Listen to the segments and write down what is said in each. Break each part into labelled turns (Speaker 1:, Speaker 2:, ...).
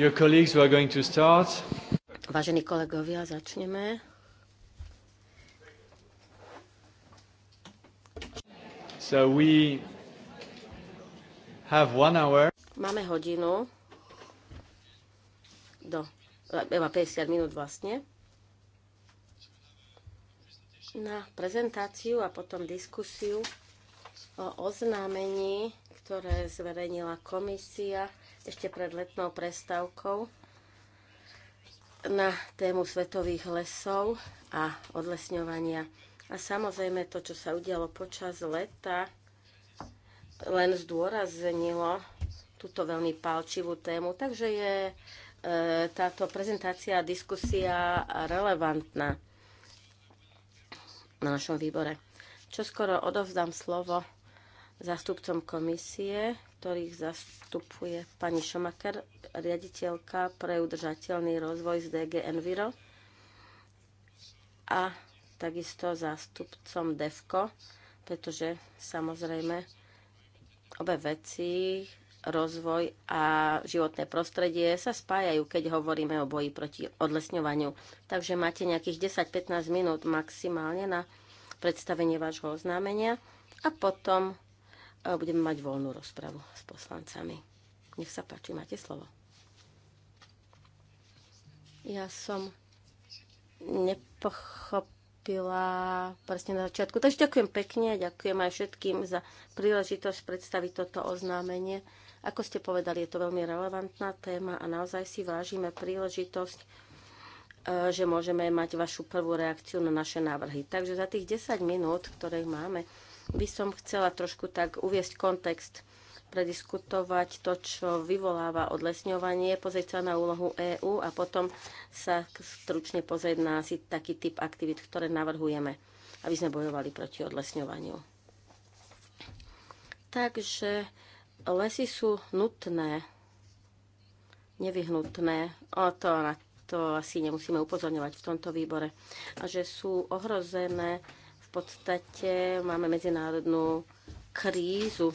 Speaker 1: Dear colleagues, we are going to start.
Speaker 2: Vážení kolegovia, začneme.
Speaker 1: So we have one hour.
Speaker 2: Máme hodinu do iba 50 minút vlastne na prezentáciu a potom diskusiu o oznámení, ktoré zverejnila komisia ešte pred letnou prestávkou na tému svetových lesov a odlesňovania. A samozrejme to, čo sa udialo počas leta, len zdôraznilo túto veľmi palčivú tému. Takže je e, táto prezentácia a diskusia relevantná na našom výbore. Čo skoro odovzdám slovo zástupcom komisie ktorých zastupuje pani Šomaker, riaditeľka pre udržateľný rozvoj z DG Enviro a takisto zástupcom DEVKO, pretože samozrejme obe veci, rozvoj a životné prostredie sa spájajú, keď hovoríme o boji proti odlesňovaniu. Takže máte nejakých 10-15 minút maximálne na predstavenie vášho oznámenia a potom budeme mať voľnú rozpravu s poslancami. Nech sa páči, máte slovo. Ja som nepochopila presne na začiatku. Takže ďakujem pekne a ďakujem aj všetkým za príležitosť predstaviť toto oznámenie. Ako ste povedali, je to veľmi relevantná téma a naozaj si vážime príležitosť e, že môžeme mať vašu prvú reakciu na naše návrhy. Takže za tých 10 minút, ktoré máme by som chcela trošku tak uviesť kontext, prediskutovať to, čo vyvoláva odlesňovanie, pozrieť sa na úlohu EÚ a potom sa stručne pozrieť na asi taký typ aktivít, ktoré navrhujeme, aby sme bojovali proti odlesňovaniu. Takže lesy sú nutné, nevyhnutné. O to na to asi nemusíme upozorňovať v tomto výbore. A že sú ohrozené podstate máme medzinárodnú krízu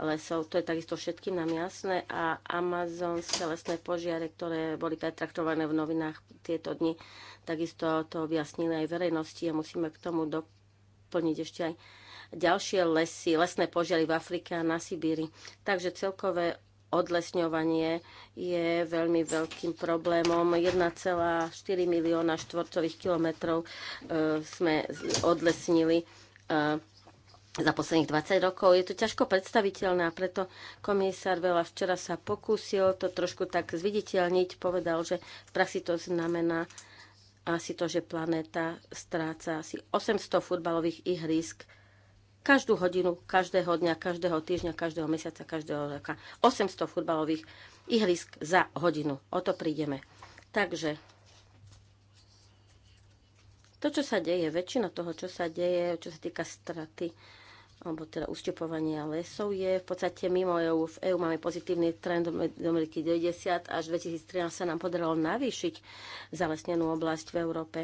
Speaker 2: lesov. To je takisto všetkým nám jasné. A amazonské lesné požiare, ktoré boli pretraktované v novinách tieto dni, takisto to objasnili aj verejnosti a musíme k tomu doplniť ešte aj ďalšie lesy, lesné požiary v Afrike a na Sibíri. Takže celkové odlesňovanie je veľmi veľkým problémom. 1,4 milióna štvorcových kilometrov e, sme odlesnili e, za posledných 20 rokov. Je to ťažko predstaviteľné a preto komisár Vela včera sa pokúsil to trošku tak zviditeľniť. Povedal, že v praxi to znamená asi to, že planéta stráca asi 800 futbalových ihrisk Každú hodinu, každého dňa, každého týždňa, každého mesiaca, každého roka. 800 futbalových ihrisk za hodinu. O to prídeme. Takže to, čo sa deje, väčšina toho, čo sa deje, čo sa týka straty alebo teda ustupovania lesov je v podstate mimo EU. V EU máme pozitívny trend do Ameriky 90 až 2013 sa nám podarilo navýšiť zalesnenú oblasť v Európe.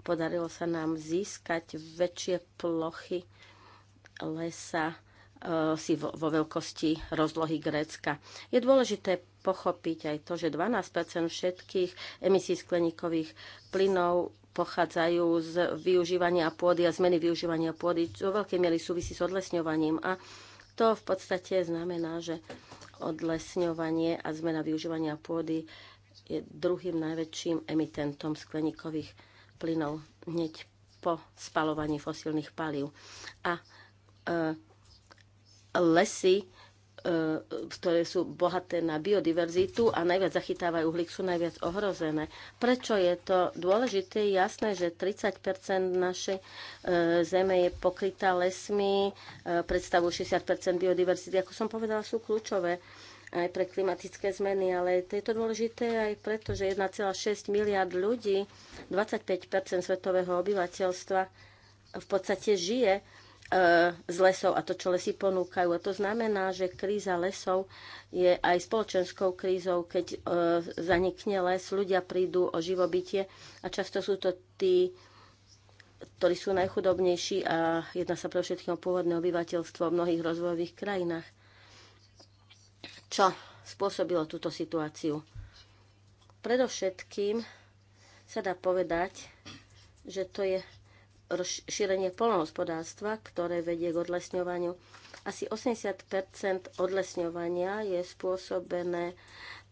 Speaker 2: Podarilo sa nám získať väčšie plochy lesa e, si vo, veľkosti rozlohy Grécka. Je dôležité pochopiť aj to, že 12 všetkých emisí skleníkových plynov pochádzajú z využívania pôdy a zmeny využívania pôdy, vo veľkej miery súvisí s odlesňovaním. A to v podstate znamená, že odlesňovanie a zmena využívania pôdy je druhým najväčším emitentom skleníkových plynov hneď po spalovaní fosílnych palív. A Eh, lesy, eh, ktoré sú bohaté na biodiverzitu a najviac zachytávajú uhlík, sú najviac ohrozené. Prečo je to dôležité? jasné, že 30 našej eh, zeme je pokrytá lesmi, predstavujú 60 biodiverzity, ako som povedala, sú kľúčové aj pre klimatické zmeny, ale to je to dôležité aj preto, že 1,6 miliard ľudí, 25 svetového obyvateľstva v podstate žije E, z lesov a to, čo lesy ponúkajú. A to znamená, že kríza lesov je aj spoločenskou krízou, keď e, zanikne les, ľudia prídu o živobytie a často sú to tí, ktorí sú najchudobnejší a jedná sa pre všetkým o pôvodné obyvateľstvo v mnohých rozvojových krajinách. Čo spôsobilo túto situáciu? Predovšetkým sa dá povedať, že to je šírenie polnohospodárstva, ktoré vedie k odlesňovaniu. Asi 80 odlesňovania je spôsobené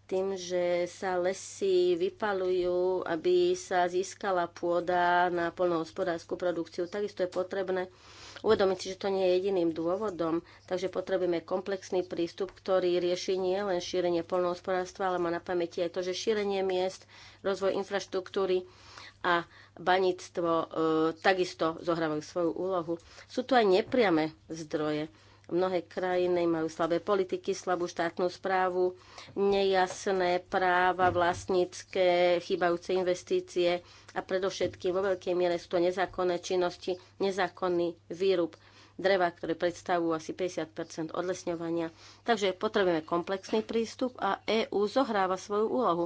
Speaker 2: tým, že sa lesy vypalujú, aby sa získala pôda na polnohospodárskú produkciu. Takisto je potrebné uvedomiť si, že to nie je jediným dôvodom, takže potrebujeme komplexný prístup, ktorý rieši nie len šírenie polnohospodárstva, ale má na pamäti aj to, že šírenie miest, rozvoj infraštruktúry a baníctvo e, takisto zohrávajú svoju úlohu. Sú tu aj nepriame zdroje. Mnohé krajiny majú slabé politiky, slabú štátnu správu, nejasné práva vlastnícke, chýbajúce investície a predovšetkým vo veľkej miere sú to nezákonné činnosti, nezákonný výrub dreva, ktoré predstavujú asi 50 odlesňovania. Takže potrebujeme komplexný prístup a EÚ zohráva svoju úlohu.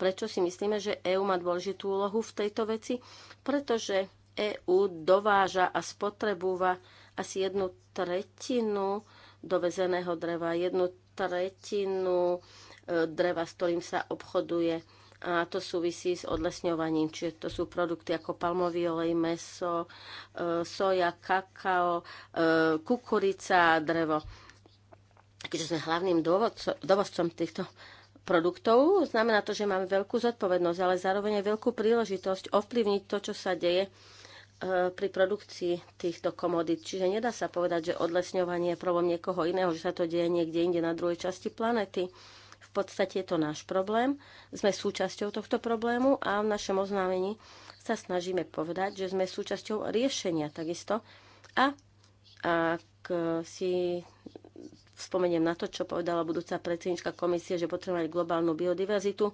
Speaker 2: Prečo si myslíme, že EÚ má dôležitú úlohu v tejto veci? Pretože EÚ dováža a spotrebúva asi jednu tretinu dovezeného dreva, jednu tretinu e, dreva, s ktorým sa obchoduje a to súvisí s odlesňovaním, čiže to sú produkty ako palmový olej, meso, e, soja, kakao, e, kukurica a drevo. Keďže sme hlavným dovozcom týchto produktov, znamená to, že máme veľkú zodpovednosť, ale zároveň aj veľkú príležitosť ovplyvniť to, čo sa deje e, pri produkcii týchto komodít. Čiže nedá sa povedať, že odlesňovanie je problém niekoho iného, že sa to deje niekde inde na druhej časti planety podstate je to náš problém, sme súčasťou tohto problému a v našom oznámení sa snažíme povedať, že sme súčasťou riešenia takisto. A ak si spomeniem na to, čo povedala budúca predsednička komisie, že potrebujeme globálnu biodiverzitu,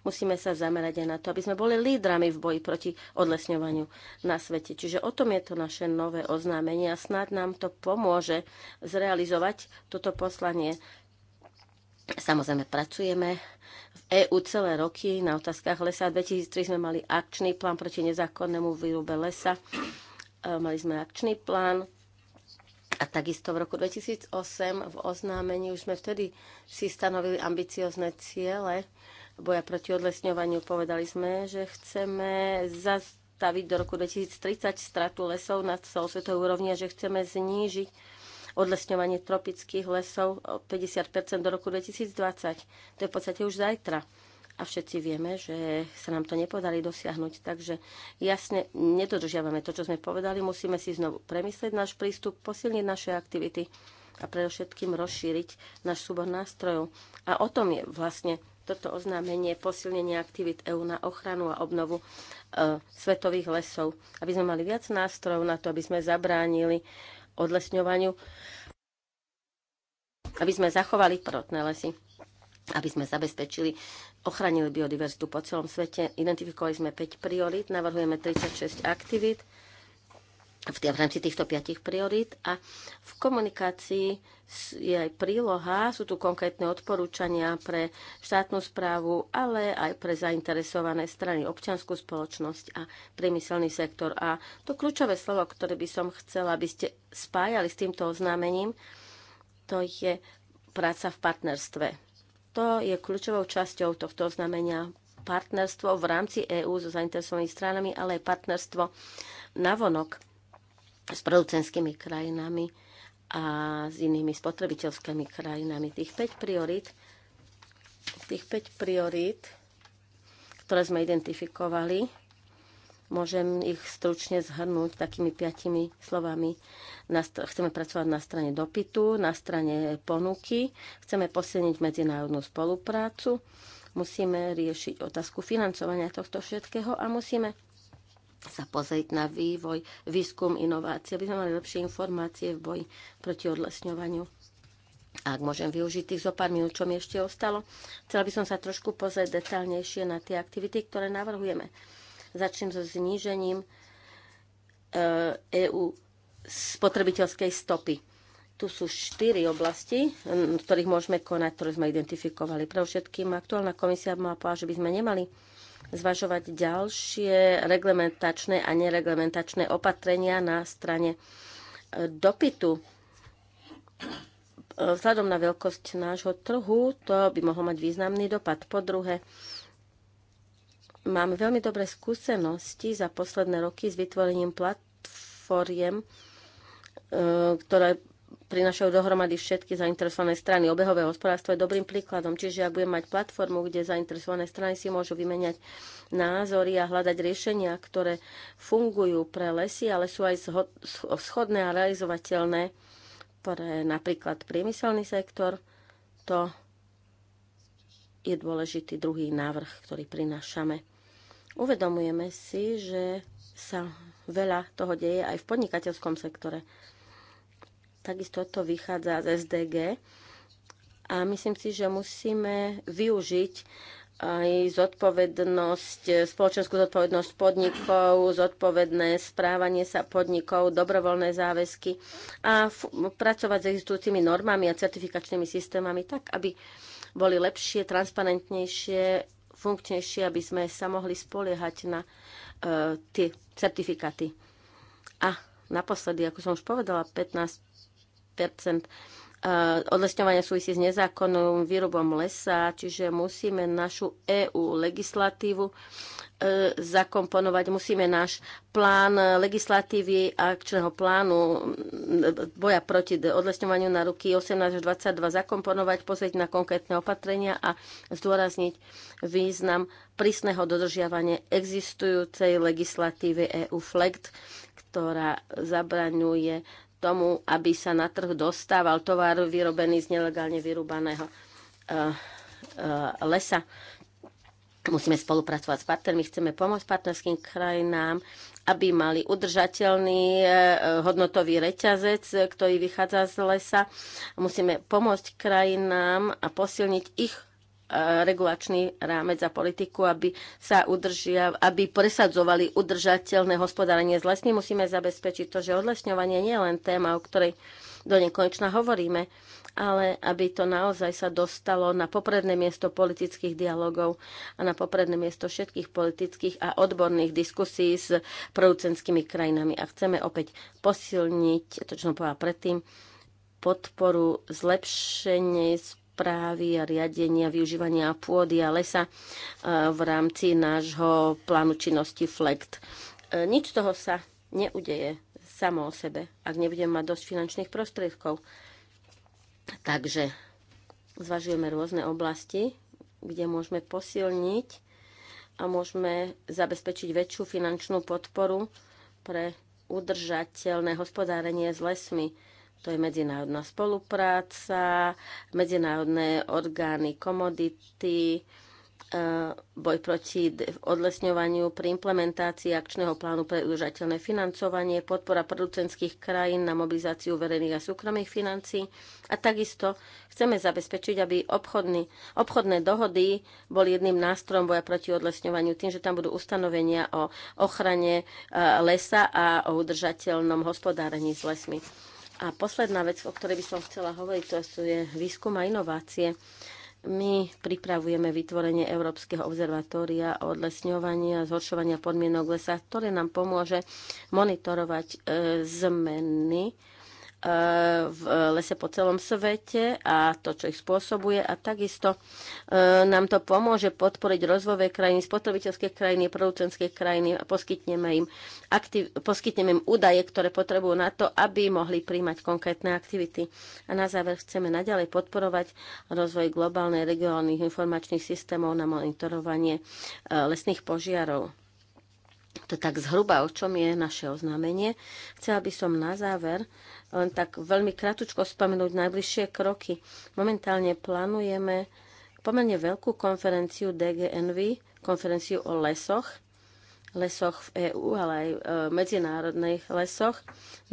Speaker 2: musíme sa zamerať aj na to, aby sme boli lídrami v boji proti odlesňovaniu na svete. Čiže o tom je to naše nové oznámenie a snad nám to pomôže zrealizovať toto poslanie Samozrejme, pracujeme v EÚ celé roky na otázkach lesa. 2003 sme mali akčný plán proti nezákonnému výrube lesa. E, mali sme akčný plán a takisto v roku 2008 v oznámení už sme vtedy si stanovili ambiciozne ciele boja proti odlesňovaniu. Povedali sme, že chceme zastaviť do roku 2030 stratu lesov na celosvetovej úrovni a že chceme znížiť odlesňovanie tropických lesov o 50 do roku 2020. To je v podstate už zajtra. A všetci vieme, že sa nám to nepodarí dosiahnuť. Takže jasne nedodržiavame to, čo sme povedali. Musíme si znovu premyslieť náš prístup, posilniť naše aktivity a predovšetkým rozšíriť náš súbor nástrojov. A o tom je vlastne toto oznámenie posilnenia aktivít EÚ na ochranu a obnovu e, svetových lesov, aby sme mali viac nástrojov na to, aby sme zabránili odlesňovaniu, aby sme zachovali prvotné lesy, aby sme zabezpečili, ochránili biodiverzitu po celom svete. Identifikovali sme 5 priorít, navrhujeme 36 aktivít v, v rámci týchto piatich priorít a v komunikácii je aj príloha, sú tu konkrétne odporúčania pre štátnu správu, ale aj pre zainteresované strany, občianskú spoločnosť a priemyselný sektor. A to kľúčové slovo, ktoré by som chcela, aby ste spájali s týmto oznámením, to je práca v partnerstve. To je kľúčovou časťou tohto oznámenia partnerstvo v rámci EÚ so zainteresovanými stranami, ale aj partnerstvo navonok s producentskými krajinami a s inými spotrebiteľskými krajinami. Tých 5 priorit, tých 5 priorit ktoré sme identifikovali, môžem ich stručne zhrnúť takými piatimi slovami. Chceme pracovať na strane dopytu, na strane ponuky, chceme posilniť medzinárodnú spoluprácu, musíme riešiť otázku financovania tohto všetkého a musíme sa pozrieť na vývoj, výskum, inovácie, aby sme mali lepšie informácie v boji proti odlesňovaniu. Ak môžem využiť tých zo pár minút, čo mi ešte ostalo, chcela by som sa trošku pozrieť detálnejšie na tie aktivity, ktoré navrhujeme. Začnem so znížením EU eh, e spotrebiteľskej stopy. Tu sú štyri oblasti, v ktorých môžeme konať, ktoré sme identifikovali. Pre všetkým aktuálna komisia mala povedať, že by sme nemali zvažovať ďalšie reglementačné a nereglementačné opatrenia na strane e, dopytu. E, vzhľadom na veľkosť nášho trhu to by mohlo mať významný dopad. Po druhé, mám veľmi dobré skúsenosti za posledné roky s vytvorením platformiem, e, ktoré prinašajú dohromady všetky zainteresované strany. Obehové hospodárstvo je dobrým príkladom, čiže ak budem mať platformu, kde zainteresované strany si môžu vymeniať názory a hľadať riešenia, ktoré fungujú pre lesy, ale sú aj schodné a realizovateľné pre napríklad priemyselný sektor, to je dôležitý druhý návrh, ktorý prinášame. Uvedomujeme si, že sa veľa toho deje aj v podnikateľskom sektore Takisto to vychádza z SDG. A myslím si, že musíme využiť aj zodpovednosť, spoločenskú zodpovednosť podnikov, zodpovedné správanie sa podnikov, dobrovoľné záväzky a pracovať s existujúcimi normami a certifikačnými systémami tak, aby boli lepšie, transparentnejšie, funkčnejšie, aby sme sa mohli spoliehať na uh, tie certifikáty. A naposledy, ako som už povedala, 15 Eh, odlesňovania súvisí s nezákonným výrobom lesa, čiže musíme našu EU legislatívu eh, zakomponovať, musíme náš plán legislatívy a akčného plánu mm, boja proti odlesňovaniu na ruky 18 až 22 zakomponovať, pozrieť na konkrétne opatrenia a zdôrazniť význam prísneho dodržiavania existujúcej legislatívy EU FLECT, ktorá zabraňuje tomu, aby sa na trh dostával tovar vyrobený z nelegálne vyrúbaného eh, eh, lesa. Musíme spolupracovať s partnermi, chceme pomôcť partnerským krajinám, aby mali udržateľný eh, hodnotový reťazec, ktorý vychádza z lesa. Musíme pomôcť krajinám a posilniť ich regulačný rámec a politiku, aby sa udržia, aby presadzovali udržateľné hospodárenie s lesmi. Musíme zabezpečiť to, že odlesňovanie nie je len téma, o ktorej do nekonečna hovoríme, ale aby to naozaj sa dostalo na popredné miesto politických dialogov a na popredné miesto všetkých politických a odborných diskusí s producentskými krajinami. A chceme opäť posilniť, to čo som povedala predtým, podporu zlepšenie správy a riadenia využívania pôdy a lesa e, v rámci nášho plánu činnosti FLECT. E, nič z toho sa neudeje samo o sebe, ak nebudeme mať dosť finančných prostriedkov. Takže zvažujeme rôzne oblasti, kde môžeme posilniť a môžeme zabezpečiť väčšiu finančnú podporu pre udržateľné hospodárenie s lesmi to je medzinárodná spolupráca, medzinárodné orgány, komodity, e, boj proti odlesňovaniu pri implementácii akčného plánu pre udržateľné financovanie, podpora producentských krajín na mobilizáciu verejných a súkromných financií a takisto chceme zabezpečiť, aby obchodný, obchodné dohody boli jedným nástrojom boja proti odlesňovaniu tým, že tam budú ustanovenia o ochrane e, lesa a o udržateľnom hospodárení s lesmi. A posledná vec, o ktorej by som chcela hovoriť, to je výskum a inovácie. My pripravujeme vytvorenie Európskeho observatória o odlesňovaní a zhoršovania podmienok lesa, ktoré nám pomôže monitorovať e, zmeny Eh, v eh, lese po celom svete a to, čo ich spôsobuje. A takisto eh, nám to pomôže podporiť rozvojové krajiny, spotrebiteľské krajiny, producentské krajiny a poskytneme im, aktiv- poskytneme im údaje, ktoré potrebujú na to, aby mohli príjmať konkrétne aktivity. A na záver chceme naďalej podporovať rozvoj globálnej regionálnych informačných systémov na monitorovanie lesných požiarov to tak zhruba, o čom je naše oznámenie. Chcela by som na záver len tak veľmi kratučko spomenúť najbližšie kroky. Momentálne plánujeme pomerne veľkú konferenciu DGNV, konferenciu o lesoch, lesoch v EÚ, ale aj v e, medzinárodných lesoch.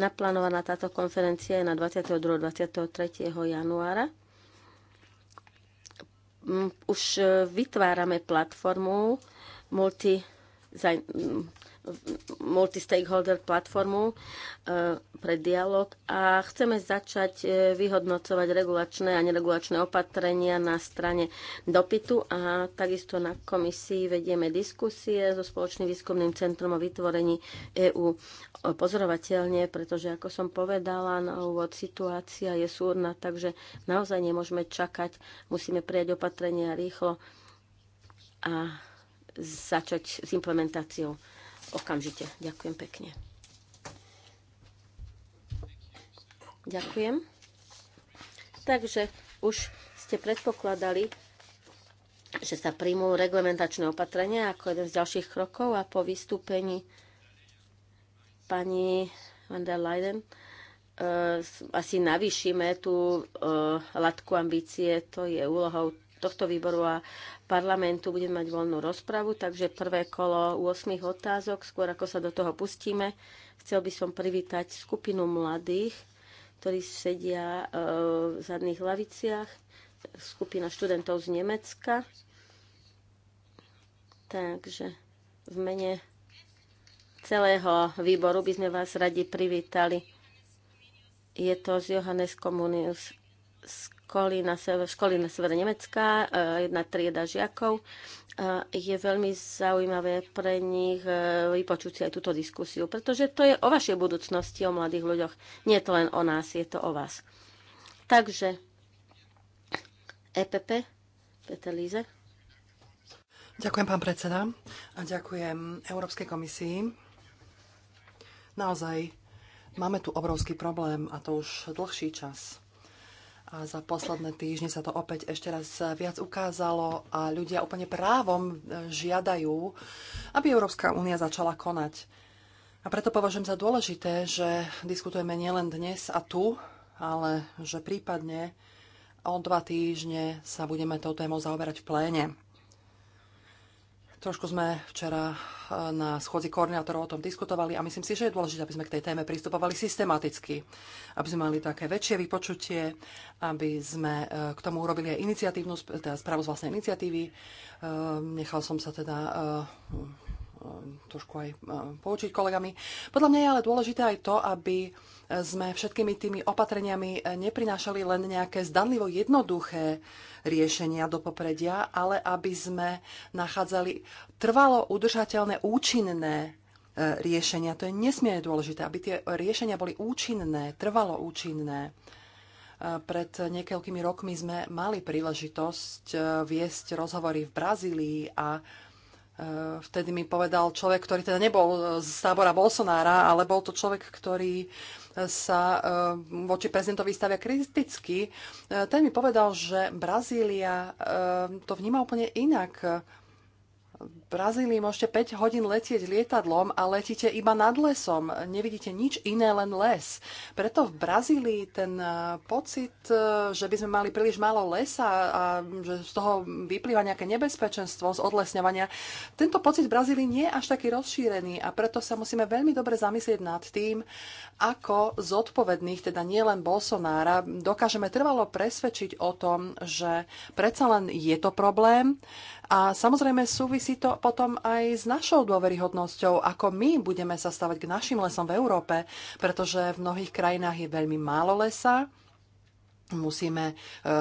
Speaker 2: Naplánovaná táto konferencia je na 22. 23. januára. Mm, už e, vytvárame platformu multi Mm, multistakeholder platformu e, pre dialog a chceme začať e, vyhodnocovať regulačné a neregulačné opatrenia na strane dopytu a takisto na komisii vedieme diskusie so Spoločným výskumným centrom o vytvorení EÚ pozorovateľne, pretože ako som povedala na úvod, situácia je súrna, takže naozaj nemôžeme čakať, musíme prijať opatrenia rýchlo a začať s implementáciou okamžite. Ďakujem pekne. Ďakujem. Takže už ste predpokladali, že sa príjmú reglementačné opatrenia ako jeden z ďalších krokov a po vystúpení pani van der Leiden. Eh, asi navýšime tú eh, latku ambície, to je úlohou tohto výboru a parlamentu budeme mať voľnú rozpravu, takže prvé kolo 8 otázok, skôr ako sa do toho pustíme. Chcel by som privítať skupinu mladých, ktorí sedia e, v zadných laviciach, skupina študentov z Nemecka. Takže v mene celého výboru by sme vás radi privítali. Je to z Johannes Communius školy na sever, školy na severe Nemecka, eh, jedna trieda žiakov. Eh, je veľmi zaujímavé pre nich eh, vypočuť si aj túto diskusiu, pretože to je o vašej budúcnosti, o mladých ľuďoch. Nie je to len o nás, je to o vás. Takže EPP, Peter Líze.
Speaker 3: Ďakujem, pán predseda, a ďakujem Európskej komisii. Naozaj máme tu obrovský problém a to už dlhší čas a za posledné týždne sa to opäť ešte raz viac ukázalo a ľudia úplne právom e, žiadajú, aby Európska únia začala konať. A preto považujem za dôležité, že diskutujeme nielen dnes a tu, ale že prípadne o dva týždne sa budeme tou témou zaoberať v pléne. Trošku sme včera eh, na schodzi koordinátorov o tom diskutovali a myslím si, že je dôležité, aby sme k tej téme pristupovali systematicky, aby sme mali také väčšie vypočutie, aby sme eh, k tomu urobili aj iniciatívnu, teda správu z vlastnej iniciatívy. Eh, nechal som sa teda Eh, trošku aj eh, poučiť kolegami. Podľa mňa je ale dôležité aj to, aby sme všetkými tými opatreniami eh, neprinášali len nejaké zdanlivo jednoduché riešenia do popredia, ale aby sme nachádzali trvalo udržateľné, účinné riešenia. To je nesmierne dôležité, aby tie riešenia boli účinné, trvalo účinné. Pred niekoľkými rokmi sme mali príležitosť viesť rozhovory v Brazílii a Eh, vtedy mi povedal človek, ktorý teda nebol eh, z tábora Bolsonára, ale bol to človek, ktorý eh, sa voči prezidentovi stavia kriticky. Ten mi povedal, že Brazília to vníma úplne inak v Brazílii môžete 5 hodín letieť lietadlom a letíte iba nad lesom. Nevidíte nič iné, len les. Preto v Brazílii ten e, pocit, e, že by sme mali príliš málo lesa a že z toho vyplýva nejaké nebezpečenstvo z odlesňovania, tento pocit v Brazílii nie je až taký rozšírený a preto sa musíme veľmi dobre zamyslieť nad tým, ako zodpovedných, teda nielen Bolsonára, dokážeme trvalo presvedčiť o tom, že predsa len je to problém, a samozrejme súvisí to potom aj s našou dôveryhodnosťou, ako my budeme sa stavať k našim lesom v Európe, pretože v mnohých krajinách je veľmi málo lesa, musíme e,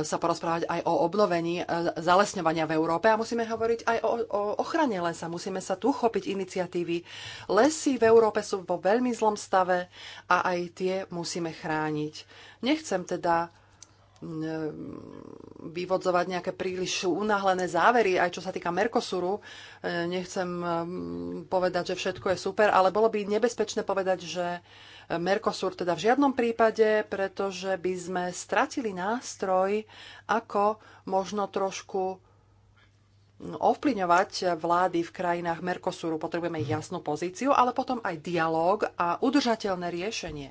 Speaker 3: sa porozprávať aj o obnovení e, zalesňovania v Európe a musíme hovoriť aj o, o ochrane lesa. Musíme sa tu chopiť iniciatívy. Lesy v Európe sú vo veľmi zlom stave a aj tie musíme chrániť. Nechcem teda Mm, vyvodzovať nejaké príliš unáhlené závery, aj čo sa týka Mercosuru. E, nechcem mm, povedať, že všetko je super, ale bolo by nebezpečné povedať, že Mercosur teda v žiadnom prípade, pretože by sme stratili nástroj, ako možno trošku mm, ovplyňovať vlády v krajinách Mercosuru. Potrebujeme jasnú pozíciu, ale potom aj dialog a udržateľné riešenie.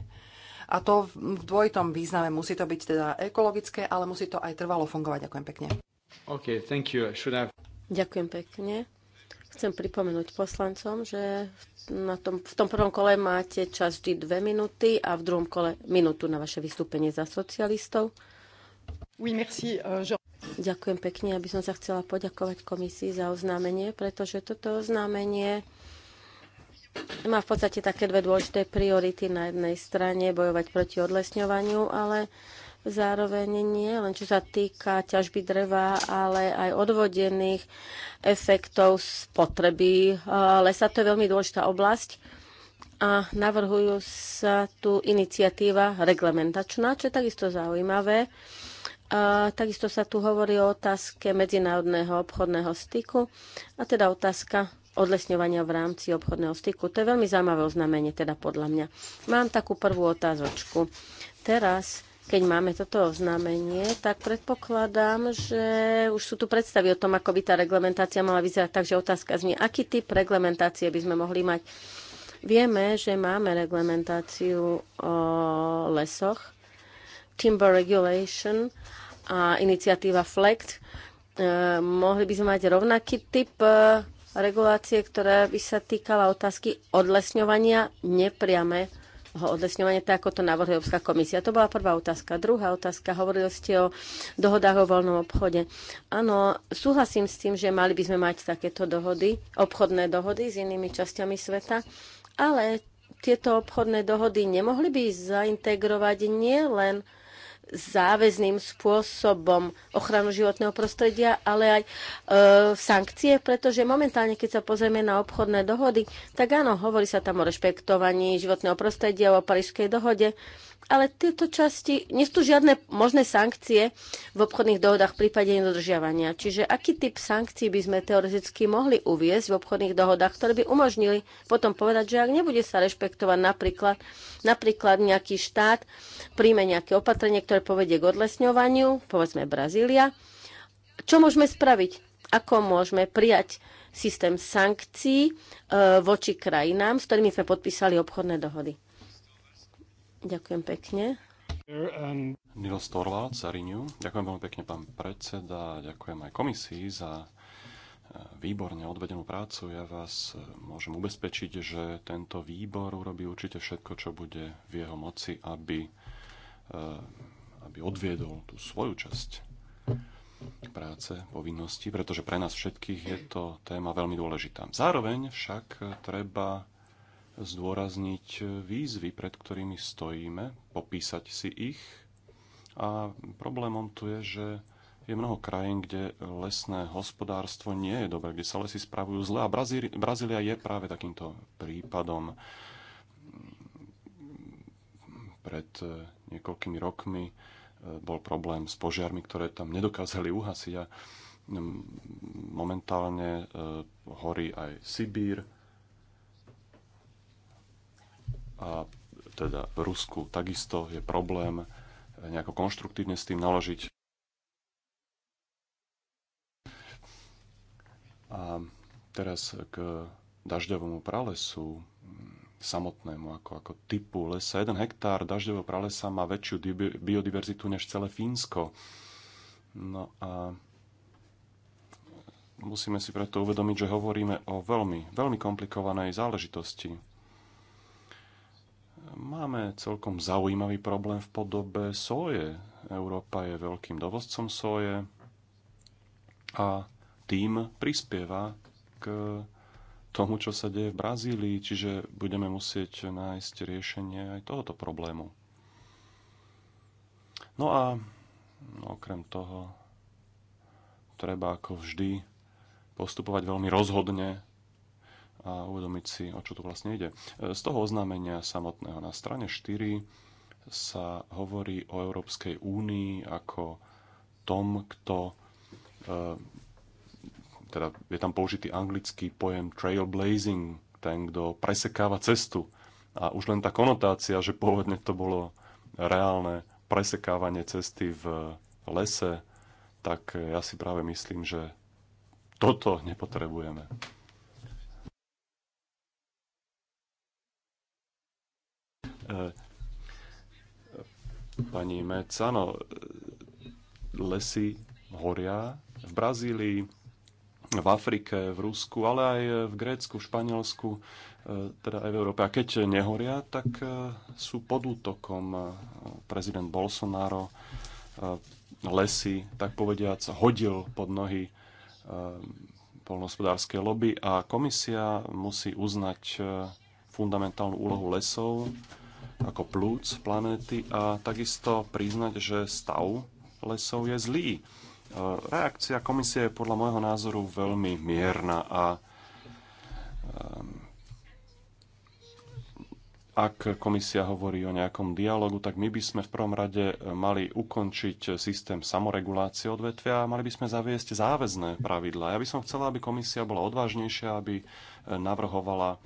Speaker 3: A to v dvojitom význame. Musí to byť teda ekologické, ale musí to aj trvalo fungovať. Ďakujem pekne. Okay, thank you. Have...
Speaker 2: Ďakujem pekne. Chcem pripomenúť poslancom, že na tom, v tom prvom kole máte čas vždy dve minúty a v druhom kole minútu na vaše vystúpenie za socialistov. Oui, merci. Euh, je... Ďakujem pekne, aby som sa chcela poďakovať komisii za oznámenie, pretože toto oznámenie má v podstate také dve dôležité priority. Na jednej strane bojovať proti odlesňovaniu, ale zároveň nie len čo sa týka ťažby dreva, ale aj odvodených efektov spotreby eh, lesa. To je veľmi dôležitá oblasť a navrhujú sa tu iniciatíva reglementačná, čo je takisto zaujímavé. A takisto sa tu hovorí o otázke medzinárodného obchodného styku a teda otázka odlesňovania v rámci obchodného styku. To je veľmi zaujímavé oznámenie, teda podľa mňa. Mám takú prvú otázočku. Teraz keď máme toto oznámenie, tak predpokladám, že už sú tu predstavy o tom, ako by tá reglementácia mala vyzerať. Takže otázka znie, aký typ reglementácie by sme mohli mať. Vieme, že máme reglementáciu o lesoch, Timber Regulation a iniciatíva FLECT. Eh, mohli by sme mať rovnaký typ eh, regulácie, ktorá by sa týkala otázky odlesňovania nepriame odlesňovania, tak ako to navrhuje Európska komisia. To bola prvá otázka. Druhá otázka, hovorili ste o dohodách o voľnom obchode. Áno, súhlasím s tým, že mali by sme mať takéto dohody, obchodné dohody s inými časťami sveta, ale tieto obchodné dohody nemohli by zaintegrovať nielen záväzným spôsobom ochranu životného prostredia, ale aj e, sankcie, pretože momentálne, keď sa pozrieme na obchodné dohody, tak áno, hovorí sa tam o rešpektovaní životného prostredia, o Parížskej dohode, ale tieto časti, nie sú žiadne možné sankcie v obchodných dohodách v prípade nedodržiavania. Čiže aký typ sankcií by sme teoreticky mohli uviezť v obchodných dohodách, ktoré by umožnili potom povedať, že ak nebude sa rešpektovať napríklad, napríklad nejaký štát, príjme nejaké opatrenie, ktoré povedie k odlesňovaniu, povedzme Brazília, čo môžeme spraviť? Ako môžeme prijať systém sankcií e, voči krajinám, s ktorými sme podpísali obchodné dohody? Ďakujem pekne.
Speaker 1: Nil Storla, Cariniu. Ďakujem veľmi pekne, pán predseda. Ďakujem aj komisii za e, výborne odvedenú prácu. Ja vás e, môžem ubezpečiť, že tento výbor urobí určite všetko, čo bude v jeho moci, aby, e, aby odviedol tú svoju časť práce, povinnosti, pretože pre nás všetkých je to téma veľmi dôležitá. Zároveň však treba zdôrazniť výzvy, pred ktorými stojíme, popísať si ich. A problémom tu je, že je mnoho krajín, kde lesné hospodárstvo nie je dobré, kde sa lesy spravujú zle a Brazília, Brazília je práve takýmto prípadom. Pred niekoľkými rokmi e, bol problém s požiarmi, ktoré tam nedokázali uhasiť a momentálne e, horí aj Sibír a teda v Rusku takisto je problém nejako konštruktívne s tým naložiť. A teraz k dažďovému pralesu mm, samotnému ako, ako typu lesa. Jeden hektár dažďového pralesa má väčšiu biodiverzitu než celé Fínsko. No a musíme si preto uvedomiť, že hovoríme o veľmi, veľmi komplikovanej záležitosti Máme celkom zaujímavý problém v podobe soje. Európa je veľkým dovozcom soje a tým prispieva k tomu, čo sa deje v Brazílii, čiže budeme musieť nájsť riešenie aj tohoto problému. No a okrem toho treba ako vždy postupovať veľmi rozhodne a uvedomiť si, o čo tu vlastne ide. E, z toho oznámenia samotného na strane 4 sa hovorí o Európskej únii ako tom, kto e, teda je tam použitý anglický pojem trailblazing, ten, kto presekáva cestu. A už len tá konotácia, že pôvodne to bolo reálne presekávanie cesty v lese, tak ja si práve myslím, že toto nepotrebujeme. E, pani Mecano, lesy horia v Brazílii, v Afrike, v Rusku, ale aj v Grécku, v Španielsku, e, teda aj v Európe. A keď nehoria, tak e, sú pod útokom prezident Bolsonaro lesy, tak povediac, hodil pod nohy polnospodárskej lobby a komisia musí uznať fundamentálnu úlohu lesov ako plúc planéty a takisto priznať, že stav lesov je zlý. E, reakcia komisie je podľa môjho názoru veľmi mierna a e, ak komisia hovorí o nejakom dialogu, tak my by sme v prvom rade mali ukončiť systém samoregulácie odvetvia a mali by sme zaviesť záväzné pravidla. Ja by som chcela, aby komisia bola odvážnejšia, aby e, navrhovala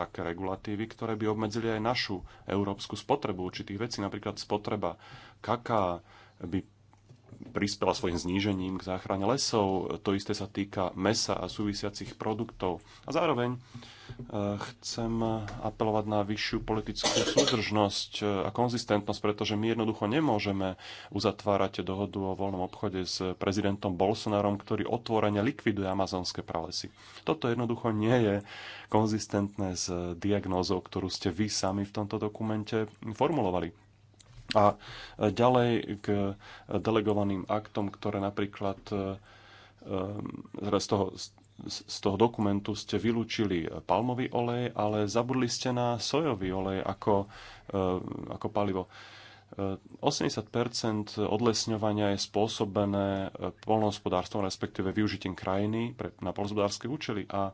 Speaker 1: také regulatívy, ktoré by obmedzili aj našu európsku spotrebu určitých vecí, napríklad spotreba kaká by prispela svojim znížením k záchrane lesov. To isté sa týka mesa a súvisiacich produktov. A zároveň eh, chcem apelovať na vyššiu politickú súdržnosť eh, a konzistentnosť, pretože my jednoducho nemôžeme uzatvárať dohodu o voľnom obchode s prezidentom Bolsonarom, ktorý otvorene likviduje amazonské pralesy. Toto jednoducho nie je konzistentné s diagnózou, ktorú ste vy sami v tomto dokumente formulovali. A ďalej k delegovaným aktom, ktoré napríklad e, e, teda z toho, z toho dokumentu ste vylúčili palmový olej, ale zabudli ste na sojový olej ako, e, ako palivo. 80 odlesňovania je spôsobené polnohospodárstvom, respektíve využitím krajiny pre, na polnohospodárske účely. A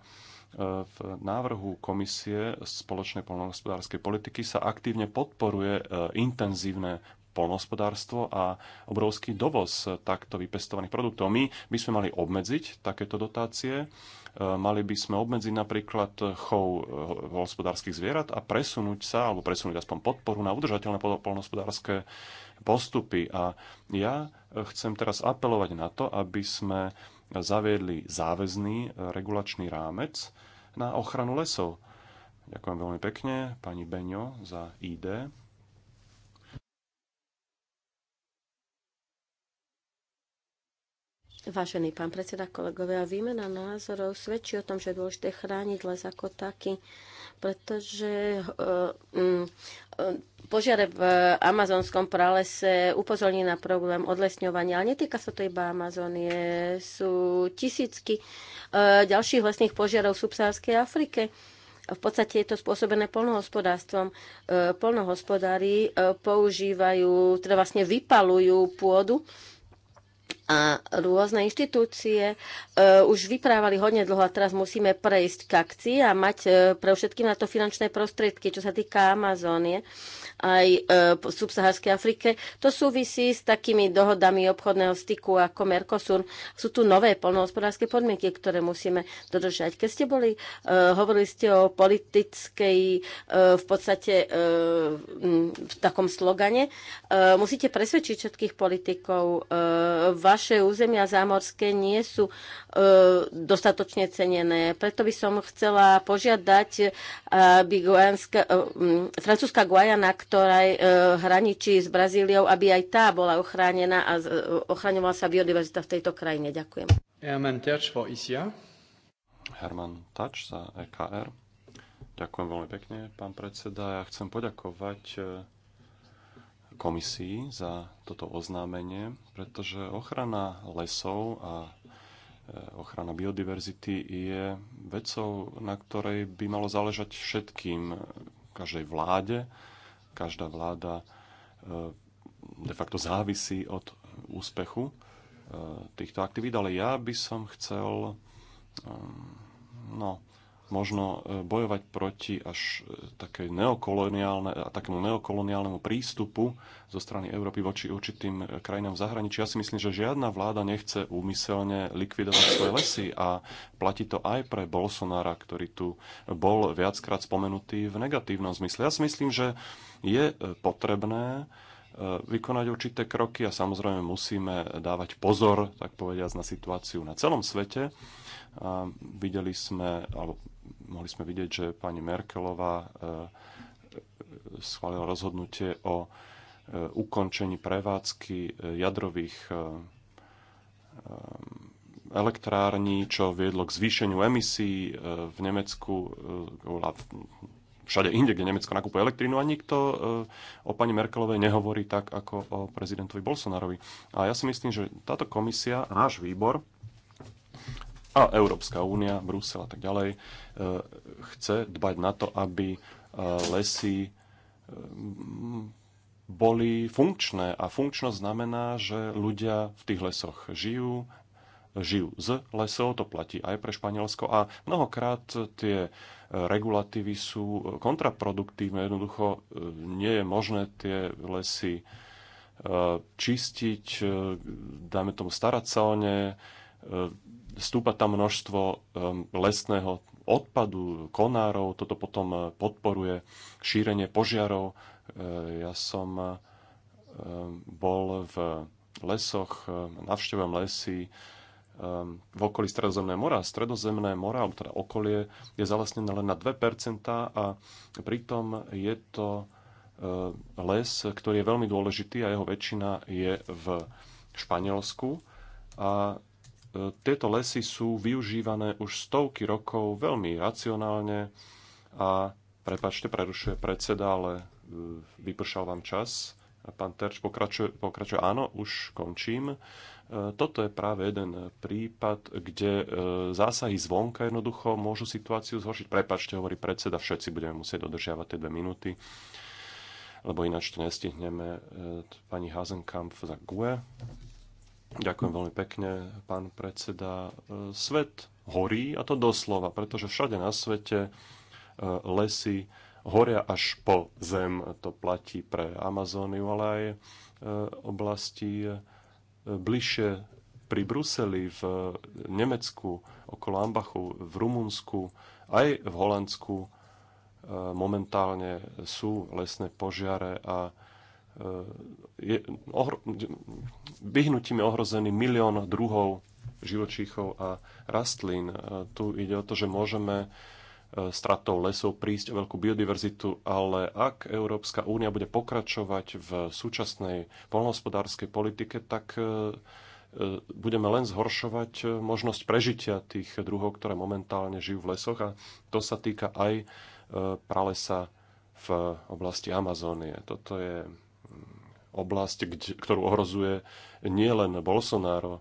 Speaker 1: v návrhu komisie spoločnej polnohospodárskej politiky sa aktívne podporuje e, intenzívne polnohospodárstvo a obrovský dovoz takto vypestovaných produktov. My by sme mali obmedziť takéto dotácie, e, mali by sme obmedziť napríklad chov e, hospodárskych zvierat a presunúť sa, alebo presunúť aspoň podporu na udržateľné polnohospodárske postupy. A ja chcem teraz apelovať na to, aby sme zaviedli záväzný e, regulačný rámec na ochranu lesov. Ďakujem veľmi pekne pani Beňo za ID.
Speaker 2: Vážený pán predseda, kolegovia, výmena názorov svedčí o tom, že je dôležité chrániť les ako taký pretože eh, mm, eh, požiare v amazonskom pralese upozorní na problém odlesňovania, ale netýka sa to iba Amazonie, Sú tisícky eh, ďalších lesných požiarov v subsárskej Afrike. V podstate je to spôsobené polnohospodárstvom. Polnohospodári používajú, teda vlastne vypalujú pôdu a rôzne inštitúcie e, už vyprávali hodne dlho a teraz musíme prejsť k akcii a mať e, pre všetkým na to finančné prostriedky, čo sa týka Amazónie aj e, v subsaharskej Afrike. To súvisí s takými dohodami obchodného styku ako Mercosur. Sú tu nové polnohospodárske podmienky, ktoré musíme dodržať. Keď ste boli, e, hovorili ste o politickej e, v podstate e, v takom slogane, e, musíte presvedčiť všetkých politikov e, vaše územia zámorské nie sú e, dostatočne cenené. Preto by som chcela požiadať, e, aby e, francúzska Guajana, ktorá e, hraničí s Brazíliou, aby aj tá bola ochránená a e, ochraňovala sa biodiverzita v tejto krajine. Ďakujem.
Speaker 1: Herman Herman Tač za EKR. Ďakujem veľmi pekne, pán predseda. Ja chcem poďakovať e, komisii za toto oznámenie, pretože ochrana lesov a e, ochrana biodiverzity je vecou, na ktorej by malo záležať všetkým, každej vláde. Každá vláda e, de facto závisí od úspechu e, týchto aktivít, ale ja by som chcel no, možno e, bojovať proti až e, také neokoloniálne, takému neokoloniálnemu prístupu zo strany Európy voči určitým e, krajinám v zahraničí. Ja si myslím, že žiadna vláda nechce úmyselne likvidovať svoje lesy a platí to aj pre Bolsonára, ktorý tu bol viackrát spomenutý v negatívnom zmysle. Ja si myslím, že je potrebné vykonať určité kroky a samozrejme musíme dávať pozor, tak povediať, na situáciu na celom svete. A videli sme, alebo mohli sme vidieť, že pani Merkelová e, schválila rozhodnutie o e, ukončení prevádzky e, jadrových elektrární, čo viedlo k zvýšeniu emisí v Nemecku a všade inde, kde Nemecko nakupuje elektrínu a nikto o pani Merkelovej nehovorí tak, ako o prezidentovi Bolsonarovi. A ja si myslím, že táto komisia a náš výbor a Európska únia, Brusel a tak ďalej, e, chce dbať na to, aby e, lesy e, boli funkčné. A funkčnosť znamená, že ľudia v tých lesoch žijú, žijú z lesov, to platí aj pre Španielsko a mnohokrát tie regulatívy sú kontraproduktívne. Jednoducho nie je možné tie lesy čistiť, dáme tomu starať sa o ne, stúpa tam množstvo um, lesného odpadu, konárov, toto potom uh, podporuje šírenie požiarov. Uh, ja som uh, um, bol v lesoch, navštevujem lesy um, v okolí Stredozemné mora. Stredozemné mora, alebo teda okolie, je zalesnené len na 2% a pritom je to les, ktorý je veľmi dôležitý a jeho väčšina je v Španielsku. A tieto lesy sú využívané už stovky rokov veľmi racionálne a prepačte, prerušuje predseda, ale e, vypršal vám čas. Pán Terč pokračuje, pokračuje, áno, už končím. E, toto je práve jeden prípad, kde e, zásahy zvonka jednoducho môžu situáciu zhoršiť. Prepačte, hovorí predseda, všetci budeme musieť dodržiavať tie dve minúty, lebo ináč to nestihneme. Pani Hazenkamp za GUE. Ďakujem veľmi pekne, pán predseda. E, svet horí, a to doslova, pretože všade na svete e, lesy horia až po zem. To platí pre Amazóniu, ale aj e, oblasti bližšie pri Bruseli, v Nemecku, okolo Ambachu, v Rumunsku, aj v Holandsku momentálne sú lesné požiare a je ohr- vyhnutím je ohrozený milión druhov živočíchov a rastlín. E, tu ide o to, že môžeme e, stratou lesov prísť o veľkú biodiverzitu, ale ak Európska únia bude pokračovať v súčasnej poľnohospodárskej politike, tak e, budeme len zhoršovať možnosť prežitia tých druhov, ktoré momentálne žijú v lesoch a to sa týka aj pralesa v oblasti Amazónie. Toto je oblasť, ktorú ohrozuje nielen Bolsonaro. E,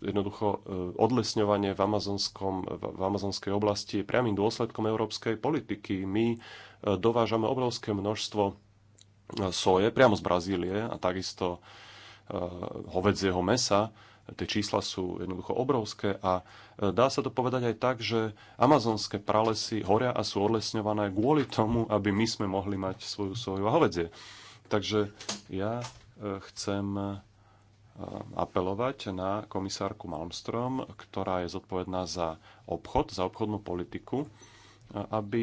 Speaker 1: jednoducho e, odlesňovanie v, amazonskom, v amazonskej oblasti je priamým dôsledkom európskej politiky. My e, dovážame obrovské množstvo soje priamo z Brazílie a takisto hovedzieho mesa. Tie čísla sú jednoducho obrovské a dá sa to povedať aj tak, že amazonské pralesy horia a sú odlesňované kvôli tomu, aby my sme mohli mať svoju soju a hovedzie. Takže ja e, chcem e, apelovať na komisárku Malmström, ktorá je zodpovedná za obchod, za obchodnú politiku, e, aby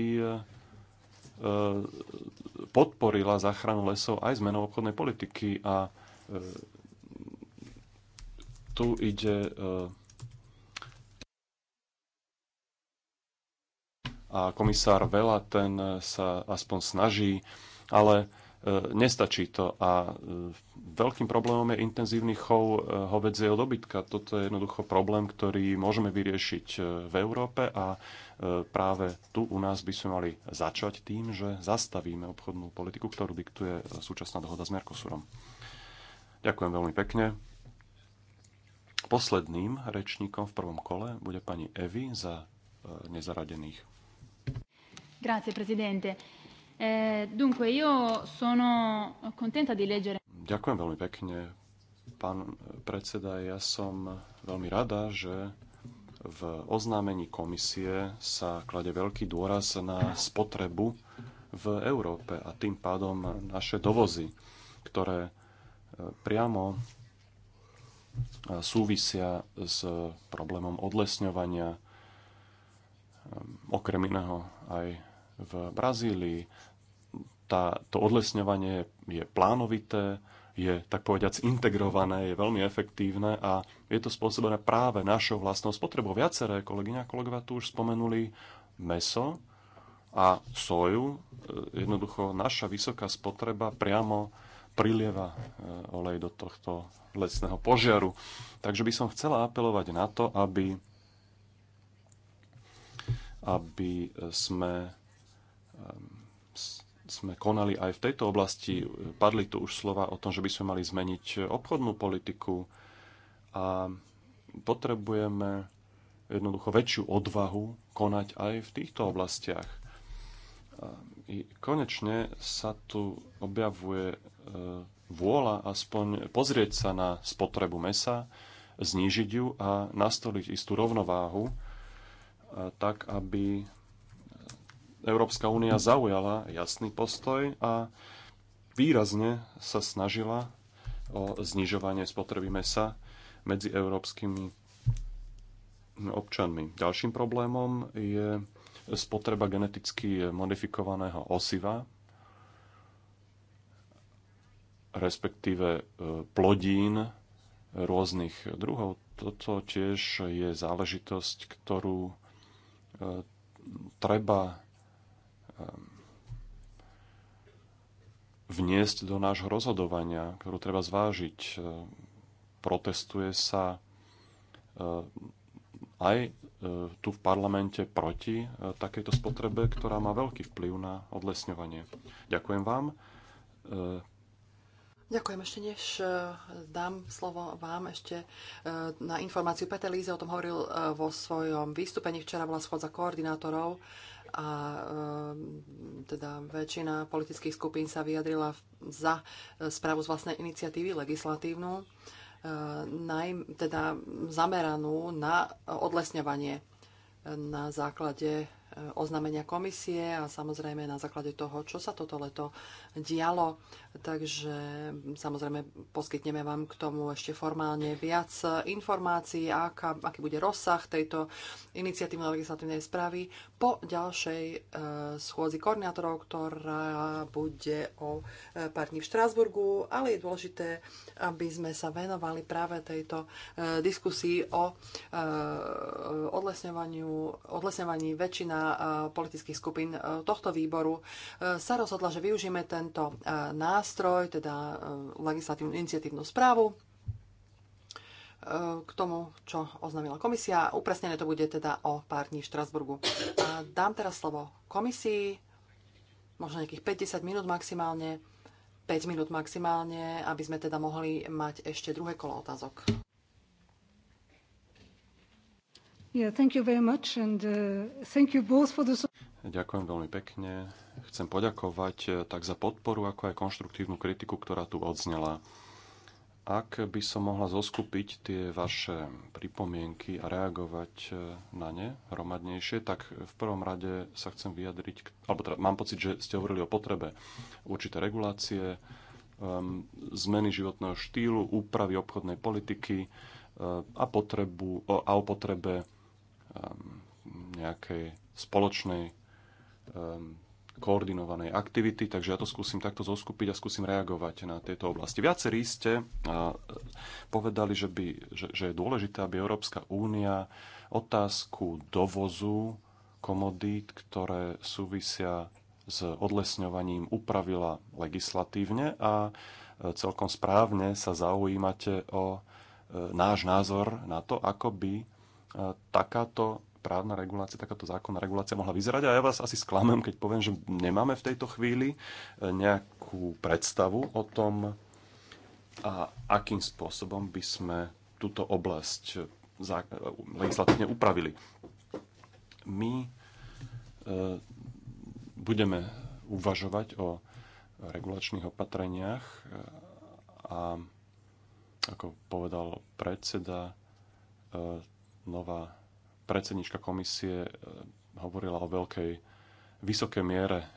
Speaker 1: podporila záchranu lesov aj zmenou obchodnej politiky. A tu ide a komisár Vela, ten sa aspoň snaží, ale E, nestačí to. A e, veľkým problémom je intenzívny chov e, hovedzieho dobytka. Toto je jednoducho problém, ktorý môžeme vyriešiť v Európe a práve tu u nás by sme mali začať tým, že zastavíme obchodnú politiku, ktorú diktuje súčasná dohoda s Mercosurom. Ďakujem veľmi pekne. Posledným rečníkom v prvom kole bude pani Evi za nezaradených.
Speaker 2: Grazie, prezidente. Eh, dunque, io sono contenta di leggere.
Speaker 1: Ďakujem veľmi pekne, pán predseda. Ja som veľmi rada, že v oznámení komisie sa klade veľký dôraz na spotrebu v Európe a tým pádom naše dovozy, ktoré eh, priamo eh, súvisia s problémom odlesňovania, okrem iného aj v Brazílii. Tá, to odlesňovanie je plánovité, je tak povediac integrované, je veľmi efektívne a je to spôsobené práve našou vlastnou spotrebou. Viaceré kolegyňa a kolegovia tu už spomenuli meso a soju. E, jednoducho naša vysoká spotreba priamo prilieva e, olej do tohto lesného požiaru. Takže by som chcela apelovať na to, aby, aby sme sme konali aj v tejto oblasti. Padli tu už slova o tom, že by sme mali zmeniť obchodnú politiku a potrebujeme jednoducho väčšiu odvahu konať aj v týchto oblastiach. Konečne sa tu objavuje e, vôľa aspoň pozrieť sa na spotrebu mesa, znížiť ju a nastoliť istú rovnováhu, tak aby Európska únia zaujala jasný postoj a výrazne sa snažila o znižovanie spotreby mesa medzi európskymi občanmi. Ďalším problémom je spotreba geneticky modifikovaného osiva, respektíve e, plodín rôznych druhov. Toto tiež je záležitosť, ktorú e, treba Ehm, vniesť do nášho rozhodovania, ktorú treba zvážiť. Ehm, protestuje sa ehm, aj tu v parlamente proti takejto spotrebe, ktorá má veľký vplyv na odlesňovanie. Ďakujem vám.
Speaker 3: Ďakujem. Ešte než dám slovo vám ešte na informáciu. Peter Líze o tom hovoril vo svojom vystúpení. Včera bola schodza koordinátorov a teda väčšina politických skupín sa vyjadrila za e, správu z vlastnej iniciatívy legislatívnu, e, teda zameranú na odlesňovanie e, na základe E, oznámenia komisie a samozrejme na základe toho, čo sa toto leto dialo. Takže samozrejme poskytneme vám k tomu ešte formálne viac informácií, aká, aký bude rozsah tejto iniciatívnej legislatívnej správy po ďalšej e, schôdzi koordinátorov, ktorá bude o e, pár dní v Štrásburgu, ale je dôležité, aby sme sa venovali práve tejto e, diskusii o e, odlesňovaniu, odlesňovaní väčšina Eh, politických skupín eh, tohto výboru eh, sa rozhodla, že využijeme tento nástroj, teda legislatívnu iniciatívnu správu k tomu, čo oznámila komisia. Upresnené to bude teda o pár dní v Štrasburgu. A dám teraz slovo komisii, možno nejakých 50 minút maximálne, 5 minút maximálne, aby sme teda mohli mať ešte druhé kolo otázok. Uh,
Speaker 1: Ďakujem veľmi pekne. Chcem poďakovať eh, tak za podporu, ako aj konštruktívnu kritiku, ktorá tu odznela. Ak by som mohla zoskupiť tie vaše pripomienky a reagovať eh, na ne hromadnejšie, tak v prvom rade sa chcem vyjadriť, alebo teda mám pocit, že ste hovorili o potrebe určité regulácie, um, zmeny životného štýlu, úpravy obchodnej politiky uh, a, potrebu, a o potrebe Um, nejakej spoločnej um, koordinovanej aktivity, takže ja to skúsim takto zoskupiť a skúsim reagovať na tieto oblasti. Viacerí ste uh, povedali, že, by, že, že je dôležité, aby Európska únia otázku dovozu komodít, ktoré súvisia s odlesňovaním, upravila legislatívne a e, celkom správne sa zaujímate o e, náš názor na to, ako by takáto právna regulácia, takáto zákonná regulácia mohla vyzerať. A ja vás asi sklamem, keď poviem, že nemáme v tejto chvíli e, nejakú predstavu o tom, a akým spôsobom by sme túto oblasť e, e, legislatívne upravili. My budeme uvažovať o regulačných opatreniach a ako povedal predseda, nová predsednička komisie eh, hovorila o veľkej, vysokej miere eh,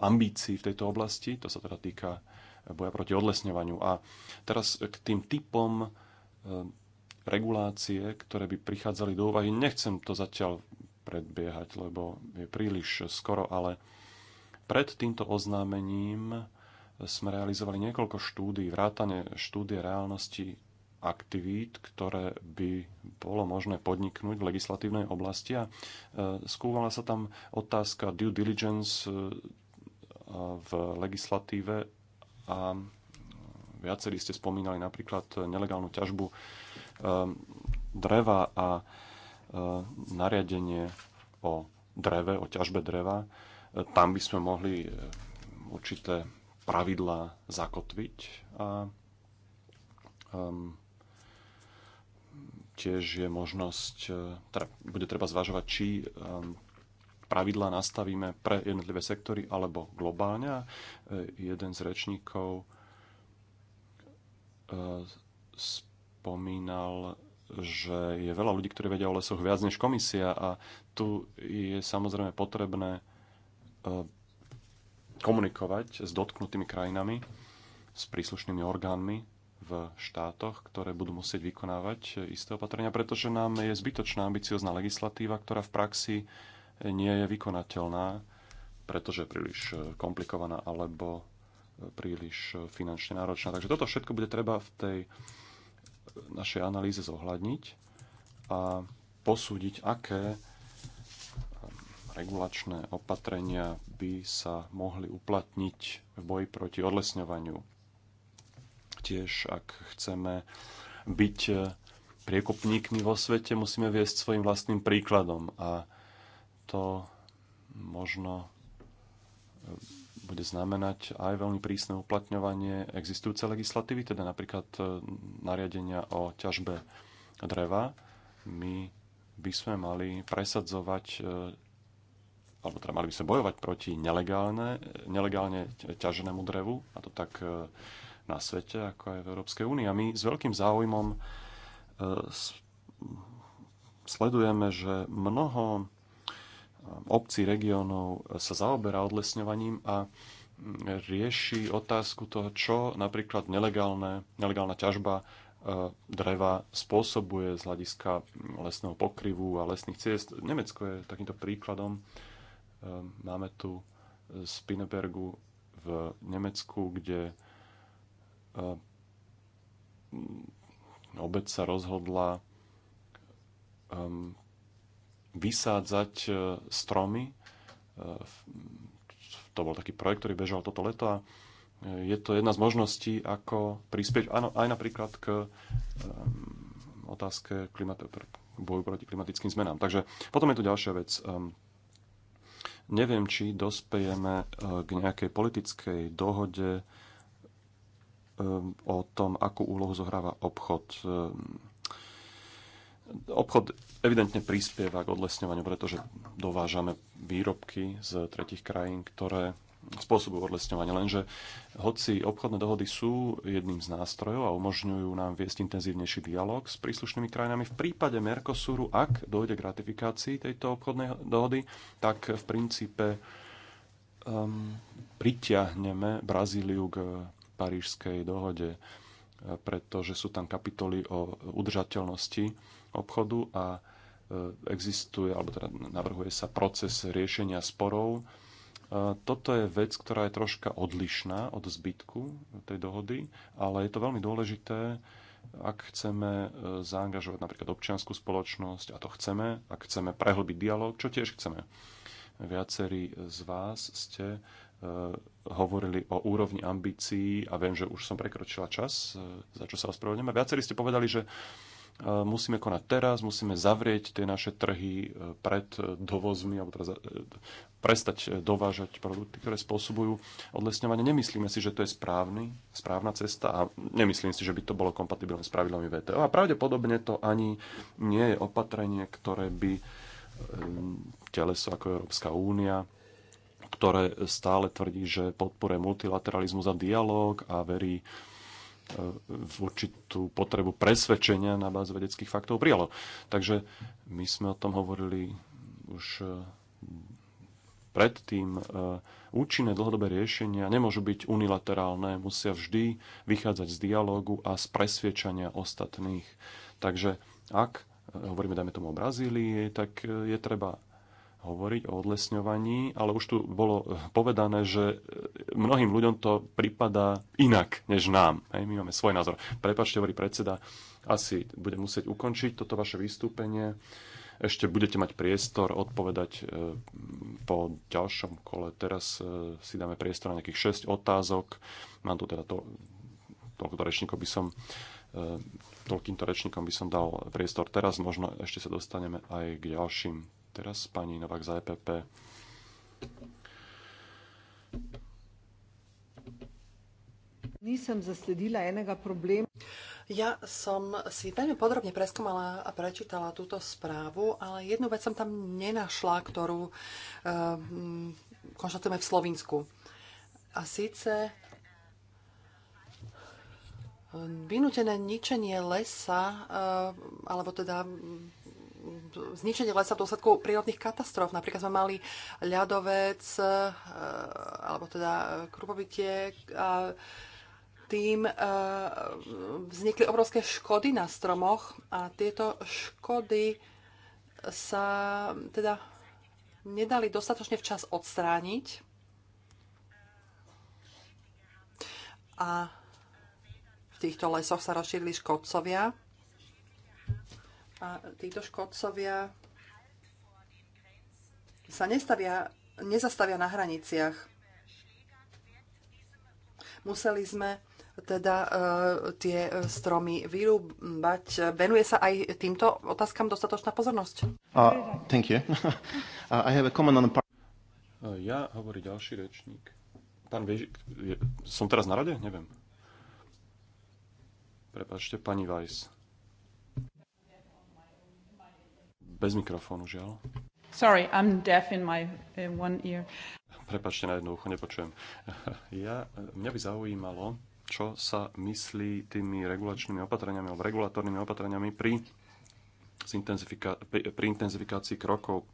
Speaker 1: ambícií v tejto oblasti. To sa teda týka eh, boja proti odlesňovaniu. A teraz k tým typom regulácie, ktoré by prichádzali do úvahy. Nechcem to zatiaľ predbiehať, lebo je príliš skoro, ale pred týmto oznámením sme realizovali niekoľko štúdí, vrátane štúdie reálnosti aktivít, ktoré by bolo možné podniknúť v legislatívnej oblasti. A e, skúvala sa tam otázka due diligence e, v legislatíve a e, viacerí ste spomínali napríklad nelegálnu ťažbu dreva a nariadenie o dreve, o ťažbe dreva. Tam by sme mohli určité pravidlá zakotviť a um, tiež je možnosť, e, teda bude treba zvažovať, či e, pravidlá nastavíme pre jednotlivé sektory alebo globálne. E, jeden z rečníkov spomínal, že je veľa ľudí, ktorí vedia o lesoch viac než komisia a tu je samozrejme potrebné komunikovať s dotknutými krajinami, s príslušnými orgánmi v štátoch, ktoré budú musieť vykonávať isté opatrenia, pretože nám je zbytočná ambiciozná legislatíva, ktorá v praxi nie je vykonateľná, pretože je príliš e, komplikovaná alebo e, príliš e, finančne náročná. Takže toto všetko bude treba v tej našej analýze zohľadniť a posúdiť, aké regulačné opatrenia by sa mohli uplatniť v boji proti odlesňovaniu. Tiež, ak chceme byť e, priekopníkmi vo svete, musíme viesť svojim vlastným príkladom. A to možno e, bude znamenať aj veľmi prísne uplatňovanie existujúcej legislatívy, teda napríklad e, nariadenia o ťažbe dreva. My by sme mali presadzovať alebo teda mali by sme bojovať proti nelegálne, nelegálne ťaženému drevu, a to tak na svete, ako aj v Európskej únii. A my s veľkým záujmom e, sledujeme, že mnoho e, obcí, regiónov sa zaoberá odlesňovaním a rieši otázku toho, čo napríklad nelegálne, nelegálna ťažba e, dreva spôsobuje z hľadiska lesného pokryvu a lesných ciest. Nemecko je takýmto príkladom. Máme tu Spinebergu v Nemecku, kde Ehm, mm, obec sa rozhodla ehm, vysádzať e, stromy. E, to bol taký projekt, ktorý bežal toto leto a e, je to jedna z možností, ako prispieť áno, aj napríklad k ehm, otázke klimatu, boju proti klimatickým zmenám. Takže potom je tu ďalšia vec. Neviem, či dospejeme k nejakej politickej dohode Ehm, o tom, akú úlohu zohráva obchod. Ehm, obchod evidentne prispieva k odlesňovaniu, pretože dovážame výrobky z tretich krajín, ktoré spôsobu odlesňovania. Lenže hoci obchodné dohody sú jedným z nástrojov a umožňujú nám viesť intenzívnejší dialog s príslušnými krajinami, v prípade Mercosuru, ak dojde k ratifikácii tejto obchodnej dohody, tak v princípe um, pritiahneme Brazíliu k parížskej dohode, e, pretože sú tam kapitoly o udržateľnosti obchodu a e, existuje, alebo teda navrhuje sa proces riešenia sporov. E, toto je vec, ktorá je troška odlišná od zbytku tej dohody, ale je to veľmi dôležité, ak chceme zaangažovať napríklad občianskú spoločnosť, a to chceme, ak chceme prehlbiť dialog, čo tiež chceme. Viacerí z vás ste Eh, hovorili o úrovni ambícií a viem, že už som prekročila čas, eh, za čo sa ospravedlňujem. Viacerí ste povedali, že eh, musíme konať teraz, musíme zavrieť tie naše trhy pred dovozmi, alebo teda prestať dovážať produkty, ktoré spôsobujú odlesňovanie. Nemyslíme si, že to je správny, správna cesta a nemyslím si, že by to bolo kompatibilné s pravidlami VTO. A pravdepodobne to ani nie je opatrenie, ktoré by teleso ako Európska únia ktoré stále tvrdí, že podporuje multilateralizmus a dialog a verí e, v určitú potrebu presvedčenia na báze vedeckých faktov prijalo. Takže my sme o tom hovorili už e, predtým. E, účinné dlhodobé riešenia nemôžu byť unilaterálne, musia vždy vychádzať z dialógu a z presvedčania ostatných. Takže ak hovoríme, dajme tomu o Brazílii, tak je treba hovoriť o odlesňovaní, ale už tu bolo eh, povedané, že eh, mnohým ľuďom to pripadá inak než nám. Hej, my máme svoj názor. Prepačte, hovorí predseda, asi budem musieť ukončiť toto vaše vystúpenie. Ešte budete mať priestor odpovedať eh, po ďalšom kole. Teraz si dáme priestor na nejakých 6 otázok. Mám tu teda to, toľko rečníkov by som toľkýmto rečníkom by som dal priestor teraz. Možno ešte sa dostaneme aj k ďalším Teraz pani Novak za EPP.
Speaker 3: Nisem zasledila enega problému. Ja som si veľmi podrobne preskúmala a prečítala túto správu, ale jednu vec som tam nenašla, ktorú um, konštatujeme v Slovensku. A síce ehm, vynútené ničenie lesa, ehm, alebo teda zničenie lesa v dôsledku prírodných katastrof. Napríklad sme mali ľadovec, eh, alebo teda krupovitie a tým eh, vznikli obrovské škody na stromoch a tieto škody sa teda nedali dostatočne včas odstrániť. A v týchto lesoch sa rozšírili škodcovia a títo škodcovia sa nestavia, nezastavia na hraniciach. Museli sme teda uh, tie stromy vyrúbať. Venuje sa aj týmto otázkam dostatočná pozornosť? Uh, thank you. uh, I have a comment on the...
Speaker 1: E, ja hovorí ďalší rečník. Pán Vežik, som teraz na rade? Neviem. Prepačte, pani Weiss. Bez mikrofónu, žiaľ.
Speaker 3: Sorry, I'm deaf in my in one ear.
Speaker 1: Prepačte, na jednu ucho nepočujem. Ja, mňa by zaujímalo, čo sa myslí tými regulačnými opatreniami alebo regulatórnymi opatreniami pri, pri, pri intenzifikácii krokov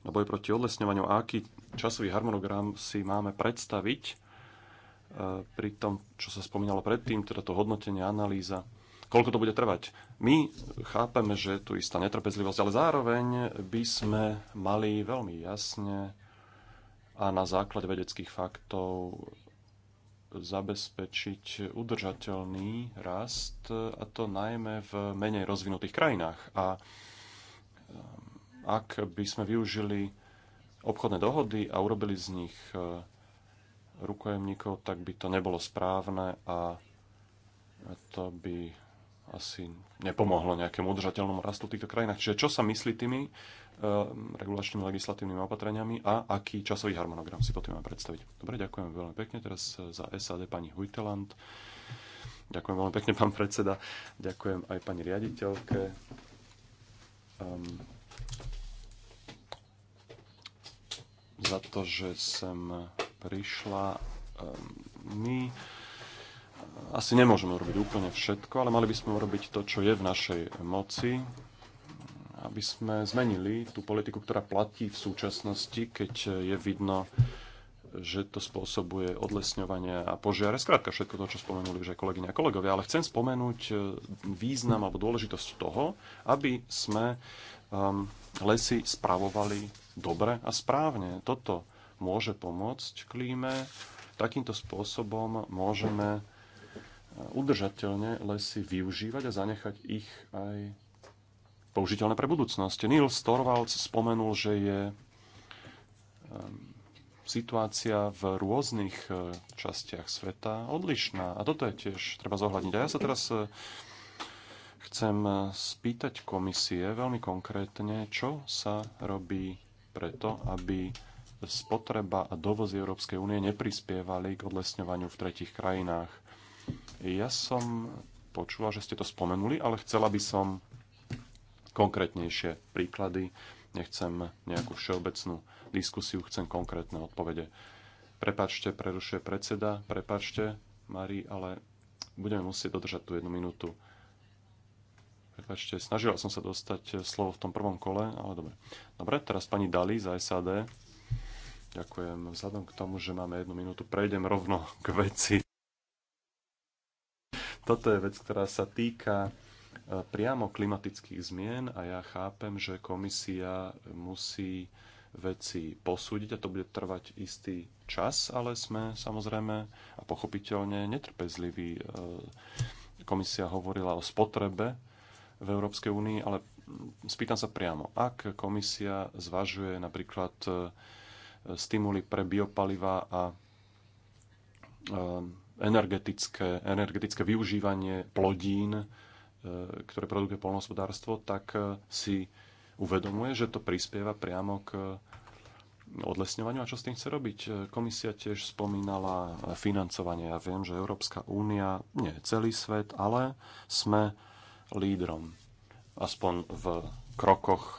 Speaker 1: na boj proti odlesňovaniu a aký časový harmonogram si máme predstaviť eh, pri tom, čo sa spomínalo predtým, teda to hodnotenie, analýza koľko to bude trvať. My chápeme, že tu istá netrpezlivosť, ale zároveň by sme mali veľmi jasne a na základe vedeckých faktov zabezpečiť udržateľný rast, a to najmä v menej rozvinutých krajinách. A um, ak by sme využili obchodné dohody a urobili z nich uh, rukojemníkov, tak by to nebolo správne a to by asi nepomohlo nejakému udržateľnému rastu v týchto krajinách. Čiže čo sa myslí tými eh, regulačnými legislatívnymi opatreniami a aký časový harmonogram si potom máme predstaviť. Dobre, ďakujem veľmi pekne. Teraz eh, za SAD pani Hujteland. Ďakujem veľmi pekne, pán predseda. Ďakujem aj pani riaditeľke. Um, za to, že som prišla. Um, my asi nemôžeme urobiť úplne všetko, ale mali by sme urobiť to, čo je v našej moci, aby sme zmenili tú politiku, ktorá platí v súčasnosti, keď je vidno, že to spôsobuje odlesňovanie a požiare. Skrátka všetko to, čo spomenuli aj kolegyne a kolegovia, ale chcem spomenúť e, význam alebo dôležitosť toho, aby sme um, lesy spravovali dobre a správne. Toto môže pomôcť klíme. Takýmto spôsobom môžeme udržateľne lesy využívať a zanechať ich aj použiteľné pre budúcnosť. Neil Storvalds spomenul, že je ehm, situácia v rôznych e, častiach sveta odlišná. A toto je tiež treba zohľadniť. A ja sa teraz e, chcem e, spýtať komisie veľmi konkrétne, čo sa robí preto, aby spotreba a dovoz Európskej únie neprispievali k odlesňovaniu v tretich krajinách. Ja som počula, že ste to spomenuli, ale chcela by som konkrétnejšie príklady. Nechcem nejakú všeobecnú diskusiu, chcem konkrétne odpovede. Prepačte, prerušuje predseda, prepačte, Mari, ale budeme musieť dodržať tú jednu minútu. Prepačte, snažila som sa dostať slovo v tom prvom kole, ale dobre. Dobre, teraz pani Dali za SAD. Ďakujem. Vzhľadom k tomu, že máme jednu minútu, prejdem rovno k veci. Toto je vec, ktorá sa týka e, priamo klimatických zmien a ja chápem, že komisia musí veci posúdiť a to bude trvať istý čas, ale sme samozrejme a pochopiteľne netrpezliví. E, komisia hovorila o spotrebe v Európskej únii, ale spýtam sa priamo, ak komisia zvažuje napríklad e, stimuly pre biopaliva a energetické, energetické využívanie plodín, e, ktoré produkuje polnohospodárstvo, tak e, si uvedomuje, že to prispieva priamo k e, odlesňovaniu a čo s tým chce robiť. Komisia tiež spomínala financovanie. Ja viem, že Európska únia nie je celý svet, ale sme lídrom. Aspoň v krokoch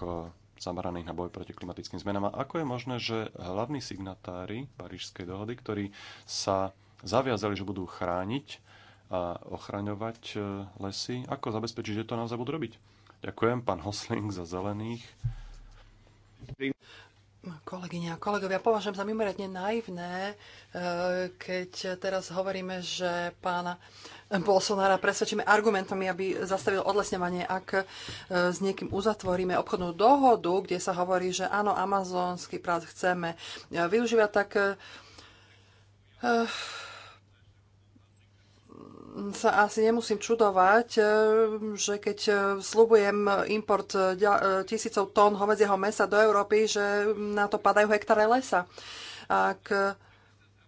Speaker 1: zameraných na boj proti klimatickým zmenám. A ako je možné, že hlavní signatári Parížskej dohody, ktorí sa zaviazali, že budú chrániť a ochraňovať e, lesy. Ako zabezpečiť, že to naozaj budú robiť? Ďakujem, pán Hosling za zelených.
Speaker 3: Kolegyne a kolegovia, považujem za mimoriadne naivné, e, keď teraz hovoríme, že pána Bolsonára presvedčíme argumentami, aby zastavil odlesňovanie, ak e, s niekým uzatvoríme obchodnú dohodu, kde sa hovorí, že áno, amazonský prác chceme využívať, tak sa asi nemusím čudovať, e, že keď e, slubujem import e, tisícov tón hovedzieho mesa do Európy, že na to padajú hektáre lesa. Ak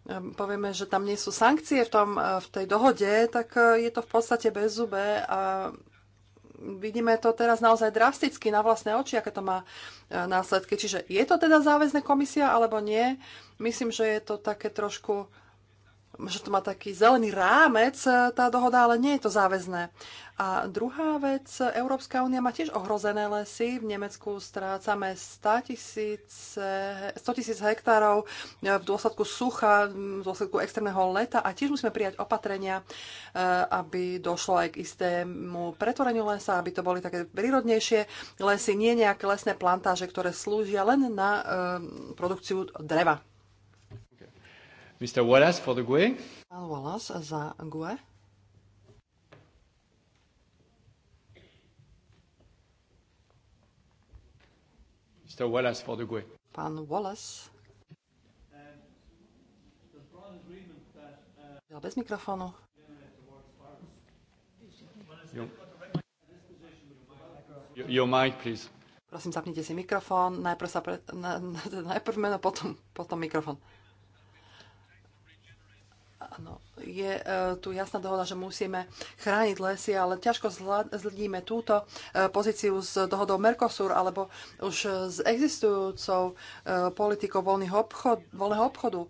Speaker 3: povieme, že tam nie sú sankcie v, tom, v tej dohode, tak je to v podstate bez zube a vidíme to teraz naozaj drasticky na vlastné oči, aké to má následky. Čiže je to teda záväzne komisia alebo nie? Myslím, že je to také trošku že to má taký zelený rámec, e, tá dohoda, ale nie je to záväzné. A druhá vec, e, Európska únia má tiež ohrozené lesy. V Nemecku strácame 100 tisíc hektárov e, v dôsledku sucha, v dôsledku extrémneho leta a tiež musíme prijať opatrenia, aby došlo aj k istému pretvoreniu lesa, aby to boli také prírodnejšie lesy, nie nejaké lesné plantáže, ktoré slúžia len na produkciu dreva.
Speaker 1: Mr. Wallace for the GUE.
Speaker 3: Wallace za GUE.
Speaker 1: Mr. Wallace for the GUE.
Speaker 3: Pán Wallace. Ja bez mikrofónu. Your, your mic, please. Prosím, zapnite si mikrofón. Najprv, sa pre, na, na, najprv meno, potom, potom mikrofón. Áno, je e, tu jasná dohoda, že musíme chrániť lesy, ale ťažko zladíme túto e, pozíciu s dohodou Mercosur alebo už s existujúcou e, politikou voľného obchod, voľného obchodu.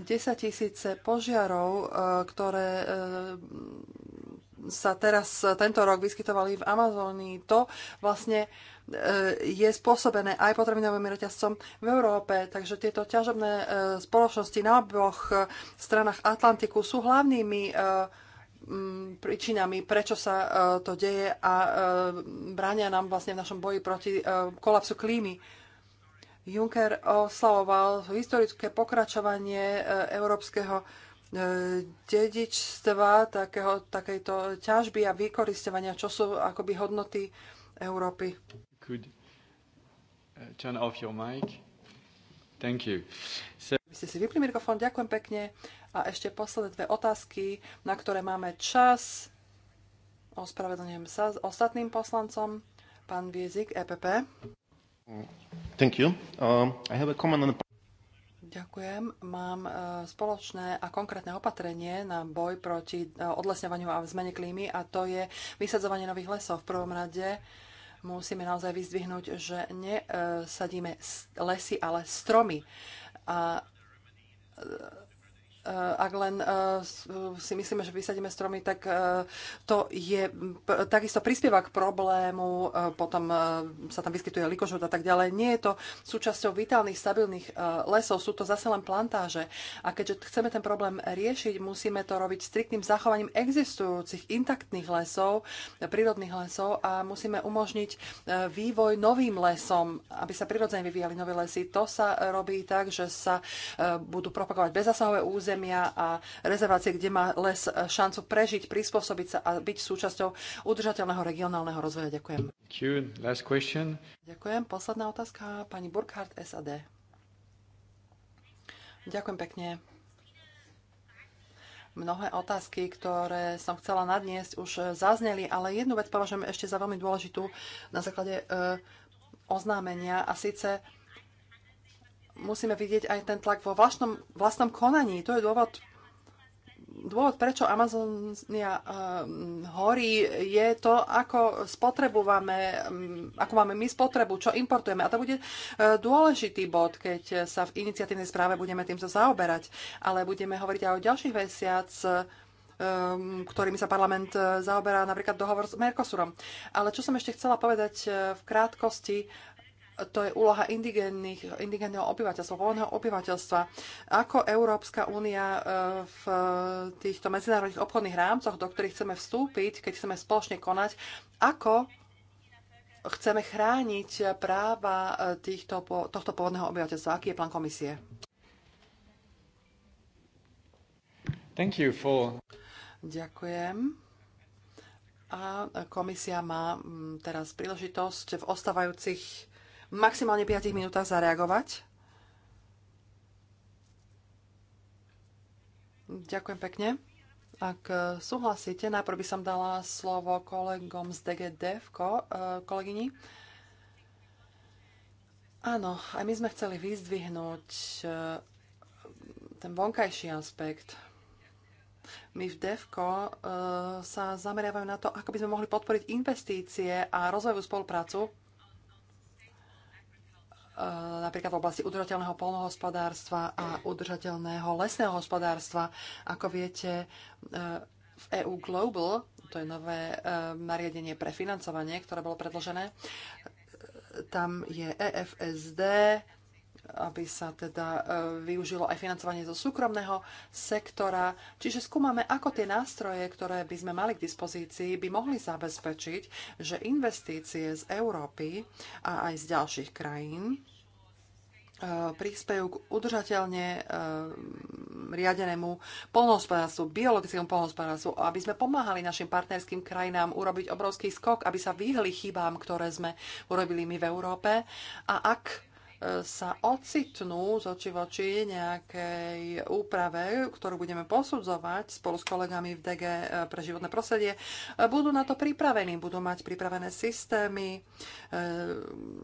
Speaker 3: 10 tisíce požiarov, e, ktoré e, sa teraz tento rok vyskytovali v Amazónii, to vlastne e, E, je spôsobené aj potravinovým reťazcom v Európe. Takže tieto ťažobné e, spoločnosti na oboch e, stranách Atlantiku sú hlavnými príčinami, prečo sa to deje a bránia nám vlastne v našom boji proti kolapsu klímy. Juncker oslavoval historické pokračovanie európskeho dedičstva, takého, takejto ťažby a vykoristovania, čo sú akoby hodnoty Európy could uh, turn off your mic. Thank you. So... Vy ste si vypli mikrofón, ďakujem pekne. A ešte posledné dve otázky, na ktoré máme čas. Ospravedlňujem sa s ostatným poslancom. Pán Viezik, EPP.
Speaker 1: Thank you. Uh, I
Speaker 2: have a comment on the...
Speaker 3: Ďakujem. Mám uh, spoločné a konkrétne opatrenie na boj proti uh, odlesňovaniu a zmene klímy a to je vysadzovanie nových lesov. V prvom rade musíme naozaj vyzdvihnúť, že nesadíme lesy, ale stromy. A Eh, ak len eh, si myslíme, že vysadíme stromy, tak eh, to je takisto prispieva k problému, potom sa tam vyskytuje likožud a tak ďalej. Nie je to súčasťou vitálnych, stabilných lesov, sú to zase len plantáže. A keďže chceme ten problém riešiť, musíme to robiť striktným zachovaním existujúcich intaktných lesov, prírodných lesov a musíme umožniť vývoj novým lesom, aby sa prirodzene vyvíjali nové lesy. To sa robí tak, že sa budú propagovať bezzasahové územie, územia a rezervácie, kde má les šancu prežiť, prispôsobiť sa a byť súčasťou udržateľného regionálneho rozvoja. Ďakujem. Ďakujem. Posledná otázka, pani Burkhardt, SAD. Ďakujem pekne. Mnohé otázky, ktoré som chcela nadniesť, už zazneli, ale jednu vec považujem ešte za veľmi dôležitú na základe e, oznámenia a síce musíme vidieť aj ten tlak vo vlastnom, vlastnom konaní. To je dôvod, dôvod prečo Amazonia uh, ehm, horí, je to, ako spotrebujeme, um, ako máme my spotrebu, čo importujeme. A to bude uh, dôležitý bod, keď sa v iniciatívnej správe budeme týmto zaoberať. Ale budeme hovoriť aj o ďalších vesiac, um, ehm, ktorými sa parlament e, zaoberá, napríklad dohovor s Mercosurom. Ale čo som ešte chcela povedať e, v krátkosti, to je úloha indigénnych, indigénneho obyvateľstva, pôvodného obyvateľstva. Ako Európska únia e, v týchto medzinárodných obchodných rámcoch, do ktorých chceme vstúpiť, keď chceme spoločne konať, ako chceme chrániť práva e, týchto, tohto pôvodného obyvateľstva? Aký je plán komisie? Thank you for... Ďakujem a komisia má mm, teraz príležitosť v ostávajúcich maximálne 5 minútach zareagovať. Ďakujem pekne. Ak e, súhlasíte, najprv by som dala slovo kolegom z DGD, e, kolegyni. Áno, aj my sme chceli vyzdvihnúť e, ten vonkajší aspekt. My v DEVKO sa zameriavame na to, ako by sme mohli podporiť investície a rozvojovú spoluprácu Eh, napríklad v oblasti udržateľného polnohospodárstva a udržateľného lesného hospodárstva. Ako viete, eh, v EU Global, to je nové eh, nariadenie pre financovanie, ktoré bolo predložené, tam je EFSD, aby sa teda e, využilo aj financovanie zo súkromného sektora. Čiže skúmame, ako tie nástroje, ktoré by sme mali k dispozícii, by mohli zabezpečiť, že investície z Európy a aj z ďalších krajín e, príspejú k udržateľne e, riadenému polnohospodárstvu, biologickému polnohospodárstvu, aby sme pomáhali našim partnerským krajinám urobiť obrovský skok, aby sa vyhli chybám, ktoré sme urobili my v Európe. A ak sa ocitnú z oči oči nejakej úprave, ktorú budeme posudzovať spolu s kolegami v DG eh, pre životné prostredie, budú na to pripravení, budú mať pripravené systémy, eh,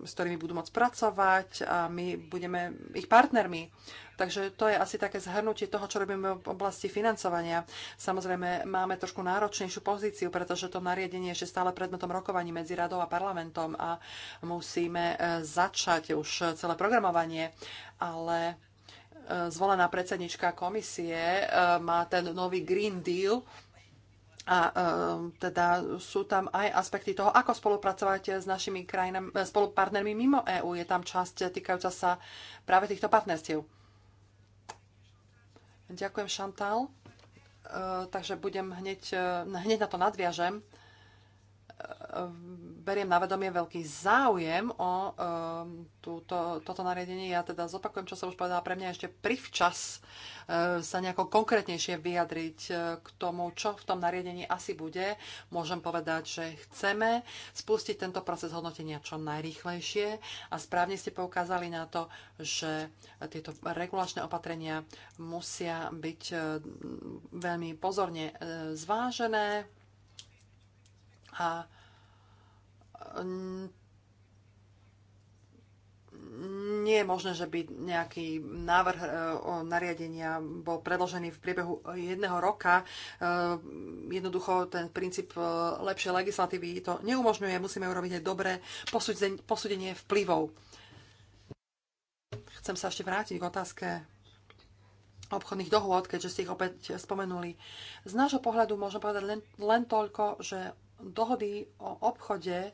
Speaker 3: s ktorými budú môcť pracovať a my budeme ich partnermi. Takže to je asi také zhrnutie toho, čo robíme v oblasti financovania. Samozrejme, máme trošku náročnejšiu pozíciu, pretože to nariadenie je ešte stále predmetom rokovaní medzi radou a parlamentom a musíme e, začať už celé programovanie, ale e, zvolená predsednička komisie e, má ten nový Green Deal, a e, teda sú tam aj aspekty toho, ako spolupracovať s našimi krajinami, spolupartnermi mimo EÚ. Je tam časť týkajúca sa práve týchto partnerstiev. Ďakujem, Uh, Takže budem hneď, e, hneď na to nadviažem beriem na vedomie veľký záujem o um, túto, toto nariadenie. Ja teda zopakujem, čo som už povedala. Pre mňa ešte privčas uh, sa nejako konkrétnejšie vyjadriť uh, k tomu, čo v tom nariadení asi bude. Môžem povedať, že chceme spustiť tento proces hodnotenia čo najrýchlejšie a správne ste poukázali na to, že tieto regulačné opatrenia musia byť uh, veľmi pozorne uh, zvážené, a nie je možné, že by nejaký návrh e, o nariadenia bol predložený v priebehu jedného roka. E, jednoducho ten princíp e, lepšej legislatívy to neumožňuje. Musíme urobiť aj dobré posúdenie vplyvov. Chcem sa ešte vrátiť k otázke obchodných dohôd, keďže ste ich opäť spomenuli. Z nášho pohľadu môžem povedať len, len toľko, že dohody o obchode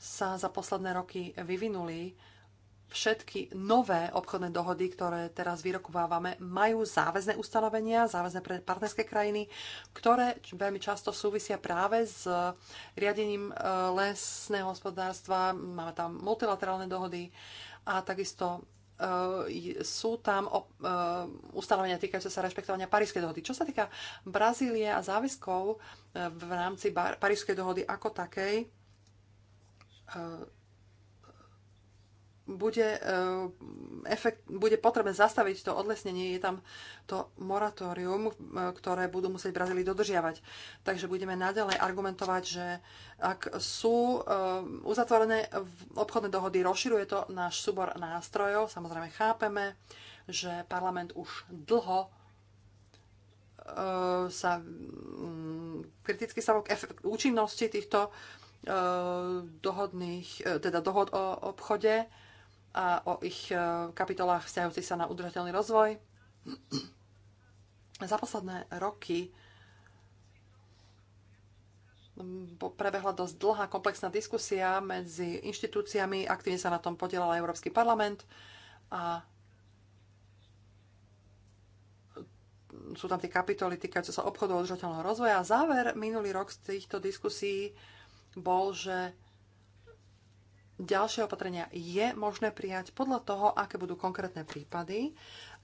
Speaker 3: sa za posledné roky vyvinuli. Všetky nové obchodné dohody, ktoré teraz vyrokovávame, majú záväzné ustanovenia, záväzné pre partnerské krajiny, ktoré veľmi často súvisia práve s riadením e, lesného hospodárstva. Máme tam multilaterálne dohody a takisto Eh, sú tam eh, ustanovenia týkajúce sa rešpektovania Parískej dohody. Čo sa týka Brazílie a záväzkov eh, v rámci Parískej dohody ako takej, bude, e, efekt, bude potrebné zastaviť to odlesnenie, je tam to moratórium, e, ktoré budú musieť Brazílii dodržiavať. Takže budeme naďalej argumentovať, že ak sú e, uzatvorené obchodné dohody, rozširuje to náš súbor nástrojov. Samozrejme chápeme, že parlament už dlho sa mm, kriticky sa k účinnosti týchto dohodných, teda dohod o obchode a o ich e, kapitolách vzťahujúci sa na udržateľný rozvoj. Za posledné roky prebehla dosť dlhá komplexná diskusia medzi inštitúciami, aktívne sa na tom podielal Európsky parlament a sú tam tie kapitoly týkajúce sa obchodu a udržateľného rozvoja. A záver minulý rok z týchto diskusí bol, že ďalšie opatrenia je možné prijať podľa toho, aké budú konkrétne prípady.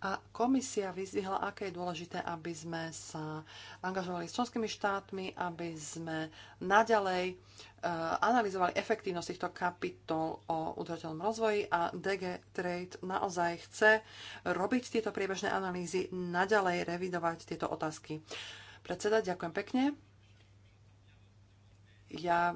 Speaker 3: A komisia vyzvihla, aké je dôležité, aby sme sa angažovali s členskými štátmi, aby sme naďalej e, analyzovali efektívnosť týchto kapitol o udržateľnom rozvoji a DG Trade naozaj chce robiť tieto priebežné analýzy, naďalej revidovať tieto otázky. Predseda, ďakujem pekne. Ja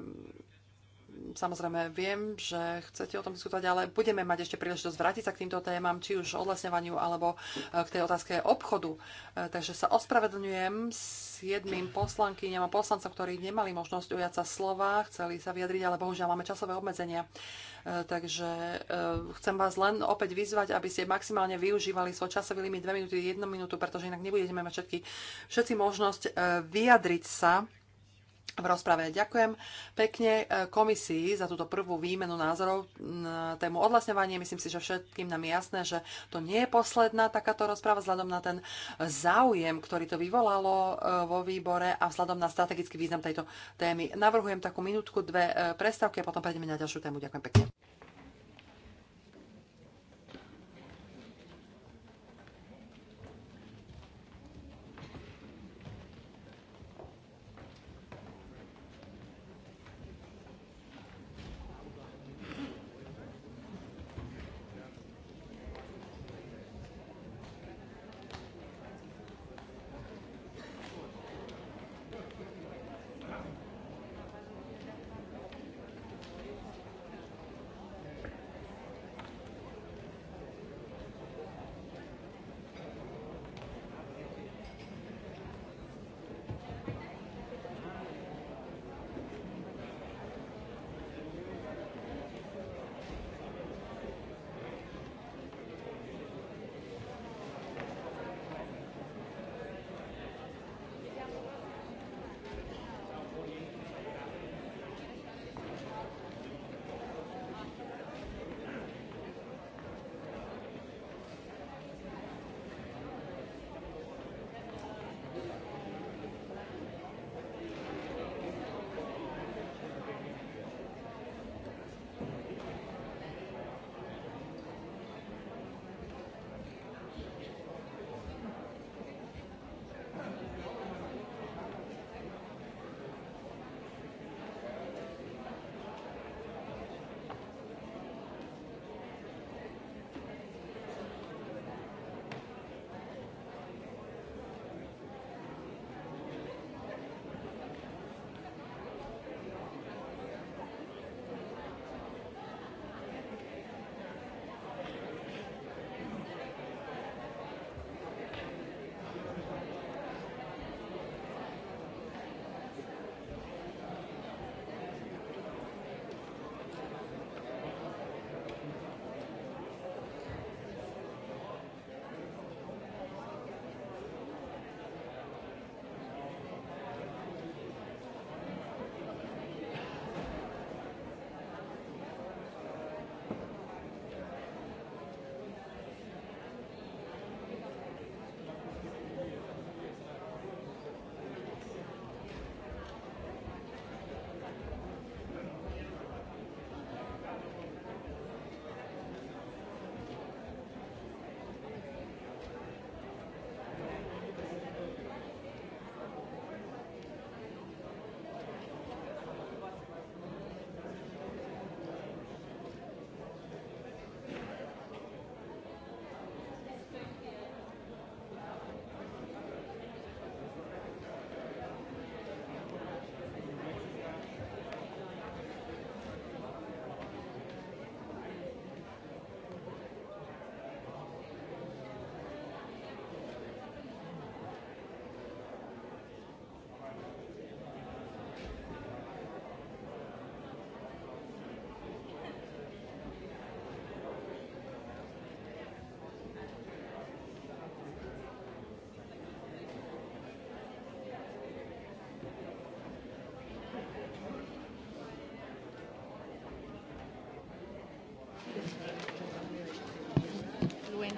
Speaker 3: samozrejme viem, že chcete o tom diskutovať, ale budeme mať ešte príležitosť vrátiť sa k týmto témam, či už odlesňovaniu alebo e, k tej otázke obchodu. E, takže sa ospravedlňujem s jedným poslankyňom a poslancom, ktorí nemali možnosť ujať sa slova, chceli sa vyjadriť, ale bohužiaľ máme časové obmedzenia. E, takže chcem vás len opäť vyzvať, aby ste maximálne využívali svoj časový limit 2 minúty, 1 minútu, pretože inak nebudete mať všetky, všetci možnosť vyjadriť sa v rozprave. Ďakujem pekne e, komisii za túto prvú výmenu názorov na tému odlasňovanie. Myslím si, že všetkým nám je jasné, že to nie je posledná takáto rozpráva vzhľadom na ten záujem, ktorý to vyvolalo e, vo výbore a vzhľadom na strategický význam tejto témy. Navrhujem takú minútku, dve e, prestávky a potom prejdeme na ďalšiu tému. Ďakujem pekne.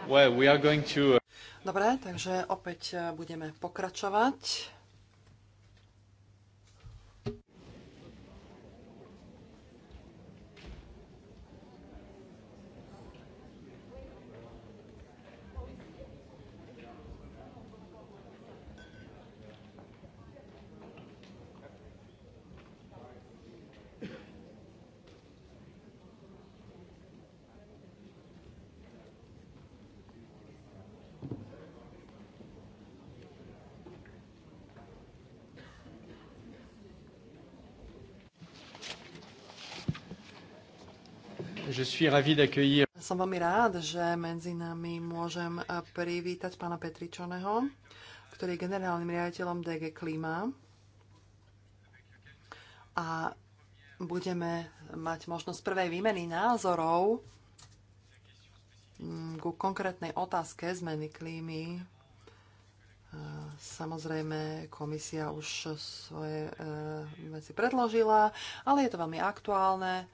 Speaker 3: Uh, Dobre, takže opäť uh, budeme pokračovať. Je suis ravi d'accueillir. Som veľmi rád, že medzi nami môžem eh, privítať pána Petričoneho, ktorý je generálnym riaditeľom DG Klima. A budeme mať možnosť prvej výmeny názorov mm, ku konkrétnej otázke zmeny klímy. Eh, samozrejme, komisia už svoje eh, veci predložila, ale je to veľmi aktuálne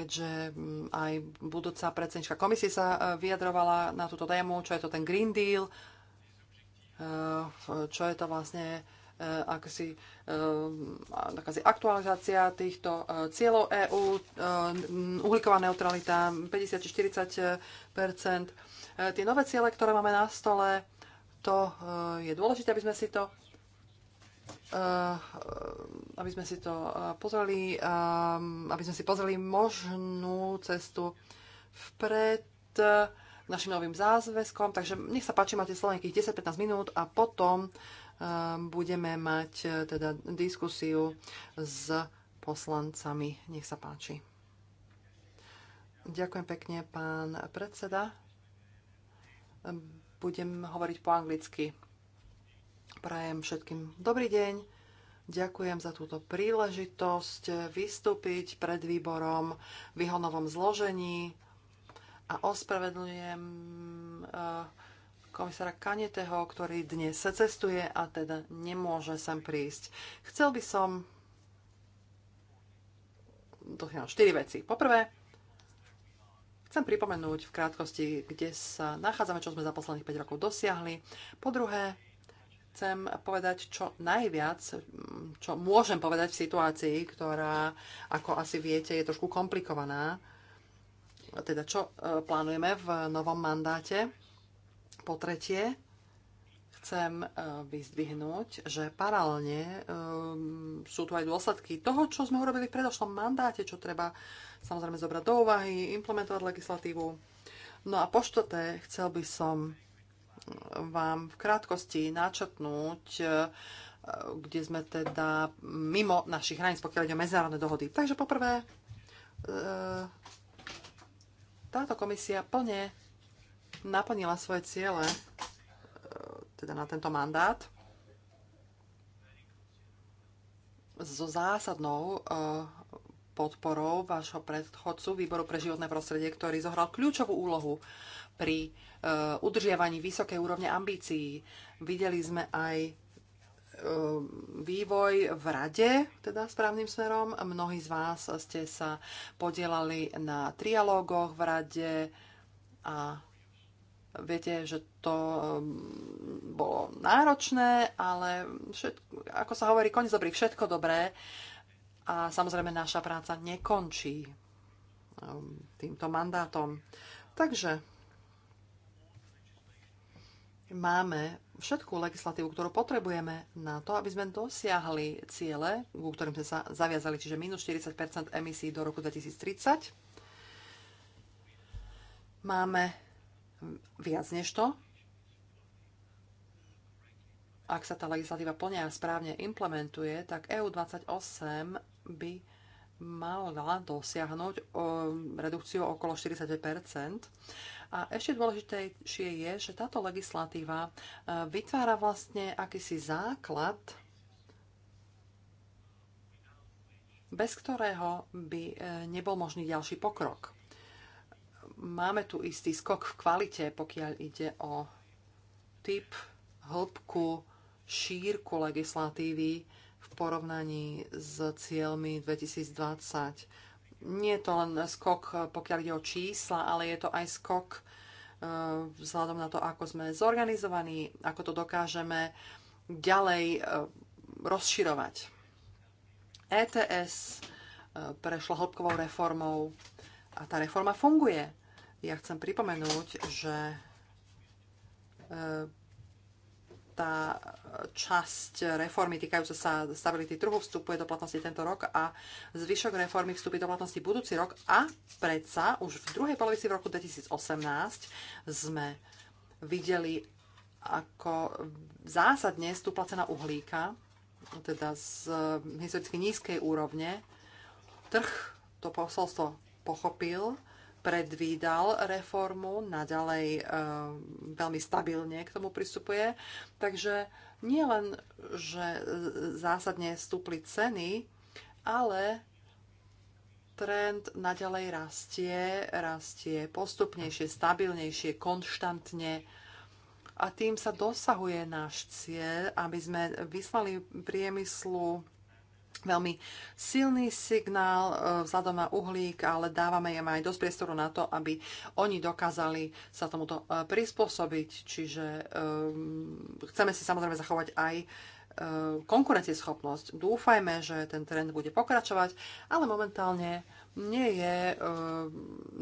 Speaker 3: keďže mm, aj budúca predsednička komisie sa e, vyjadrovala na túto tému, čo je to ten Green Deal, e, čo je to vlastne e, akási, aktualizácia týchto cieľov EÚ, uhlíková neutralita 50-40 Tie nové ciele, ktoré máme na stole, to je dôležité, aby sme si to aby sme si to e, pozreli, ehm, aby sme si pozreli možnú cestu vpred k e, našim novým zázveskom. Takže nech sa páči, máte slovo nejakých 10-15 minút a potom e, budeme mať teda diskusiu s poslancami. Nech sa páči. Ďakujem pekne, pán predseda. Budem hovoriť po anglicky. Prajem všetkým dobrý deň. Ďakujem za túto príležitosť vystúpiť pred výborom v jeho novom zložení a ospravedlňujem eh, komisára Kaneteho, ktorý dnes sa cestuje a teda nemôže sem prísť. Chcel by som dotiahnuť štyri veci. Poprvé, chcem pripomenúť v krátkosti, kde sa nachádzame, čo sme za posledných 5 rokov dosiahli. Po druhé, chcem povedať čo najviac, čo môžem povedať v situácii, ktorá, ako asi viete, je trošku komplikovaná. Teda čo e, plánujeme v novom mandáte? Po tretie, chcem e, vyzdvihnúť, že paralelne e, sú tu aj dôsledky toho, čo sme urobili v predošlom mandáte, čo treba samozrejme zobrať do úvahy, implementovať legislatívu. No a po štvrté, chcel by som vám v krátkosti načrtnúť, e, kde sme teda mimo našich hraníc, pokiaľ ide o medzinárodné dohody. Takže poprvé, e, táto komisia plne naplnila svoje ciele e, teda na tento mandát so zásadnou podporou vášho predchodcu Výboru pre životné prostredie, ktorý zohral kľúčovú úlohu pri e, udržiavaní vysokej úrovne ambícií. Videli sme aj e, vývoj v rade, teda správnym smerom. Mnohí z vás ste sa podielali na trialógoch v rade a viete, že to e, bolo náročné, ale všetko, ako sa hovorí, koniec dobrý, všetko dobré. A samozrejme, naša práca nekončí um, týmto mandátom. Takže máme všetkú legislatívu, ktorú potrebujeme na to, aby sme dosiahli ciele, ku ktorým sme sa zaviazali, čiže minus 40 emisí do roku 2030. Máme viac než to, ak sa tá legislatíva plne a správne implementuje, tak EU28 by mala dosiahnuť redukciu okolo 40 a ešte dôležitejšie je, že táto legislatíva e, vytvára vlastne akýsi základ, bez ktorého by e, nebol možný ďalší pokrok. Máme tu istý skok v kvalite, pokiaľ ide o typ, hĺbku šírku legislatívy v porovnaní s cieľmi 2020. Nie je to len skok, pokiaľ ide o čísla, ale je to aj skok e, vzhľadom na to, ako sme zorganizovaní, ako to dokážeme ďalej e, rozširovať. ETS e, prešla hĺbkovou reformou a tá reforma funguje. Ja chcem pripomenúť, že tá časť reformy týkajúca sa stability trhu vstupuje do platnosti tento rok a zvyšok reformy vstupí do platnosti budúci rok a predsa už v druhej polovici v roku 2018 sme videli, ako zásadne stúpla cena uhlíka, teda z historicky nízkej úrovne. Trh to posolstvo pochopil predvídal reformu, naďalej eh, veľmi stabilne k tomu pristupuje. Takže nie len, že eh, zásadne stúpli ceny, ale trend naďalej rastie, rastie postupnejšie, stabilnejšie, konštantne a tým sa dosahuje náš cieľ, aby sme vyslali priemyslu veľmi silný signál e, vzhľadom na uhlík, ale dávame im aj dosť priestoru na to, aby oni dokázali sa tomuto e, prispôsobiť. Čiže um, chceme si samozrejme zachovať aj um, konkurencieschopnosť. Dúfajme, že ten trend bude pokračovať, ale momentálne nie, je, um,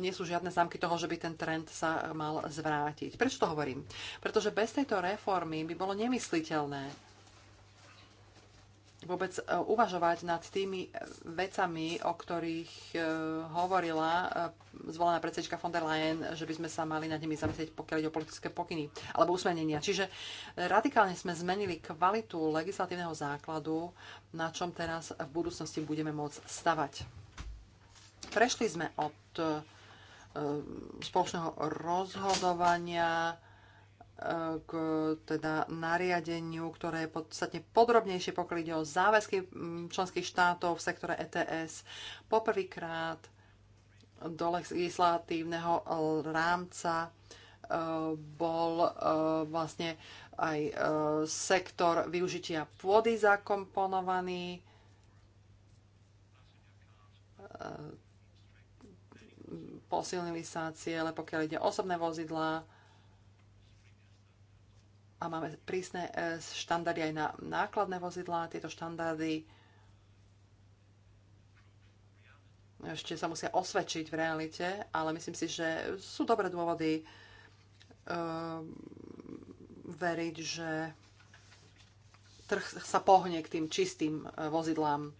Speaker 3: nie sú žiadne známky toho, že by ten trend sa mal zvrátiť. Prečo to hovorím? Pretože bez tejto reformy by bolo nemysliteľné vôbec e, uvažovať nad tými vecami, o ktorých e, hovorila e, zvolená predsednička von der Leyen, že by sme sa mali nad nimi zamyslieť, pokiaľ ide o politické pokyny alebo usmenenia. Čiže radikálne sme zmenili kvalitu legislatívneho základu, na čom teraz v budúcnosti budeme môcť stavať. Prešli sme od spoločného rozhodovania, k teda nariadeniu, ktoré je podstatne podrobnejšie, pokiaľ ide o záväzky mm, členských štátov v sektore ETS. Poprvýkrát do legislatívneho e, rámca e, bol e, vlastne aj sektor využitia pôdy zakomponovaný. Posilnili sa ciele, pokiaľ ide o osobné vozidlá, a máme prísne e, štandardy aj na nákladné vozidlá. Tieto štandardy ešte sa musia osvedčiť v realite, ale myslím si, že sú dobré dôvody e, veriť, že trh sa pohne k tým čistým e, vozidlám.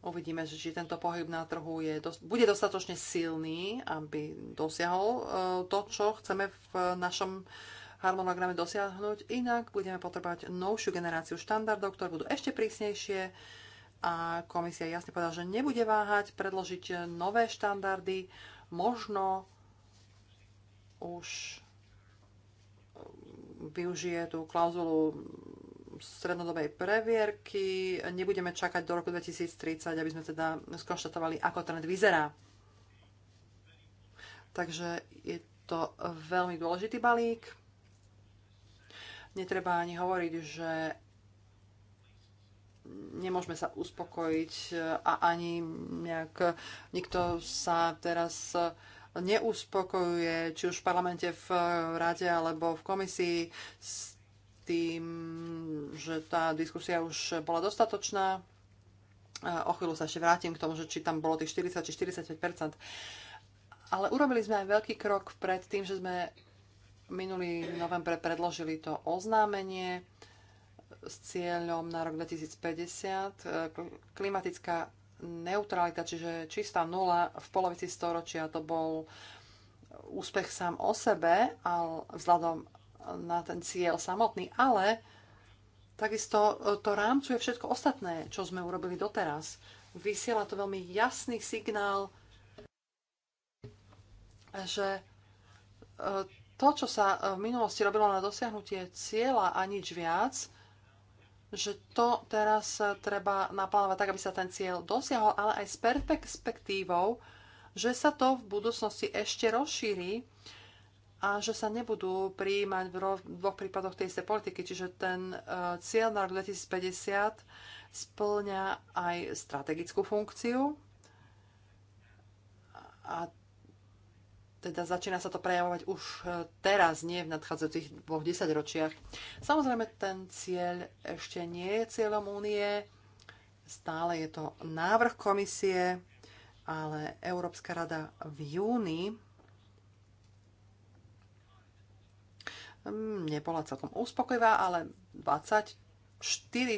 Speaker 3: Uvidíme, či tento pohyb na trhu je, bude dostatočne silný, aby dosiahol to, čo chceme v našom harmonograme dosiahnuť. Inak budeme potrebovať novšiu generáciu štandardov, ktoré budú ešte prísnejšie a komisia jasne povedala, že nebude váhať predložiť nové štandardy, možno už využije tú klauzulu strednodobej previerky. Nebudeme čakať do roku 2030, aby sme teda skonštatovali, ako trend vyzerá. Takže je to veľmi dôležitý balík. Netreba ani hovoriť, že nemôžeme sa uspokojiť e, a ani nejak nikto sa teraz neuspokojuje, či už v parlamente, v rade alebo v komisii s tým, že tá diskusia už bola dostatočná. E, o chvíľu sa ešte vrátim k tomu, že či tam bolo tých 40 či 45 Ale urobili sme aj veľký krok pred tým, že sme minulý novembre predložili to oznámenie s cieľom na rok 2050. E, klimatická neutralita, čiže čistá nula v polovici storočia, to bol úspech sám o sebe, ale vzhľadom na ten cieľ samotný, ale takisto e, to rámcuje všetko ostatné, čo sme urobili doteraz. Vysiela to veľmi jasný signál, že e, to, čo sa e, v minulosti robilo na dosiahnutie cieľa a nič viac, že to teraz e, treba naplánovať tak, aby sa ten cieľ dosiahol, ale aj s perspektívou, že sa to v budúcnosti ešte rozšíri a že sa nebudú prijímať v dvoch prípadoch tej istej politiky. Čiže ten e, cieľ na rok 2050 splňa aj strategickú funkciu a teda začína sa to prejavovať už e, teraz, nie v nadchádzajúcich dvoch desaťročiach. Samozrejme, ten cieľ ešte nie je cieľom únie, stále je to návrh komisie, ale Európska rada v júni mm, nebola celkom úspokojivá, ale 24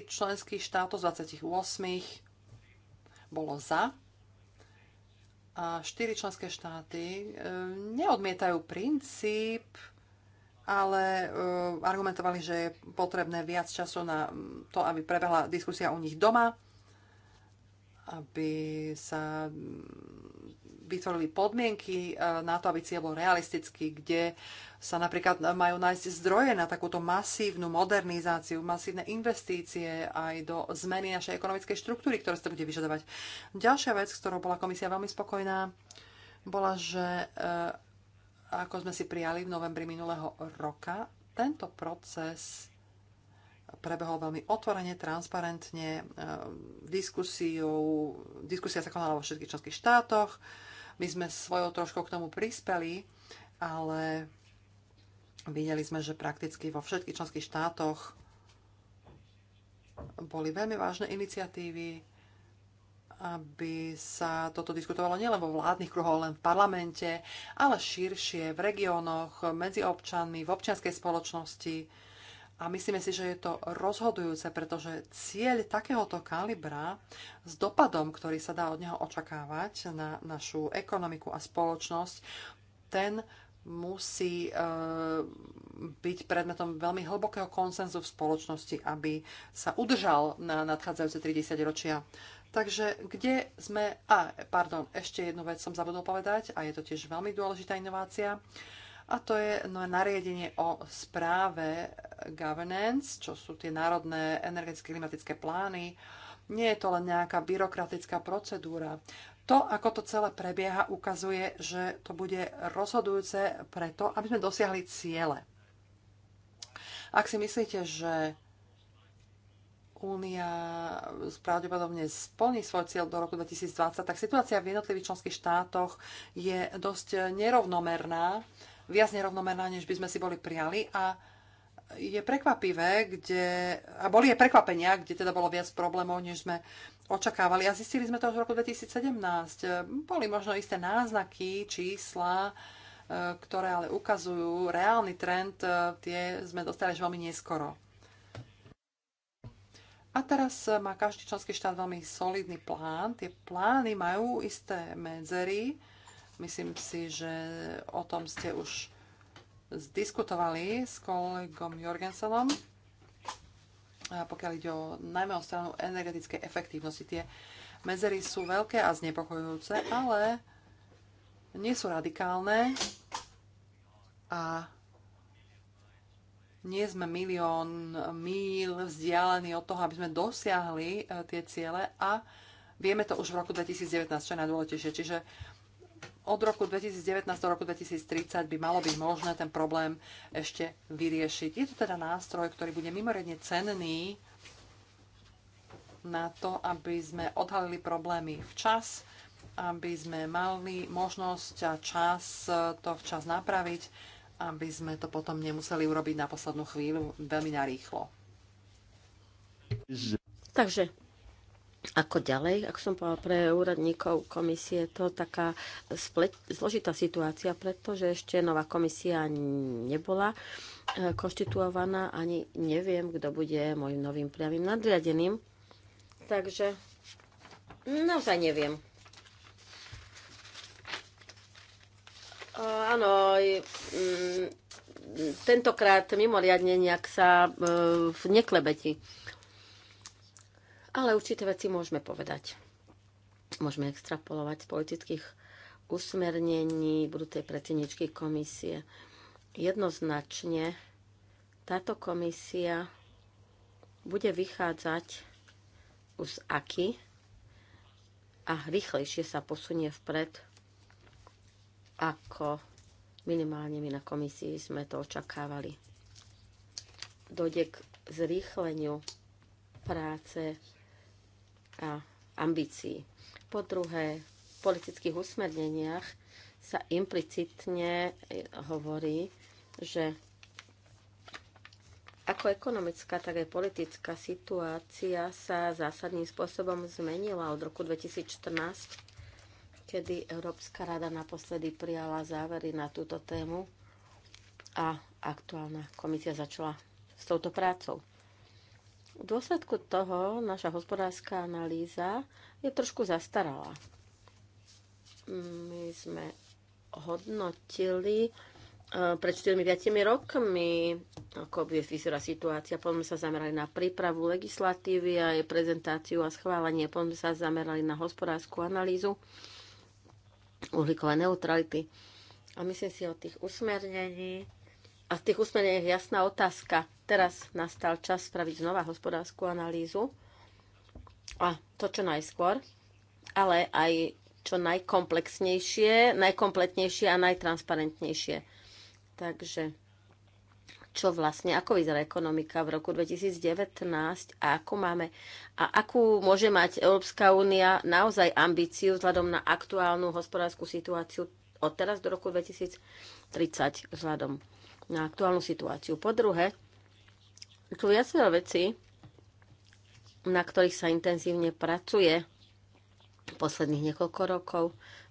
Speaker 3: členských štátov z 28 bolo za a štyri členské štáty e, neodmietajú princíp, ale e, argumentovali, že je potrebné viac času na to, aby prebehla diskusia u nich doma, aby sa vytvorili podmienky eh, na to, aby cieľ bol realistický, kde sa napríklad majú nájsť zdroje na takúto masívnu modernizáciu, masívne investície aj do zmeny našej ekonomickej štruktúry, ktoré sa to bude vyžadovať. Ďalšia vec, s ktorou bola komisia veľmi spokojná, bola, že eh, ako sme si prijali v novembri minulého roka, tento proces prebehol veľmi otvorene, transparentne. Eh, diskusia sa konala vo všetkých členských štátoch. My sme svojou trošku k tomu prispeli, ale videli sme, že prakticky vo všetkých členských štátoch boli veľmi vážne iniciatívy, aby sa toto diskutovalo nielen vo vládnych kruhoch, len v parlamente, ale širšie, v regiónoch, medzi občanmi, v občianskej spoločnosti a myslíme si, že je to rozhodujúce, pretože cieľ takéhoto kalibra s dopadom, ktorý sa dá od neho očakávať na našu ekonomiku a spoločnosť, ten musí e, byť predmetom veľmi hlbokého konsenzu v spoločnosti, aby sa udržal na nadchádzajúce 30 ročia. Takže kde sme... A, pardon, ešte jednu vec som zabudol povedať a je to tiež veľmi dôležitá inovácia. E, a to je no, nariadenie o správe governance, čo sú tie národné energetické klimatické plány. Nie je to len nejaká byrokratická procedúra. To, ako to celé prebieha, ukazuje, že to bude rozhodujúce preto, aby sme dosiahli ciele. Ak si myslíte, že Únia pravdepodobne splní svoj cieľ do roku 2020, tak situácia v jednotlivých členských štátoch je dosť nerovnomerná viac nerovnomerná, než by sme si boli prijali a je prekvapivé, kde, a boli je prekvapenia, kde teda bolo viac problémov, než sme očakávali. A zistili sme to už v roku 2017. Boli možno isté náznaky, čísla, e, ktoré ale ukazujú reálny trend, e, tie sme dostali až veľmi neskoro. A teraz e, má každý členský štát veľmi solidný plán. Tie plány majú isté medzery, Myslím si, že o tom ste už diskutovali s kolegom Jorgensenom, pokiaľ ide o, najmä o stranu energetickej efektívnosti. Tie medzery sú veľké a znepokojujúce, ale nie sú radikálne a nie sme milión míl vzdialení od toho, aby sme dosiahli e, tie ciele a vieme to už v roku 2019, čo je najdôležitejšie. Čiže od roku 2019 do roku 2030 by malo byť možné ten problém ešte vyriešiť. Je to teda nástroj, ktorý bude mimoriadne cenný na to, aby sme odhalili problémy včas, aby sme mali možnosť a čas to včas napraviť, aby sme to potom nemuseli urobiť na poslednú chvíľu veľmi narýchlo.
Speaker 2: Takže ako ďalej, ako som povedal pre úradníkov komisie, je to taká spleť, zložitá situácia, pretože ešte nová komisia nebola e, konštituovaná, ani neviem, kto bude môjim novým priamým nadriadeným. Takže naozaj neviem. Áno, mm, tentokrát mimoriadne nejak sa e, v neklebeti ale určité veci môžeme povedať. Môžeme extrapolovať z politických usmernení budúcej predsedničky komisie. Jednoznačne táto komisia bude vychádzať z aky a rýchlejšie sa posunie vpred, ako minimálne my na komisii sme to očakávali. Dojde k zrýchleniu práce a ambícií. Po druhé, v politických usmerneniach sa implicitne e, hovorí, že ako ekonomická, tak aj politická situácia sa zásadným spôsobom zmenila od roku 2014, kedy Európska rada naposledy prijala závery na túto tému a aktuálna komisia začala s touto prácou. V dôsledku toho naša hospodárska analýza je trošku zastarala. My sme hodnotili e, pred 4-5 rokmi, ako by vyzerá situácia. Potom sme sa zamerali na prípravu legislatívy a jej prezentáciu a schválenie. Potom sme sa zamerali na hospodárskú analýzu uhlíkové neutrality. A myslím si o tých usmernení a v tých usmerneniach je jasná otázka. Teraz nastal čas spraviť znova hospodárskú analýzu. A to čo najskôr, ale aj čo najkomplexnejšie, najkompletnejšie a najtransparentnejšie. Takže čo vlastne, ako vyzerá ekonomika v roku 2019 a ako máme a akú môže mať Európska únia naozaj ambíciu vzhľadom na aktuálnu hospodárskú situáciu od teraz do roku 2030 vzhľadom na aktuálnu situáciu. Po druhé, sú viacero veci, na ktorých sa intenzívne pracuje posledných niekoľko rokov.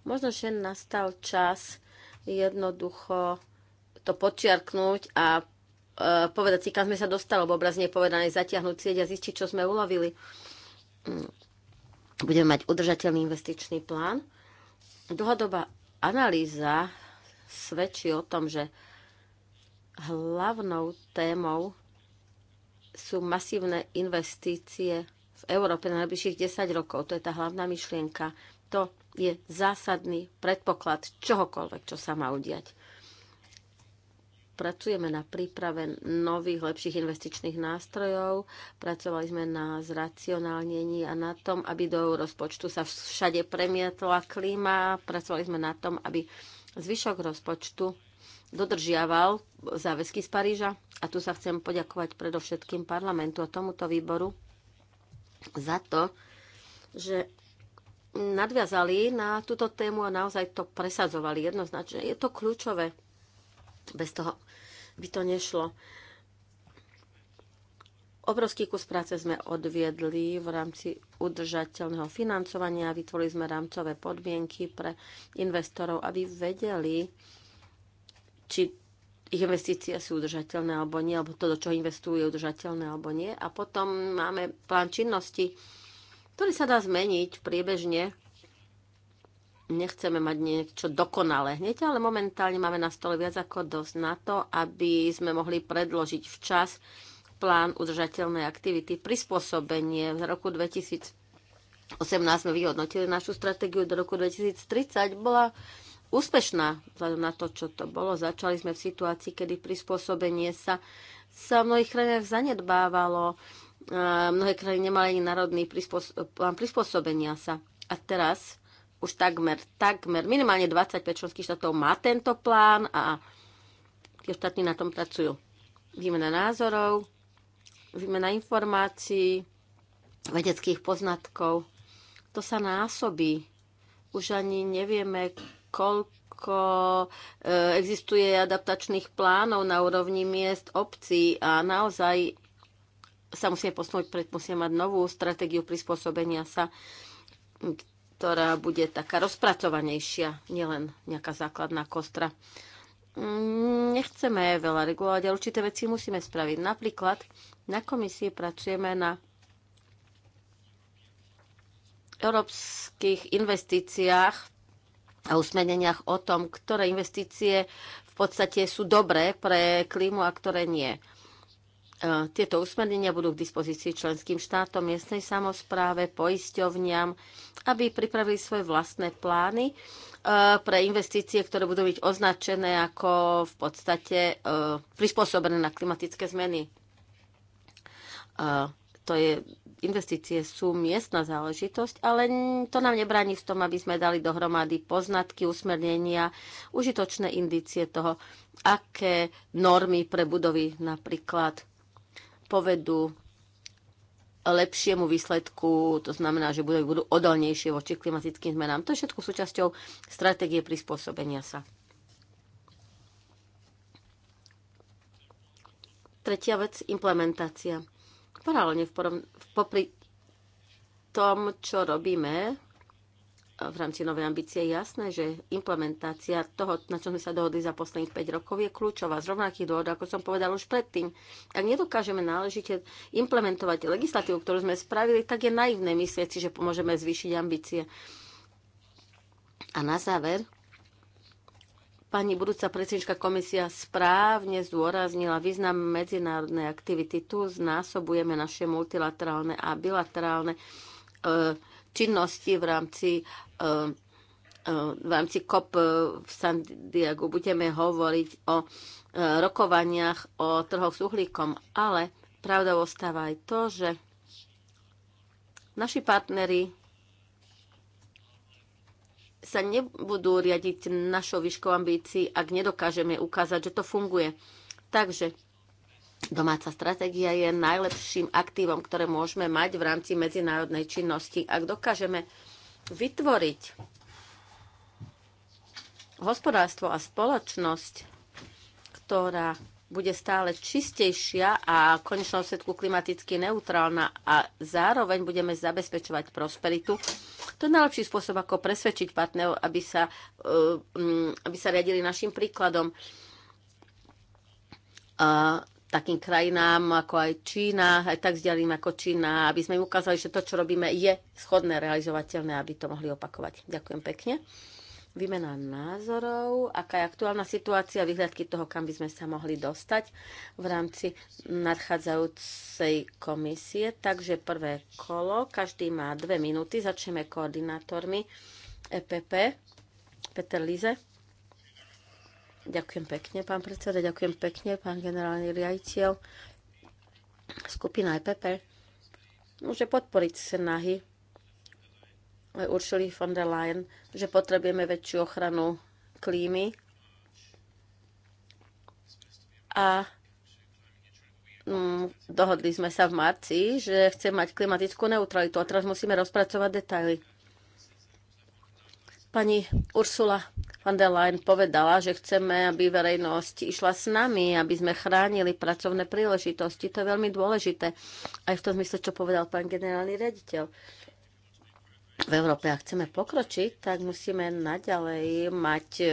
Speaker 2: Možno, že nastal čas jednoducho to počiarknúť a e, povedať si, kam sme sa dostali, lebo obrazne povedané zatiahnuť sieť a zistiť, čo sme ulovili. Mm. Budeme mať udržateľný investičný plán. Dlhodobá analýza svedčí o tom, že hlavnou témou sú masívne investície v Európe na najbližších 10 rokov. To je tá hlavná myšlienka. To je zásadný predpoklad čohokoľvek, čo sa má udiať. Pracujeme na príprave nových, lepších investičných nástrojov. Pracovali sme na zracionálnení a na tom, aby do rozpočtu sa všade premietla klíma. Pracovali sme na tom, aby zvyšok rozpočtu dodržiaval záväzky z Paríža. A tu sa chcem poďakovať predovšetkým parlamentu a tomuto výboru za to, že nadviazali na túto tému a naozaj to presadzovali jednoznačne. Je to kľúčové. Bez toho by to nešlo. Obrovský kus práce sme odviedli v rámci udržateľného financovania, vytvorili sme rámcové podmienky pre investorov, aby vedeli, či ich investície sú udržateľné alebo nie, alebo to, do čoho investujú, je udržateľné alebo nie. A potom máme plán činnosti, ktorý sa dá zmeniť priebežne. Nechceme mať niečo dokonalé hneď, ale momentálne máme na stole viac ako dosť na to, aby sme mohli predložiť včas plán udržateľnej aktivity, prispôsobenie. V roku 2018 sme vyhodnotili našu stratégiu do roku 2030. Bola úspešná, vzhľadom na to, čo to bolo. Začali sme v situácii, kedy prispôsobenie sa sa v mnohých krajinách zanedbávalo. E, mnohé krajiny nemali ani národný prispôs- plán prispôsobenia sa. A teraz už takmer, takmer, minimálne 25 členských štátov má tento plán a tie štáty na tom pracujú. Výmena názorov, výmena informácií, vedeckých poznatkov. To sa násobí. Už ani nevieme, koľko e, existuje adaptačných plánov na úrovni miest, obcí a naozaj sa musíme posunúť, musíme mať novú stratégiu prispôsobenia sa, ktorá bude taká rozpracovanejšia, nielen nejaká základná kostra. Mm, nechceme veľa regulovať, ale určité veci musíme spraviť. Napríklad na komisii pracujeme na európskych investíciách a usmeneniach o tom, ktoré investície v podstate sú dobré pre klímu a ktoré nie. E, tieto usmernenia budú k dispozícii členským štátom, miestnej samozpráve, poisťovniam, aby pripravili svoje vlastné plány e, pre investície, ktoré budú byť označené ako v podstate e, prispôsobené na klimatické zmeny to je, investície sú miestna záležitosť, ale to nám nebráni v tom, aby sme dali dohromady poznatky, usmernenia, užitočné indície toho, aké normy pre budovy napríklad povedú lepšiemu výsledku, to znamená, že budovy budú odolnejšie voči klimatickým zmenám. To je všetko súčasťou stratégie prispôsobenia sa. Tretia vec, implementácia paralelne v, porovn- v popri tom, čo robíme eh, v rámci novej ambície, je jasné, že implementácia toho, na čo sme sa dohodli za posledných 5 rokov, je kľúčová z rovnakých dôvodov, ako som povedal už predtým. Ak nedokážeme náležite implementovať legislatívu, ktorú sme spravili, tak je naivné myslieť si, že pomôžeme zvýšiť ambície. A na záver, Pani budúca predsednička komisia správne zdôraznila význam medzinárodnej aktivity. Tu znásobujeme naše multilaterálne a bilaterálne e, činnosti v rámci e, e v rámci COP e, v San Diego budeme hovoriť o e, rokovaniach o trhoch s uhlíkom, ale pravdou ostáva aj to, že naši partneri sa nebudú riadiť našou výškou ambícií, ak nedokážeme ukázať, že to funguje. Takže domáca stratégia je najlepším aktívom, ktoré môžeme mať v rámci medzinárodnej činnosti. Ak dokážeme vytvoriť hospodárstvo a spoločnosť, ktorá bude stále čistejšia a v konečnom svetku klimaticky neutrálna a zároveň budeme zabezpečovať prosperitu, to je najlepší spôsob, ako presvedčiť partnerov, aby sa, eh, mm, aby sa riadili našim príkladom. A takým krajinám ako aj Čína, aj tak vzdialím, ako Čína, aby sme im ukázali, že to, čo robíme, je schodné, realizovateľné, aby to mohli opakovať. Ďakujem pekne výmena názorov, aká je aktuálna situácia, výhľadky toho, kam by sme sa mohli dostať v rámci nadchádzajúcej komisie. Takže prvé kolo, každý má dve minúty, začneme koordinátormi EPP. Peter Lize. Ďakujem pekne, pán predseda, ďakujem pekne, pán generálny riaditeľ. Skupina EPP môže podporiť snahy Uršili von der Leyen, že potrebujeme väčšiu ochranu klímy a mm, dohodli sme sa v marci, že chce mať klimatickú neutralitu a teraz musíme rozpracovať detaily. Pani Ursula von der Leyen povedala, že chceme, aby verejnosť išla s nami, aby sme chránili pracovné príležitosti. To je veľmi dôležité. Aj v tom zmysle, čo povedal pán generálny rediteľ v Európe a chceme pokročiť, tak musíme naďalej mať, e,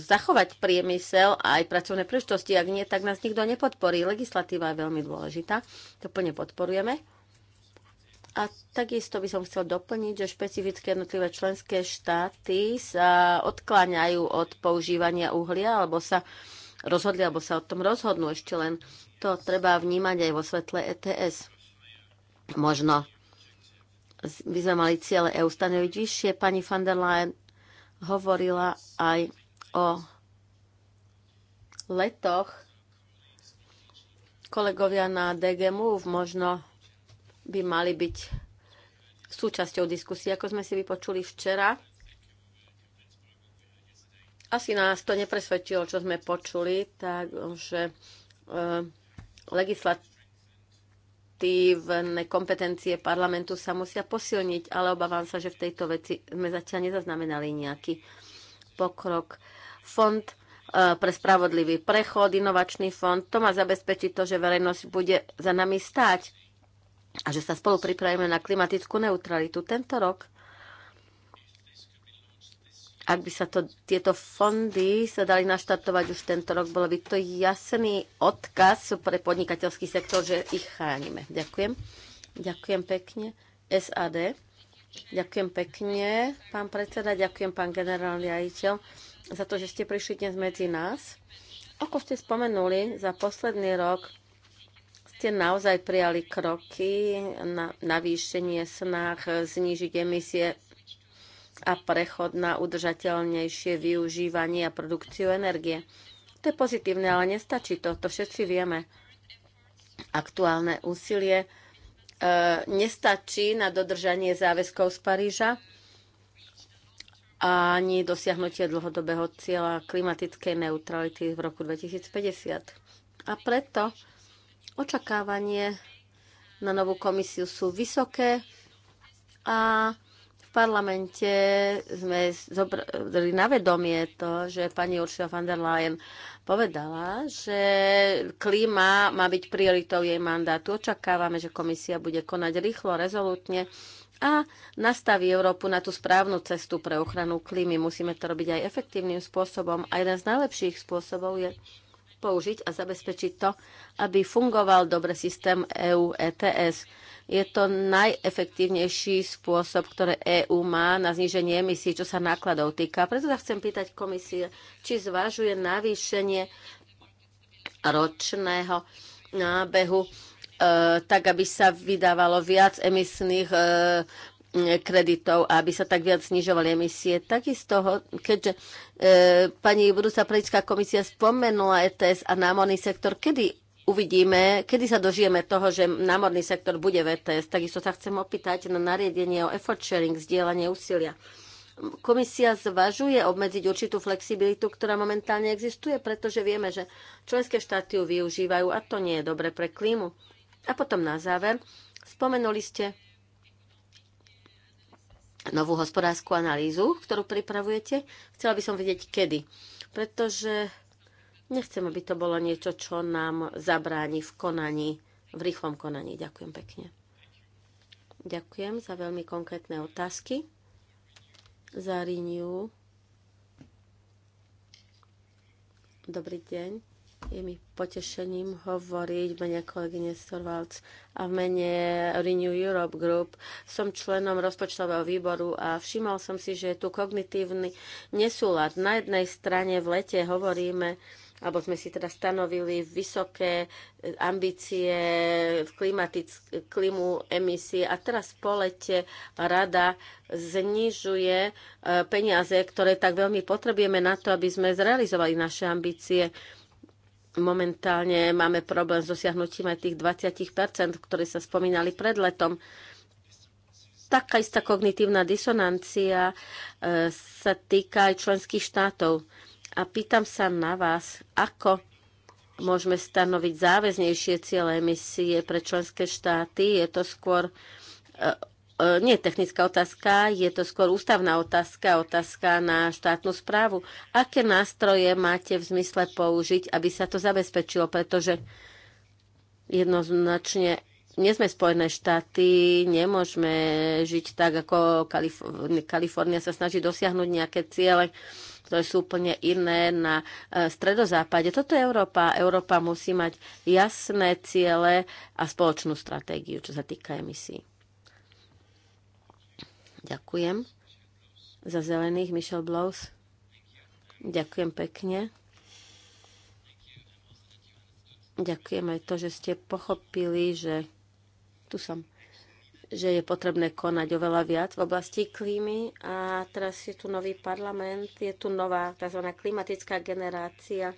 Speaker 2: zachovať priemysel a aj pracovné príležitosti. Ak nie, tak nás nikto nepodporí. Legislatíva je veľmi dôležitá, to plne podporujeme. A takisto by som chcel doplniť, že špecifické jednotlivé členské štáty sa odkláňajú od používania uhlia, alebo sa rozhodli, alebo sa o tom rozhodnú. Ešte len to treba vnímať aj vo svetle ETS. Možno by sme mali cieľe EU stanoviť vyššie. Pani van der Leyen hovorila aj o letoch. Kolegovia na DG Move možno by mali byť súčasťou diskusie, ako sme si vypočuli včera. Asi nás to nepresvedčilo, čo sme počuli, takže e, legislatívne kompetencie parlamentu sa musia posilniť, ale obávam sa, že v tejto veci sme zatiaľ nezaznamenali nejaký pokrok. Fond e, pre spravodlivý prechod, inovačný fond, to má zabezpečiť to, že verejnosť bude za nami stáť a že sa spolu pripravíme na klimatickú neutralitu tento rok ak by sa to, tieto fondy sa dali naštartovať už tento rok, bolo by to jasný odkaz pre podnikateľský sektor, že ich chránime. Ďakujem. Ďakujem pekne. SAD. Ďakujem pekne, pán predseda, ďakujem, pán generálny riaditeľ, za to, že ste prišli dnes medzi nás. Ako ste spomenuli, za posledný rok ste naozaj prijali kroky na navýšenie snah znížiť emisie a prechod na udržateľnejšie využívanie a produkciu energie. To je pozitívne, ale nestačí to, to všetci vieme. Aktuálne úsilie e, nestačí na dodržanie záväzkov z Paríža ani dosiahnutie dlhodobého cieľa klimatickej neutrality v roku 2050. A preto očakávanie na novú komisiu sú vysoké a parlamente sme zobrali na vedomie to, že pani Ursula von der Leyen povedala, že klíma má byť prioritou jej mandátu. Očakávame, že komisia bude konať rýchlo, rezolutne a nastaví Európu na tú správnu cestu pre ochranu klímy. Musíme to robiť aj efektívnym spôsobom. A jeden z najlepších spôsobov je použiť a zabezpečiť to, aby fungoval dobre systém EU ETS je to najefektívnejší spôsob, ktoré EÚ má na zníženie emisí, čo sa nákladov týka. Preto sa chcem pýtať komisie, či zvažuje navýšenie ročného nábehu, e, tak aby sa vydávalo viac emisných e, kreditov, aby sa tak viac znižovali emisie. Takisto, keďže e, pani budúca predická komisia spomenula ETS a námorný sektor, kedy uvidíme, kedy sa dožijeme toho, že námorný sektor bude VTS. Takisto sa chcem opýtať na nariadenie o effort sharing, zdieľanie úsilia. Komisia zvažuje obmedziť určitú flexibilitu, ktorá momentálne existuje, pretože vieme, že členské štáty ju využívajú a to nie je dobre pre klímu. A potom na záver, spomenuli ste novú hospodárskú analýzu, ktorú pripravujete. Chcela by som vedieť, kedy. Pretože Nechcem, aby to bolo niečo, čo nám zabráni v konaní, v rýchlom konaní. Ďakujem pekne. Ďakujem za veľmi konkrétne otázky. Za Renew. Dobrý deň. Je mi potešením hovoriť v mene kolegyne Storvalds a v mene Renew Europe Group. Som členom rozpočtového výboru a všimol som si, že je tu kognitívny nesúlad. Na jednej strane v lete hovoríme, alebo sme si teda stanovili vysoké e, ambície v klimatick- klimu emisie a teraz po lete rada znižuje e, peniaze, ktoré tak veľmi potrebujeme na to, aby sme zrealizovali naše ambície. Momentálne máme problém s dosiahnutím aj tých 20%, ktoré sa spomínali pred letom taká istá kognitívna disonancia e, sa týka aj členských štátov. A pýtam sa na vás, ako môžeme stanoviť záväznejšie ciele emisie pre členské štáty. Je to skôr e, e, nie technická otázka, je to skôr ústavná otázka, otázka na štátnu správu. Aké nástroje máte v zmysle použiť, aby sa to zabezpečilo, pretože jednoznačne nie sme Spojené štáty, nemôžeme žiť tak, ako Kalif- Kalifornia sa snaží dosiahnuť nejaké ciele ktoré sú úplne iné na e, stredozápade. Toto je Európa. Európa musí mať jasné ciele a spoločnú stratégiu, čo sa týka emisí. Ďakujem. Za zelených Michel Blows. Ďakujem pekne. Ďakujem aj to, že ste pochopili, že tu som že je potrebné konať oveľa viac v oblasti klímy a teraz je tu nový parlament, je tu nová tzv. klimatická generácia, e,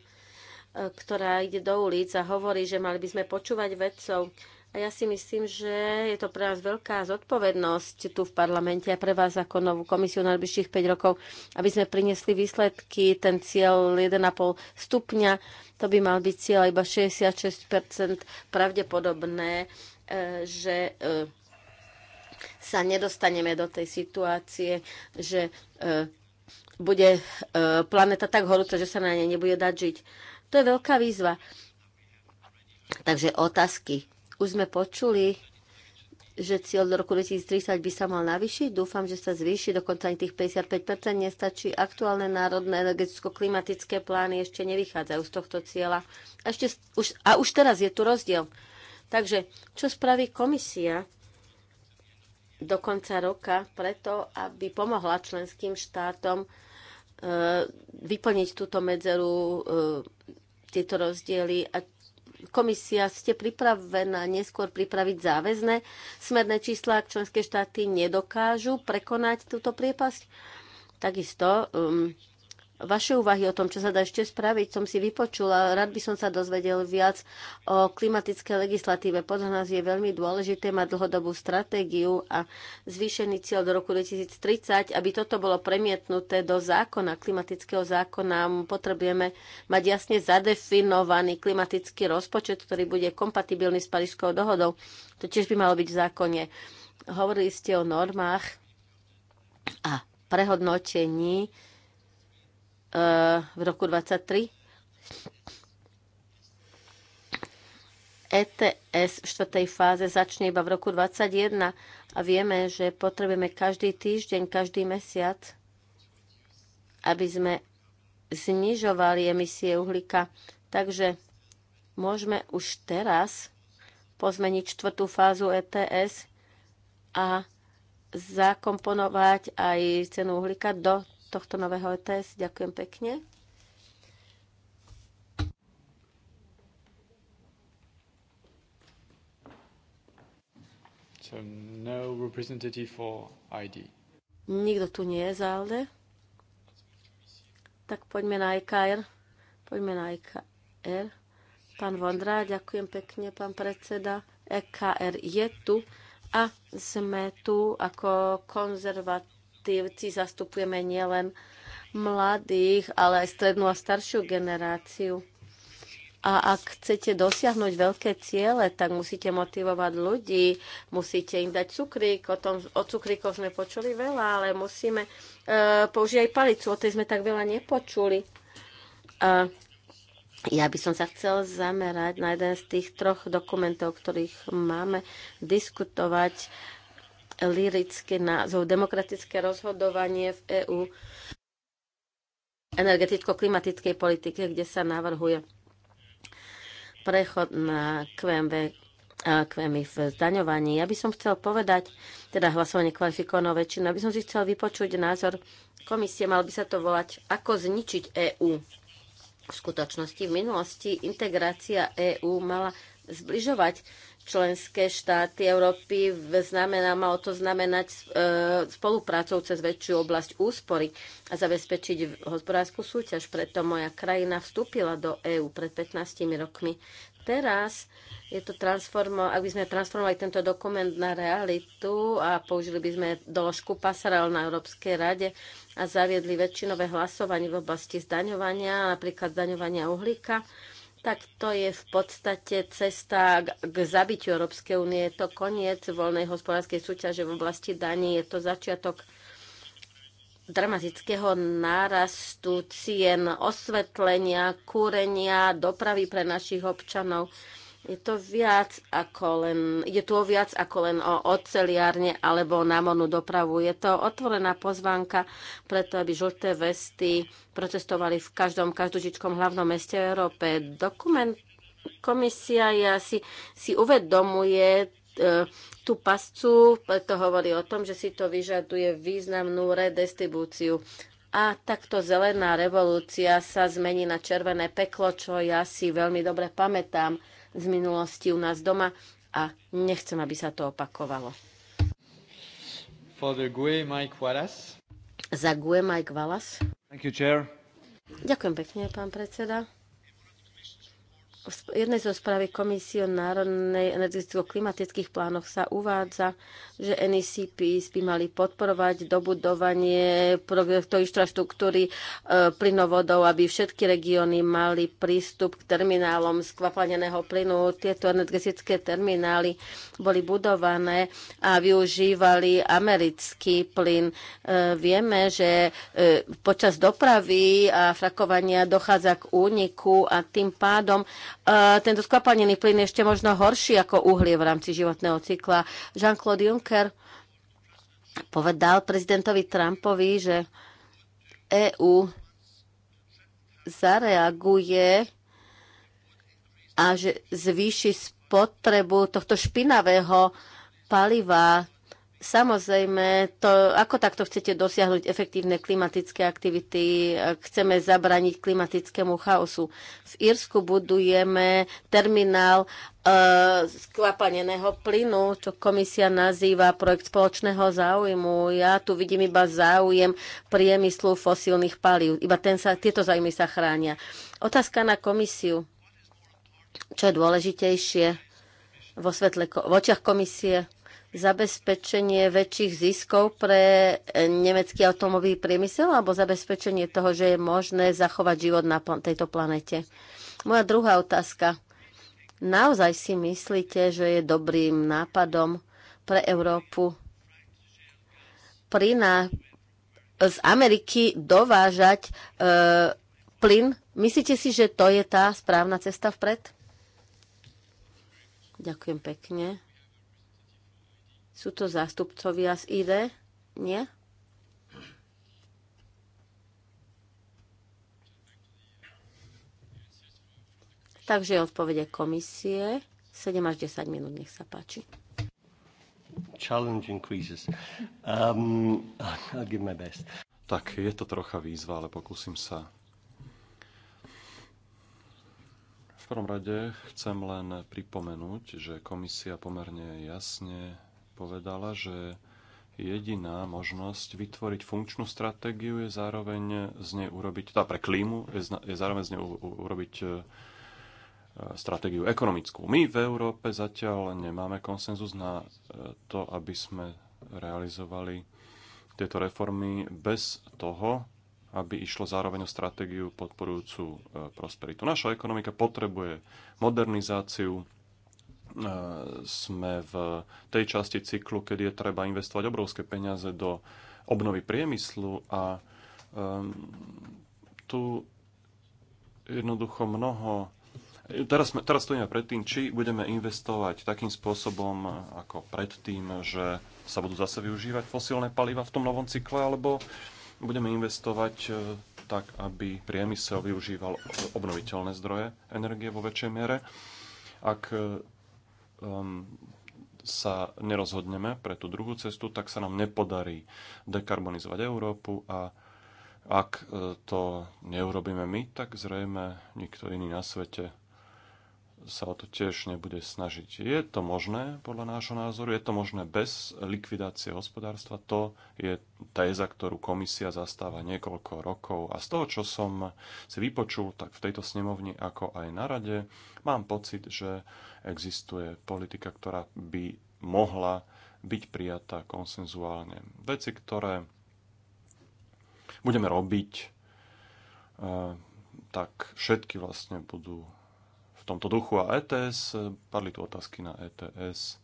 Speaker 2: ktorá ide do ulic a hovorí, že mali by sme počúvať vedcov. A ja si myslím, že je to pre nás veľká zodpovednosť tu v parlamente a pre vás ako novú komisiu na najbližších 5 rokov, aby sme priniesli výsledky, ten cieľ 1,5 stupňa, to by mal byť cieľ iba 66% pravdepodobné, e, že e, sa nedostaneme do tej situácie, že e, bude e, planeta tak horúca, že sa na nej nebude dať žiť. To je veľká výzva. Takže otázky. Už sme počuli, že cieľ do roku 2030 by sa mal navýšiť. Dúfam, že sa zvýši dokonca ani tých 55%. Nestačí. Aktuálne národné energeticko-klimatické plány ešte nevychádzajú z tohto cieľa. A, ešte, už, a už teraz je tu rozdiel. Takže, čo spraví komisia do konca roka preto, aby pomohla členským štátom e, vyplniť túto medzeru, e, tieto rozdiely a komisia, ste pripravená neskôr pripraviť záväzné smerné čísla, ak členské štáty nedokážu prekonať túto priepasť? Takisto um, Vaše úvahy o tom, čo sa dá ešte spraviť, som si vypočula. Rád by som sa dozvedel viac o klimatickej legislatíve. Podľa nás je veľmi dôležité mať dlhodobú stratégiu a zvýšený cieľ do roku 2030. Aby toto bolo premietnuté do zákona, klimatického zákona, potrebujeme mať jasne zadefinovaný klimatický rozpočet, ktorý bude kompatibilný s Parížskou dohodou. To tiež by malo byť v zákone. Hovorili ste o normách a prehodnotení v roku 2023. ETS v štvrtej fáze začne iba v roku 2021 a vieme, že potrebujeme každý týždeň, každý mesiac, aby sme znižovali emisie uhlíka. Takže môžeme už teraz pozmeniť štvrtú fázu ETS a zakomponovať aj cenu uhlíka do tohto nového ETS. Ďakujem pekne.
Speaker 1: So no representative for ID.
Speaker 2: Nikto tu nie je za ALDE. Tak poďme na EKR. Poďme na EKR. Pán Vondra, ďakujem pekne, pán predseda. EKR je tu a sme tu ako konzervat konzervatívci zastupujeme nielen mladých, ale aj strednú a staršiu generáciu. A ak chcete dosiahnuť veľké ciele, tak musíte motivovať ľudí, musíte im dať cukrík. O, tom, o cukríkoch sme počuli veľa, ale musíme e, použiť aj palicu. O tej sme tak veľa nepočuli. E, ja by som sa chcel zamerať na jeden z tých troch dokumentov, ktorých máme diskutovať. E, lirický názov Demokratické rozhodovanie v EÚ energeticko-klimatickej politike, kde sa navrhuje prechod na QMV kvemy v zdaňovaní. Ja by som chcel povedať, teda hlasovanie kvalifikovanou väčšinou, by som si chcel vypočuť názor komisie, mal by sa to volať, ako zničiť EÚ. V skutočnosti v minulosti integrácia EÚ mala zbližovať členské štáty Európy znamená, malo to znamenať e, spoluprácou cez väčšiu oblasť úspory a zabezpečiť hospodárskú súťaž. Preto moja krajina vstúpila do EÚ pred 15 rokmi. Teraz je to transformo, ak by sme transformovali tento dokument na realitu a použili by sme doložku pasarel na Európskej rade a zaviedli väčšinové hlasovanie v oblasti zdaňovania, napríklad zdaňovania uhlíka, tak to je v podstate cesta k zabitiu Európskej únie. Je to koniec voľnej hospodárskej súťaže v oblasti daní. Je to začiatok dramatického nárastu cien osvetlenia, kúrenia, dopravy pre našich občanov. Je to viac ako len, je tu viac ako len o oceliárne alebo o námornú dopravu. Je to otvorená pozvánka preto, aby žlté vesty protestovali v každom každúžičkom hlavnom meste Európe. Dokument komisia ja si, si uvedomuje e, tú pascu, preto hovorí o tom, že si to vyžaduje významnú redistribúciu a takto zelená revolúcia sa zmení na červené peklo, čo ja si veľmi dobre pamätám z minulosti u nás doma a nechcem, aby sa to opakovalo. For GUE, e, Mike Wallace. Za GUE Mike Wallace.
Speaker 1: Thank you, chair.
Speaker 2: Ďakujem pekne, pán predseda jednej zo správy Komisie o národnej energeticko-klimatických plánoch sa uvádza, že NECP by mali podporovať dobudovanie projektov infraštruktúry e, plynovodov, aby všetky regióny mali prístup k terminálom skvapaneného plynu. Tieto energetické terminály boli budované a využívali americký plyn. E, vieme, že e, počas dopravy a frakovania dochádza k úniku a tým pádom E, tento skvapalnený plyn je ešte možno horší ako uhlie v rámci životného cykla. Jean-Claude Juncker povedal prezidentovi Trumpovi, že EÚ zareaguje a že zvýši spotrebu tohto špinavého paliva Samozrejme, to, ako takto chcete dosiahnuť efektívne klimatické aktivity, chceme zabraniť klimatickému chaosu. V Írsku budujeme terminál e, skvapaneného plynu, čo komisia nazýva projekt spoločného záujmu. Ja tu vidím iba záujem priemyslu fosílnych palív. Iba ten sa, tieto záujmy sa chránia. Otázka na komisiu. Čo je dôležitejšie vo svetle, v očiach komisie? zabezpečenie väčších ziskov pre eh, nemecký automobilový priemysel alebo zabezpečenie toho, že je možné zachovať život na tejto planete? Moja druhá otázka. Naozaj si myslíte, že je dobrým nápadom pre Európu prina z Ameriky dovážať e, plyn? Myslíte si, že to je tá správna cesta vpred? Ďakujem pekne. Sú to zástupcovia z ID? Nie? Takže odpovede komisie. 7 až 10 minút, nech sa páči.
Speaker 1: Um, I'll give my best. Tak, je to trocha výzva, ale pokúsim sa. V prvom rade chcem len pripomenúť, že komisia pomerne jasne povedala, že jediná možnosť vytvoriť funkčnú stratégiu je zároveň z nej urobiť, tá pre klímu je, je zároveň z nej urobiť e, stratégiu ekonomickú. My v Európe zatiaľ nemáme konsenzus na e, to, aby sme realizovali tieto reformy bez toho, aby išlo zároveň o stratégiu podporujúcu e, prosperitu. Naša ekonomika potrebuje modernizáciu, E, sme v tej časti cyklu, kedy je treba investovať obrovské peniaze do obnovy priemyslu a um, tu jednoducho mnoho Teraz, teraz stojíme pred tým, či budeme investovať takým spôsobom ako predtým, že sa budú zase využívať fosílne paliva v tom novom cykle, alebo budeme investovať e, tak, aby priemysel využíval obnoviteľné zdroje energie vo väčšej miere. Ak um, sa nerozhodneme pre tú druhú cestu, tak sa nám nepodarí dekarbonizovať Európu a ak e, to neurobíme my, tak zrejme nikto iný na svete sa o to tiež nebude snažiť. Je to možné, podľa nášho názoru, je to možné bez likvidácie hospodárstva. To je téza, ktorú komisia zastáva niekoľko rokov. A z toho, čo som si vypočul, tak v tejto snemovni, ako aj na rade, mám pocit, že existuje politika, ktorá by mohla byť prijatá konsenzuálne. Veci, ktoré budeme robiť, eh, tak všetky vlastne budú tomto duchu. A ETS, padli tu otázky na ETS.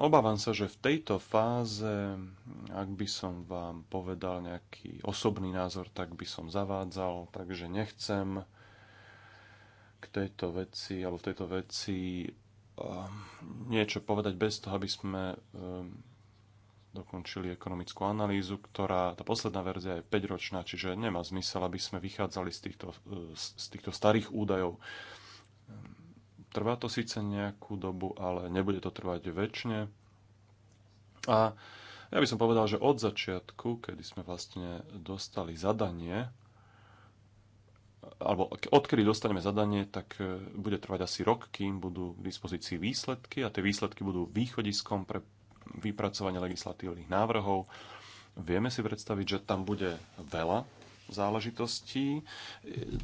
Speaker 1: Obávam sa, že v tejto fáze, ak by som vám povedal nejaký osobný názor, tak by som zavádzal, takže nechcem k tejto veci, alebo v tejto veci ehm, niečo povedať bez toho, aby sme ehm, dokončili ekonomickú analýzu, ktorá, tá posledná verzia je 5-ročná, čiže nemá zmysel, aby sme vychádzali z týchto, e, z týchto starých údajov. Trvá to síce nejakú dobu, ale nebude to trvať väčšine. A ja by som povedal, že od začiatku, kedy sme vlastne dostali zadanie, alebo odkedy dostaneme zadanie, tak e, bude trvať asi rok, kým budú k dispozícii výsledky a tie výsledky budú východiskom pre vypracovanie legislatívnych návrhov. Vieme si predstaviť, že tam bude veľa záležitostí.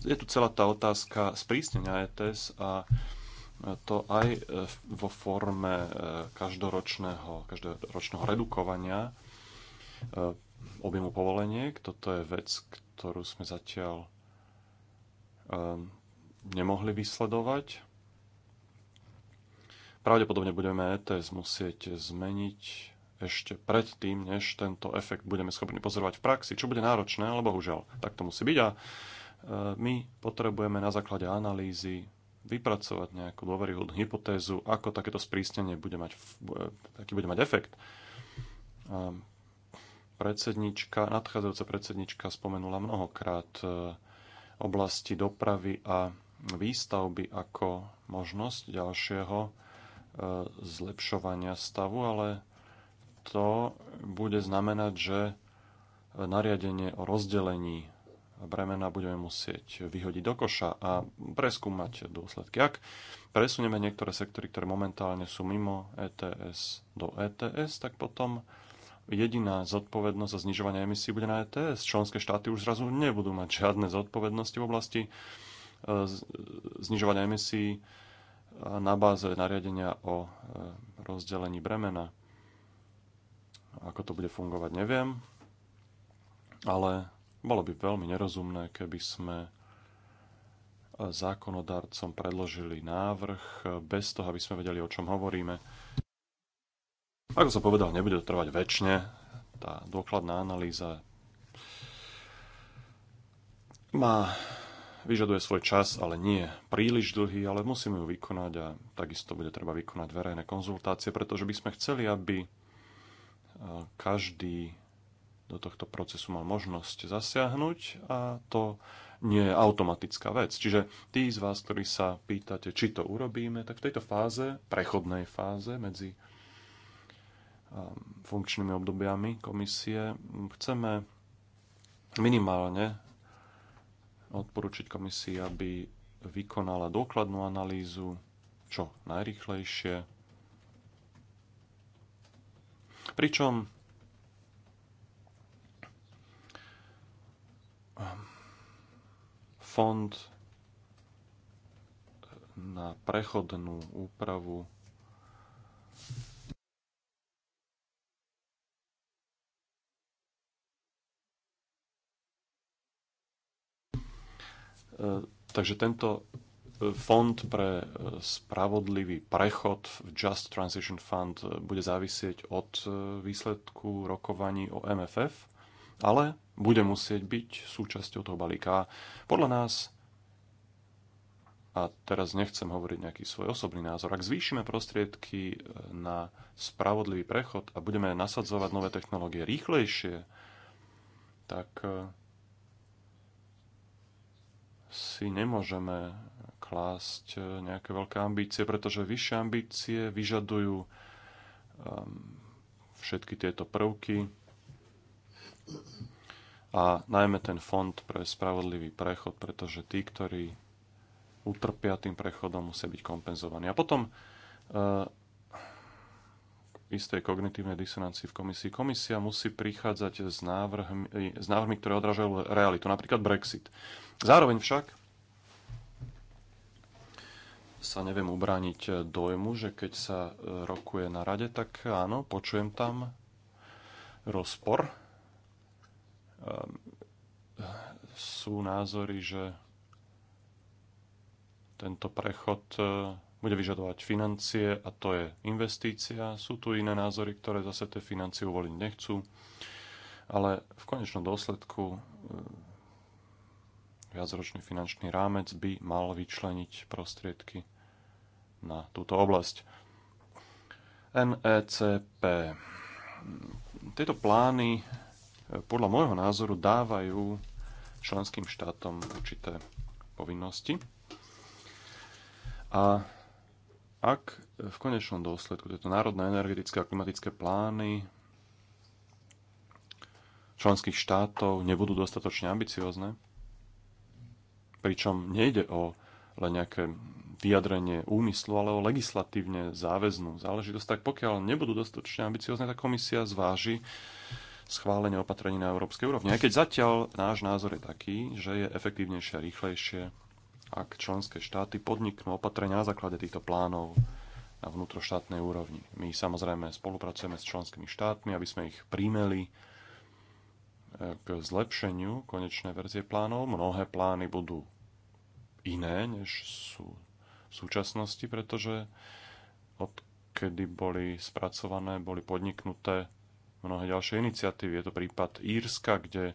Speaker 1: Je tu celá tá otázka sprísnenia ETS a to aj e, vo forme e, každoročného, každoročného redukovania e, objemu povoleniek. Toto je vec, ktorú sme zatiaľ nemohli vysledovať. Pravdepodobne budeme ETS musieť zmeniť ešte predtým, než tento efekt budeme schopní pozorovať v praxi, čo bude náročné, ale bohužiaľ, tak to musí byť. A e, my potrebujeme na základe analýzy vypracovať nejakú dôveryhodnú hypotézu, ako takéto sprísnenie bude mať, e, aký bude mať efekt. A predsednička, nadchádzajúca predsednička spomenula mnohokrát e, oblasti dopravy a výstavby ako možnosť ďalšieho zlepšovania stavu, ale to bude znamenať, že nariadenie o rozdelení bremena budeme musieť vyhodiť do koša a preskúmať dôsledky. Ak presunieme niektoré sektory, ktoré momentálne sú mimo ETS do ETS, tak potom jediná zodpovednosť za znižovanie emisí bude na ETS. Členské štáty už zrazu nebudú mať žiadne zodpovednosti v oblasti e, znižovania emisí na báze nariadenia o e, rozdelení bremena. Ako to bude fungovať, neviem, ale bolo by veľmi nerozumné, keby sme e, zákonodarcom predložili návrh e, bez toho, aby sme vedeli, o čom hovoríme. Ako som povedal, nebude to trvať väčšine. Tá dôkladná analýza má vyžaduje svoj čas, ale nie príliš dlhý, ale musíme ju vykonať a takisto bude treba vykonať verejné konzultácie, pretože by sme chceli, aby e, každý do tohto procesu mal možnosť zasiahnuť a to nie je automatická vec. Čiže tí z vás, ktorí sa pýtate, či to urobíme, tak v tejto fáze, prechodnej fáze medzi e, funkčnými obdobiami komisie, chceme minimálne odporúčiť komisii, aby vykonala dokladnú analýzu čo najrychlejšie. Pričom ehm, fond na prechodnú úpravu E, takže tento e, fond pre e, spravodlivý prechod v Just Transition Fund bude závisieť od výsledku rokovaní o MFF, ale bude musieť byť súčasťou toho balíka. Podľa nás, a teraz nechcem hovoriť nejaký svoj osobný názor, ak zvýšime prostriedky na spravodlivý prechod a budeme nasadzovať nové technológie rýchlejšie, tak si nemôžeme klásť e, nejaké veľké ambície, pretože vyššie ambície vyžadujú e, všetky tieto prvky a najmä ten fond pre spravodlivý prechod, pretože tí, ktorí utrpia tým prechodom, musia byť kompenzovaní. A potom e, istej kognitívnej disonancii v komisii. Komisia musí prichádzať s návrhmi, s návrhmi ktoré odrážajú realitu, napríklad Brexit. Zároveň však sa neviem ubrániť dojmu, že keď sa rokuje na rade, tak áno, počujem tam rozpor. Ehm, sú názory, že tento prechod bude vyžadovať financie a to je investícia. Sú tu iné názory, ktoré zase tie financie uvoliť nechcú, ale v konečnom dôsledku e, viacročný finančný rámec by mal vyčleniť prostriedky na túto oblasť. NECP. Tieto plány e, podľa môjho názoru dávajú členským štátom určité povinnosti. A ak v konečnom dôsledku tieto národné energetické a klimatické plány členských štátov nebudú dostatočne ambiciozne, pričom nejde o len nejaké vyjadrenie úmyslu, ale o legislatívne záväznú záležitosť, tak pokiaľ nebudú dostatočne ambiciozne, tá komisia zváži schválenie opatrení na európskej úrovni. Aj keď zatiaľ náš názor je taký, že je efektívnejšie a rýchlejšie ak členské štáty podniknú opatrenia na základe týchto plánov na vnútroštátnej úrovni. My samozrejme spolupracujeme s členskými štátmi, aby sme ich príjmeli e, k zlepšeniu konečnej verzie plánov. Mnohé plány budú iné, než sú v súčasnosti, pretože odkedy boli spracované, boli podniknuté mnohé ďalšie iniciatívy. Je to prípad Írska, kde e,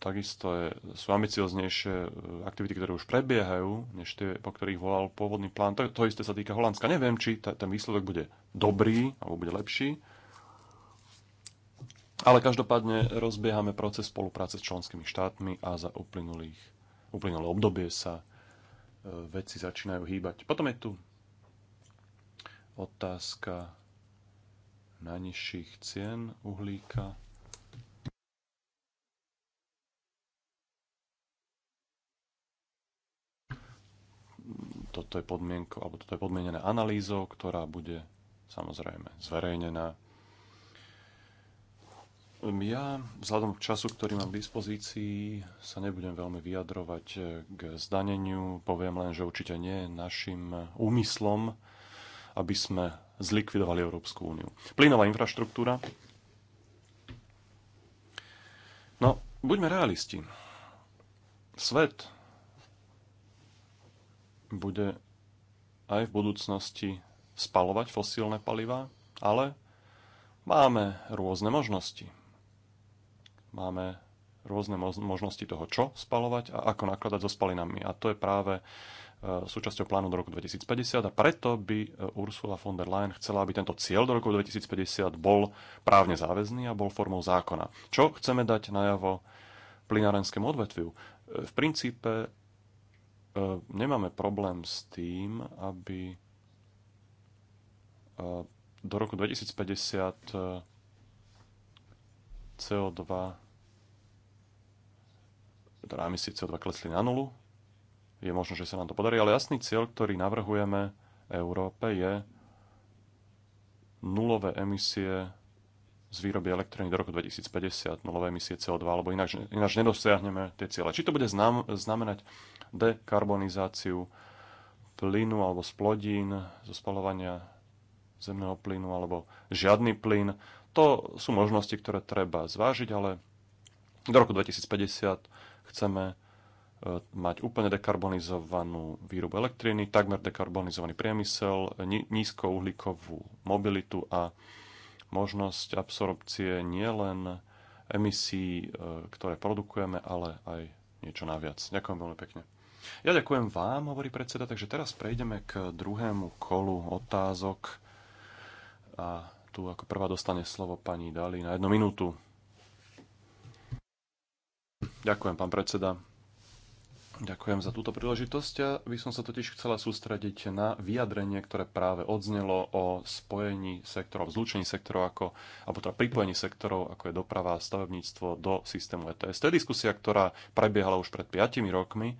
Speaker 1: takisto je, sú ambicioznejšie e, aktivity, ktoré už prebiehajú, než tie, po ktorých volal pôvodný plán. To, to isté sa týka Holandska. Neviem, či ta, ten výsledok bude dobrý alebo bude lepší, ale každopádne rozbiehame proces spolupráce s členskými štátmi a za uplynulých, uplynulé obdobie sa e, veci začínajú hýbať. Potom je tu otázka najnižších cien uhlíka. toto je, podmienko, alebo toto je podmienené analýzou, ktorá bude samozrejme zverejnená. Ja vzhľadom k času, ktorý mám k dispozícii, sa nebudem veľmi vyjadrovať k zdaneniu. Poviem len, že určite nie je našim úmyslom, aby sme zlikvidovali Európsku úniu. Plynová infraštruktúra. No, buďme realisti. Svet bude aj v budúcnosti spalovať fosílne palivá, ale máme rôzne možnosti. Máme rôzne možnosti toho, čo spalovať a ako nakladať so spalinami. A to je práve e, súčasťou plánu do roku 2050 a preto by e, Ursula von der Leyen chcela, aby tento cieľ do roku 2050 bol právne záväzný a bol formou zákona. Čo chceme dať najavo plinárenskému odvetviu? E, v princípe E, nemáme problém s tým, aby e, do roku 2050 e, CO2 teda emisie CO2 klesli na nulu. Je možno, že sa nám to podarí, ale jasný cieľ, ktorý navrhujeme Európe, je nulové emisie z výroby elektriny do roku 2050 nulové emisie CO2, alebo ináč, ináč nedosiahneme tie cieľe. Či to bude znam, znamenať dekarbonizáciu plynu alebo splodín zo spalovania zemného plynu alebo žiadny plyn, to sú možnosti, ktoré treba zvážiť, ale do roku 2050 chceme e, mať úplne dekarbonizovanú výrobu elektriny, takmer dekarbonizovaný priemysel, nízkouhlíkovú mobilitu a možnosť absorpcie nielen emisí, e, ktoré produkujeme, ale aj niečo naviac. Ďakujem veľmi pekne. Ja ďakujem vám, hovorí predseda, takže teraz prejdeme k druhému kolu otázok. A tu ako prvá dostane slovo pani Dali na jednu minútu. Ďakujem, pán predseda. Ďakujem za túto príležitosť. Ja by som sa totiž chcela sústrediť na vyjadrenie, ktoré práve odznelo o spojení sektorov, zlúčení sektorov, ako, alebo teda pripojení sektorov, ako je doprava a stavebníctvo do systému ETS. To je diskusia, ktorá prebiehala už pred 5 rokmi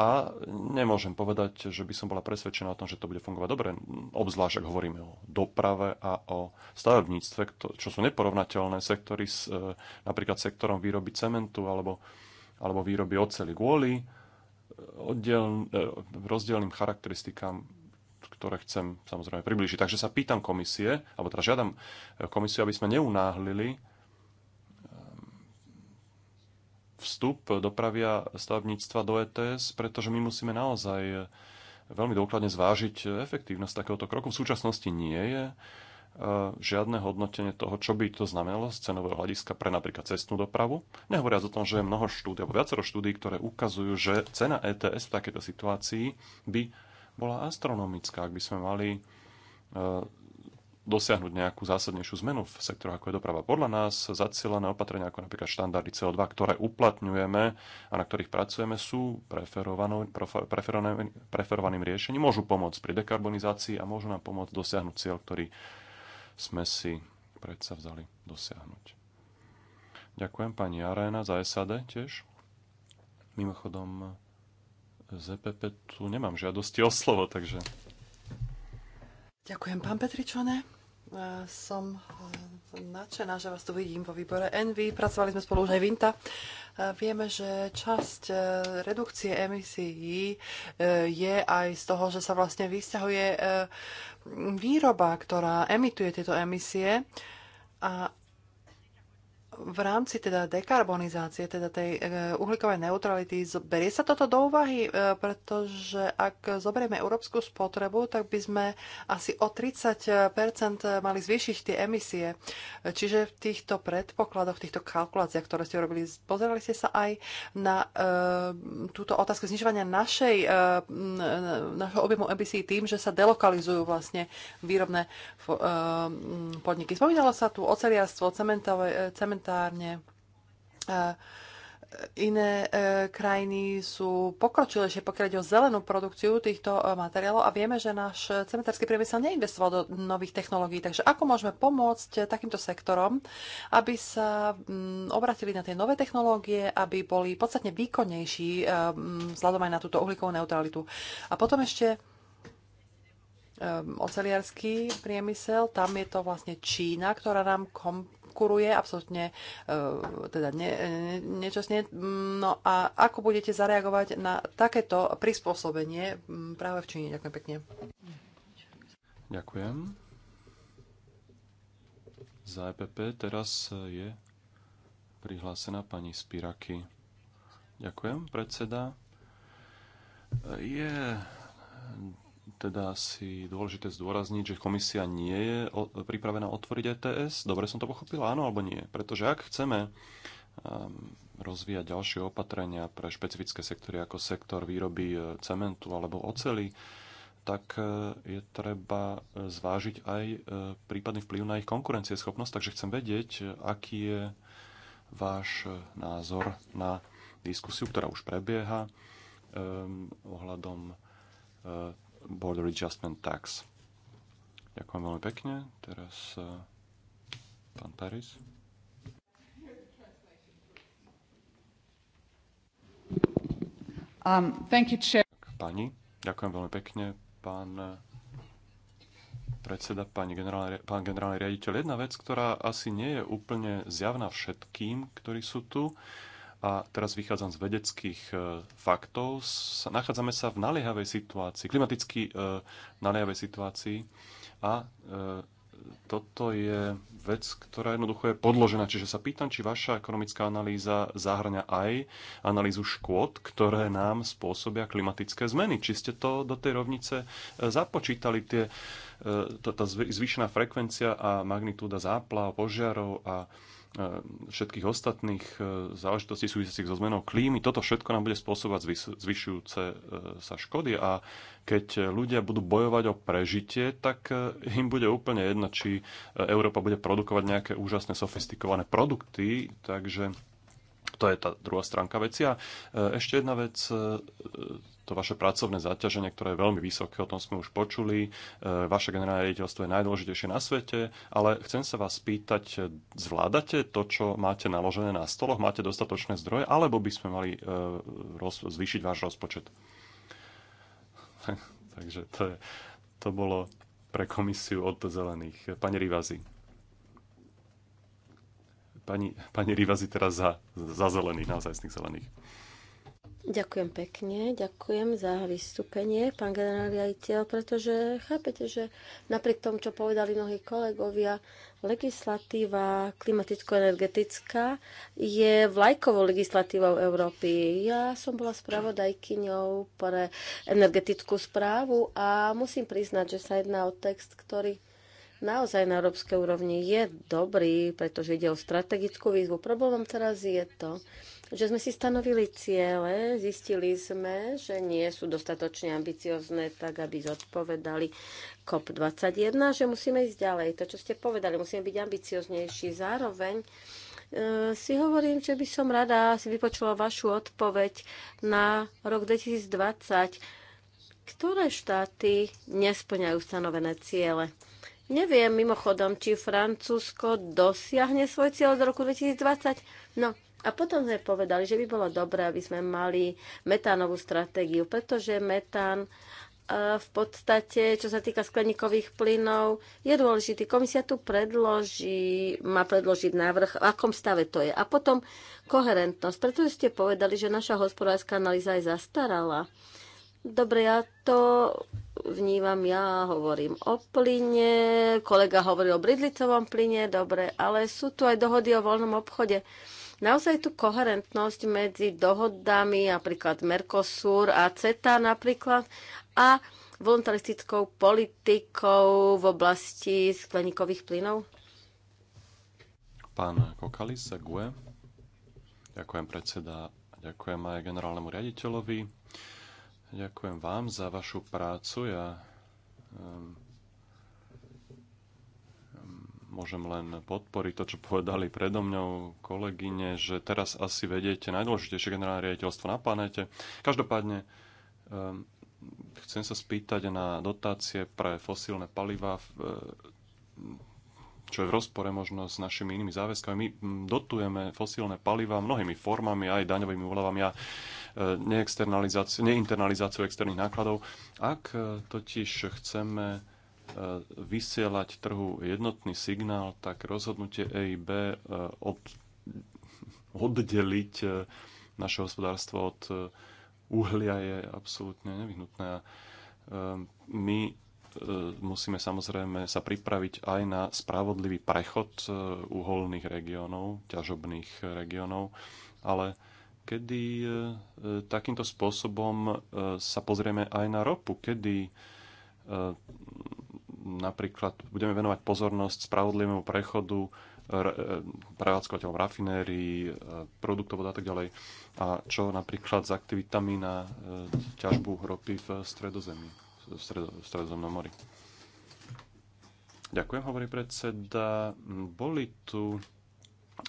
Speaker 1: a nemôžem povedať, že by som bola presvedčená o tom, že to bude fungovať dobre, obzvlášť ak hovoríme o doprave a o stavebníctve, čo sú neporovnateľné sektory s e, napríklad sektorom výroby cementu alebo, alebo výroby oceli kvôli oddiel, eh, rozdielným charakteristikám, ktoré chcem samozrejme priblížiť. Takže sa pýtam komisie, alebo teda žiadam eh, komisiu, aby sme neunáhlili eh, vstup dopravia stavebníctva do ETS, pretože my musíme naozaj veľmi dôkladne zvážiť efektívnosť takéhoto kroku. V súčasnosti nie je E, žiadne hodnotenie toho, čo by to znamenalo z cenového hľadiska pre napríklad cestnú dopravu. Nehovoriac o tom, že je mnoho štúdí, alebo viacero štúdí, ktoré ukazujú, že cena ETS v takejto situácii by bola astronomická, ak by sme mali e, dosiahnuť nejakú zásadnejšiu zmenu v sektoroch, ako je doprava. Podľa nás zacielené opatrenia, ako napríklad štandardy CO2, ktoré uplatňujeme a na ktorých pracujeme, sú preferovaným, preferovaným riešením. Môžu pomôcť pri dekarbonizácii a môžu nám pomôcť dosiahnuť cieľ, ktorý sme si predsa vzali dosiahnuť. Ďakujem pani Arena za SAD tiež. Mimochodom, ZPP tu nemám žiadosti o slovo, takže...
Speaker 3: Ďakujem, pán Petričone som e, nadšená, že vás tu vidím vo výbore Envy. Pracovali sme spolu už aj Vinta. Vieme, že časť e, redukcie emisií e, je aj z toho, že sa vlastne vysťahuje výroba, ktorá emituje tieto emisie. A v rámci teda dekarbonizácie, teda tej e, uhlíkovej neutrality, berie sa toto do úvahy, e, pretože ak zoberieme európsku spotrebu, tak by sme asi o 30 mali zvýšiť tie emisie. E, čiže v týchto predpokladoch, v týchto kalkuláciách, ktoré ste robili, pozerali ste sa aj na e, túto otázku znižovania našej, e, našho objemu emisí tým, že sa delokalizujú vlastne výrobné e, podniky. Spomínalo sa tu oceliarstvo, cementové, cementové monetárne. E, iné e, krajiny sú pokročilejšie, pokiaľ ide o zelenú produkciu týchto e, materiálov a vieme, že náš cementársky priemysel neinvestoval do nových technológií. Takže ako môžeme pomôcť takýmto sektorom, aby sa mm, obratili na tie nové technológie, aby boli podstatne výkonnejší mm, vzhľadom aj na túto uhlíkovú neutralitu. A potom ešte oceliarský priemysel, tam je to vlastne Čína, ktorá nám kom, kuruje, absolútne eh, teda ne, nečasne. No a ako budete zareagovať na takéto prispôsobenie mm, práve v Číne? Ďakujem pekne.
Speaker 1: Ďakujem. Za EPP teraz je prihlásená pani Spiraky. Ďakujem, predseda. Je teda si dôležité zdôrazniť, že komisia nie je pripravená otvoriť ETS. Dobre som to pochopila, áno alebo nie? Pretože ak chceme ehm, rozvíjať ďalšie opatrenia pre špecifické sektory ako sektor výroby e, cementu alebo ocely, tak e, je treba e, zvážiť aj prípadný vplyv na ich konkurencieschopnosť. Takže chcem vedieť, aký je váš názor na diskusiu, ktorá už prebieha ehm, ohľadom Border Adjustment Tax. Ďakujem veľmi pekne. Teraz e, pán Paris. Um, thank you, chair. Pani, ďakujem veľmi pekne. Pán e, predseda, pani pán generálny riaditeľ, jedna vec, ktorá asi nie je úplne zjavná všetkým, ktorí sú tu, a teraz vychádzam z vedeckých e, faktov, nachádzame sa v naliehavej situácii, klimaticky e, naliehavej situácii a e, toto je vec, ktorá jednoducho je podložená. Čiže sa pýtam, či vaša ekonomická analýza zahrňa aj analýzu škôd, ktoré nám spôsobia klimatické zmeny. Či ste to do tej rovnice započítali, tie, tá zvýšená frekvencia a magnitúda záplav, požiarov a Ehm, všetkých ostatných e, záležitostí súvisiacich so zmenou klímy. Toto všetko nám bude spôsobovať zvyšujúce e, sa škody a keď e, ľudia budú bojovať o prežitie, tak im bude úplne jedno, či Európa bude produkovať nejaké úžasné sofistikované produkty, takže to je tá druhá stránka veci. A e, ešte jedna vec, e, to vaše pracovné zaťaženie, ktoré je veľmi vysoké, o tom sme už počuli. E, vaše generálne riaditeľstvo je najdôležitejšie na svete, ale chcem sa vás spýtať, zvládate to, čo máte naložené na stoloch? Máte dostatočné zdroje? Alebo by sme mali zvýšiť váš rozpočet? Takže to, je, to bolo pre komisiu od zelených. Pani Rivazi. Pani, pani Rivazi teraz za, za zelených, naozaj z tých zelených.
Speaker 2: Ďakujem pekne, ďakujem za vystúpenie, pán generál riaditeľ, pretože chápete, že napriek tomu, čo povedali mnohí kolegovia, legislatíva klimaticko-energetická je vlajkovou legislatívou Európy. Ja som bola spravodajkyňou pre energetickú správu a musím priznať, že sa jedná o text, ktorý naozaj na európskej úrovni je dobrý, pretože ide o strategickú výzvu. Problémom teraz je to, že sme si stanovili ciele, zistili sme, že nie sú dostatočne ambiciozne, tak aby zodpovedali COP21, že musíme ísť ďalej. To, čo ste povedali, musíme byť ambicioznejší. Zároveň e, si hovorím, že by som rada si vypočula vašu odpoveď na rok 2020. Ktoré štáty nesplňajú stanovené ciele? Neviem mimochodom, či Francúzsko dosiahne svoj cieľ z roku 2020. No a potom sme povedali, že by bolo dobré, aby sme mali metánovú stratégiu, pretože metán e, v podstate, čo sa týka skleníkových plynov, je dôležitý. Komisia tu predloží, má predložiť návrh, v akom stave to je. A potom koherentnosť, Preto ste povedali, že naša hospodárska analýza je zastarala. Dobre, ja to vnímam, ja hovorím o plyne, kolega hovorí o bridlicovom plyne, dobre, ale sú tu aj dohody o voľnom obchode. Naozaj tu koherentnosť medzi dohodami, napríklad Mercosur a CETA napríklad, a voluntaristickou politikou v oblasti skleníkových plynov?
Speaker 1: Pán Kokalisa Gue. Ďakujem predseda, ďakujem aj generálnemu riaditeľovi. Ďakujem vám za vašu prácu. Ja um, môžem len podporiť to, čo povedali predo mňou kolegyne, že teraz asi vediete najdôležitejšie generálne riaditeľstvo na planete. Každopádne um, chcem sa spýtať na dotácie pre fosílne paliva, e, čo je v rozpore možno s našimi inými záväzkami. My dotujeme fosílne paliva mnohými formami, aj daňovými úľavami. Ja neinternalizáciu externých nákladov. Ak e, totiž chceme e, vysielať trhu jednotný signál, tak rozhodnutie EIB e, od, oddeliť naše hospodárstvo od uhlia je absolútne nevyhnutné. My musíme samozrejme sa pripraviť aj na spravodlivý prechod uholných regiónov, ťažobných regiónov, ale kedy e, e, takýmto spôsobom e, sa pozrieme aj na ropu, kedy napríklad budeme venovať pozornosť spravodlivému prechodu prevádzkovateľom rafinérií, produktov a tak ďalej. A čo napríklad s aktivitami na ťažbu ropy v stredozemí, v, stredo, v stredozemnom mori. Ďakujem, hovorí predseda. Boli tu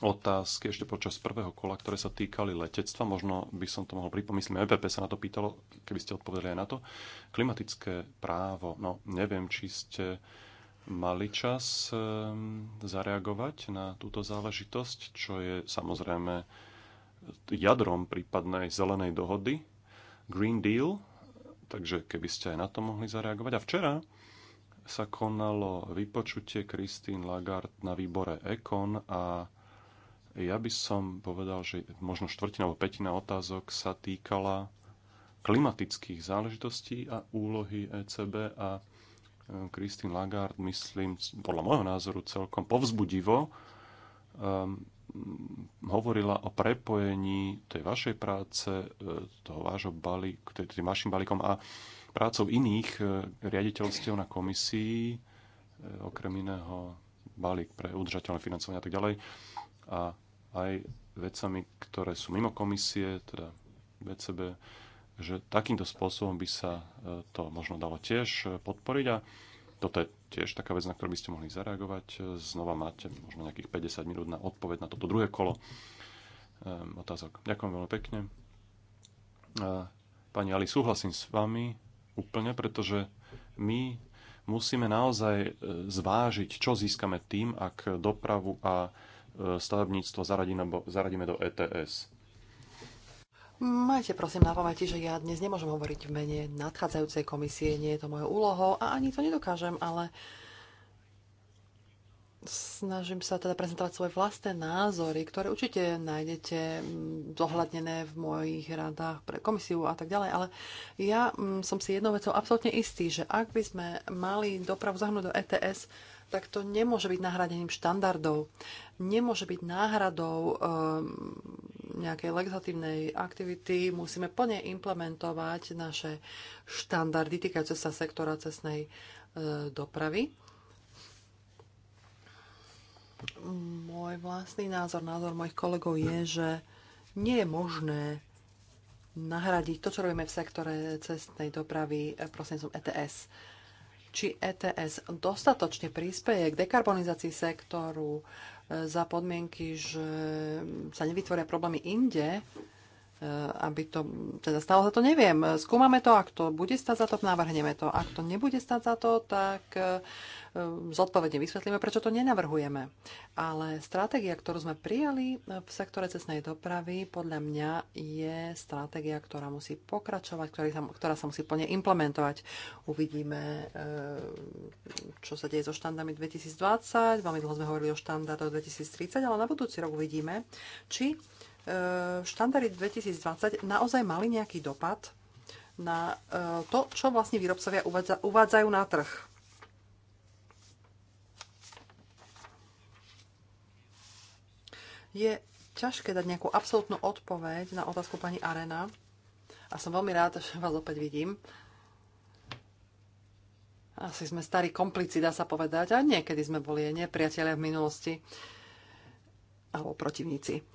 Speaker 1: otázky ešte počas prvého kola, ktoré sa týkali letectva. Možno by som to mohol pripomyslieť. EPP sa na to pýtalo, keby ste odpovedali aj na to. Klimatické právo. No, neviem, či ste mali čas ehm, zareagovať na túto záležitosť, čo je samozrejme jadrom prípadnej zelenej dohody Green Deal. Takže keby ste aj na to mohli zareagovať. A včera sa konalo vypočutie Christine Lagarde na výbore Econ a ja by som povedal, že možno štvrtina alebo petina otázok sa týkala klimatických záležitostí a úlohy ECB a e, Christine Lagarde, myslím, podľa môjho názoru celkom povzbudivo um, hovorila o prepojení tej vašej práce, e, toho vášho balík, tým vašim balíkom a prácou iných riaditeľstiev na komisii, okrem iného balík pre udržateľné financovanie a tak ďalej. A aj vecami, ktoré sú mimo komisie, teda VCB, že takýmto spôsobom by sa e, to možno dalo tiež e, podporiť a toto je tiež taká vec, na ktorú by ste mohli zareagovať. E, znova máte možno nejakých 50 minút na odpoveď na toto druhé kolo otázok. Ďakujem veľmi pekne. Pani Ali, súhlasím s vami úplne, pretože my musíme naozaj zvážiť, čo získame tým, ak dopravu a E, stavebníctvo zaradíme do ETS.
Speaker 3: Majte prosím na pamäti, že ja dnes nemôžem hovoriť v mene nadchádzajúcej komisie, nie je to mojou úlohou a ani to nedokážem, ale snažím sa teda prezentovať svoje vlastné názory, ktoré určite nájdete mm, zohľadnené v mojich radách pre komisiu a tak ďalej, ale ja mm, som si jednou vecou absolútne istý, že ak by sme mali dopravu zahnúť do ETS, tak to nemôže byť nahradením štandardov. Nemôže byť náhradou um, nejakej legislatívnej aktivity. Musíme plne implementovať naše štandardy týkajúce sa sektora cestnej uh, dopravy. Môj vlastný názor, názor mojich kolegov je, že nie je možné nahradiť to, čo robíme v sektore cestnej dopravy e, prostredníctvom ETS či ETS dostatočne prispieje k dekarbonizácii sektoru e, za podmienky, že sa nevytvoria problémy inde, Eh, aby to, teda stalo za to, neviem. Skúmame to, ak to bude stať za to, navrhneme to. Ak to nebude stať za to, tak eh, eh, zodpovedne vysvetlíme, prečo to nenavrhujeme. Ale stratégia, ktorú sme prijali v sektore cestnej dopravy, podľa mňa je stratégia, ktorá musí pokračovať, sa, ktorá sa musí plne implementovať. Uvidíme, čo sa deje so štandami 2020. Veľmi dlho sme hovorili o štandardoch 2030, ale na budúci rok uvidíme, či E, štandardy 2020 naozaj mali nejaký dopad na e, to, čo vlastne výrobcovia uvádzajú na trh. Je ťažké dať nejakú absolútnu odpoveď na otázku pani Arena. A som veľmi rád, že vás opäť vidím. Asi sme starí komplici, dá sa povedať, a niekedy sme boli aj nepriatelia v minulosti alebo protivníci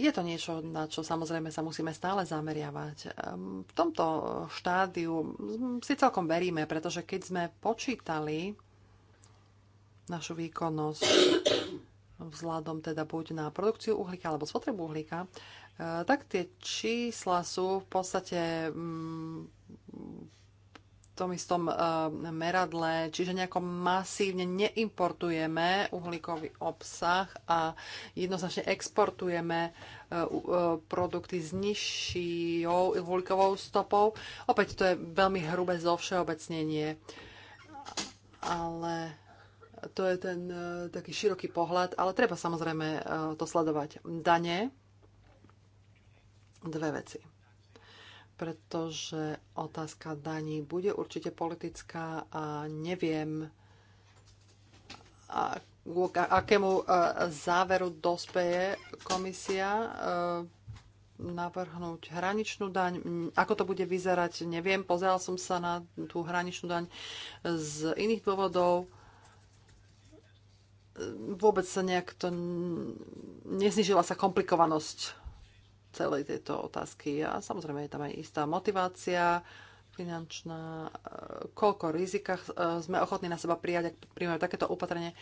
Speaker 3: je to niečo, na čo samozrejme sa musíme stále zameriavať. Ehm, v tomto štádiu si celkom veríme, pretože keď sme počítali našu výkonnosť vzhľadom teda buď na produkciu uhlíka alebo spotrebu uhlíka, eh, tak tie čísla sú v podstate mm, tom istom eh, meradle, čiže nejako masívne neimportujeme uhlíkový obsah a jednoznačne exportujeme eh, eh, produkty s nižšou uhlíkovou stopou. Opäť to je veľmi hrubé zovšeobecnenie, ale to je ten taký široký pohľad, ale treba samozrejme to sledovať. Dane, dve veci pretože otázka daní bude určite politická a neviem, k akému e, záveru dospeje komisia e, navrhnúť hraničnú daň. Ako to bude vyzerať, neviem. Pozeral som sa na tú hraničnú daň z iných dôvodov. E, vôbec sa nejak to... Neznižila sa komplikovanosť celej tejto otázky. A samozrejme je tam aj istá motivácia finančná, e, koľko rizika e, sme ochotní na seba prijať, ak príjmeme takéto opatrenie e,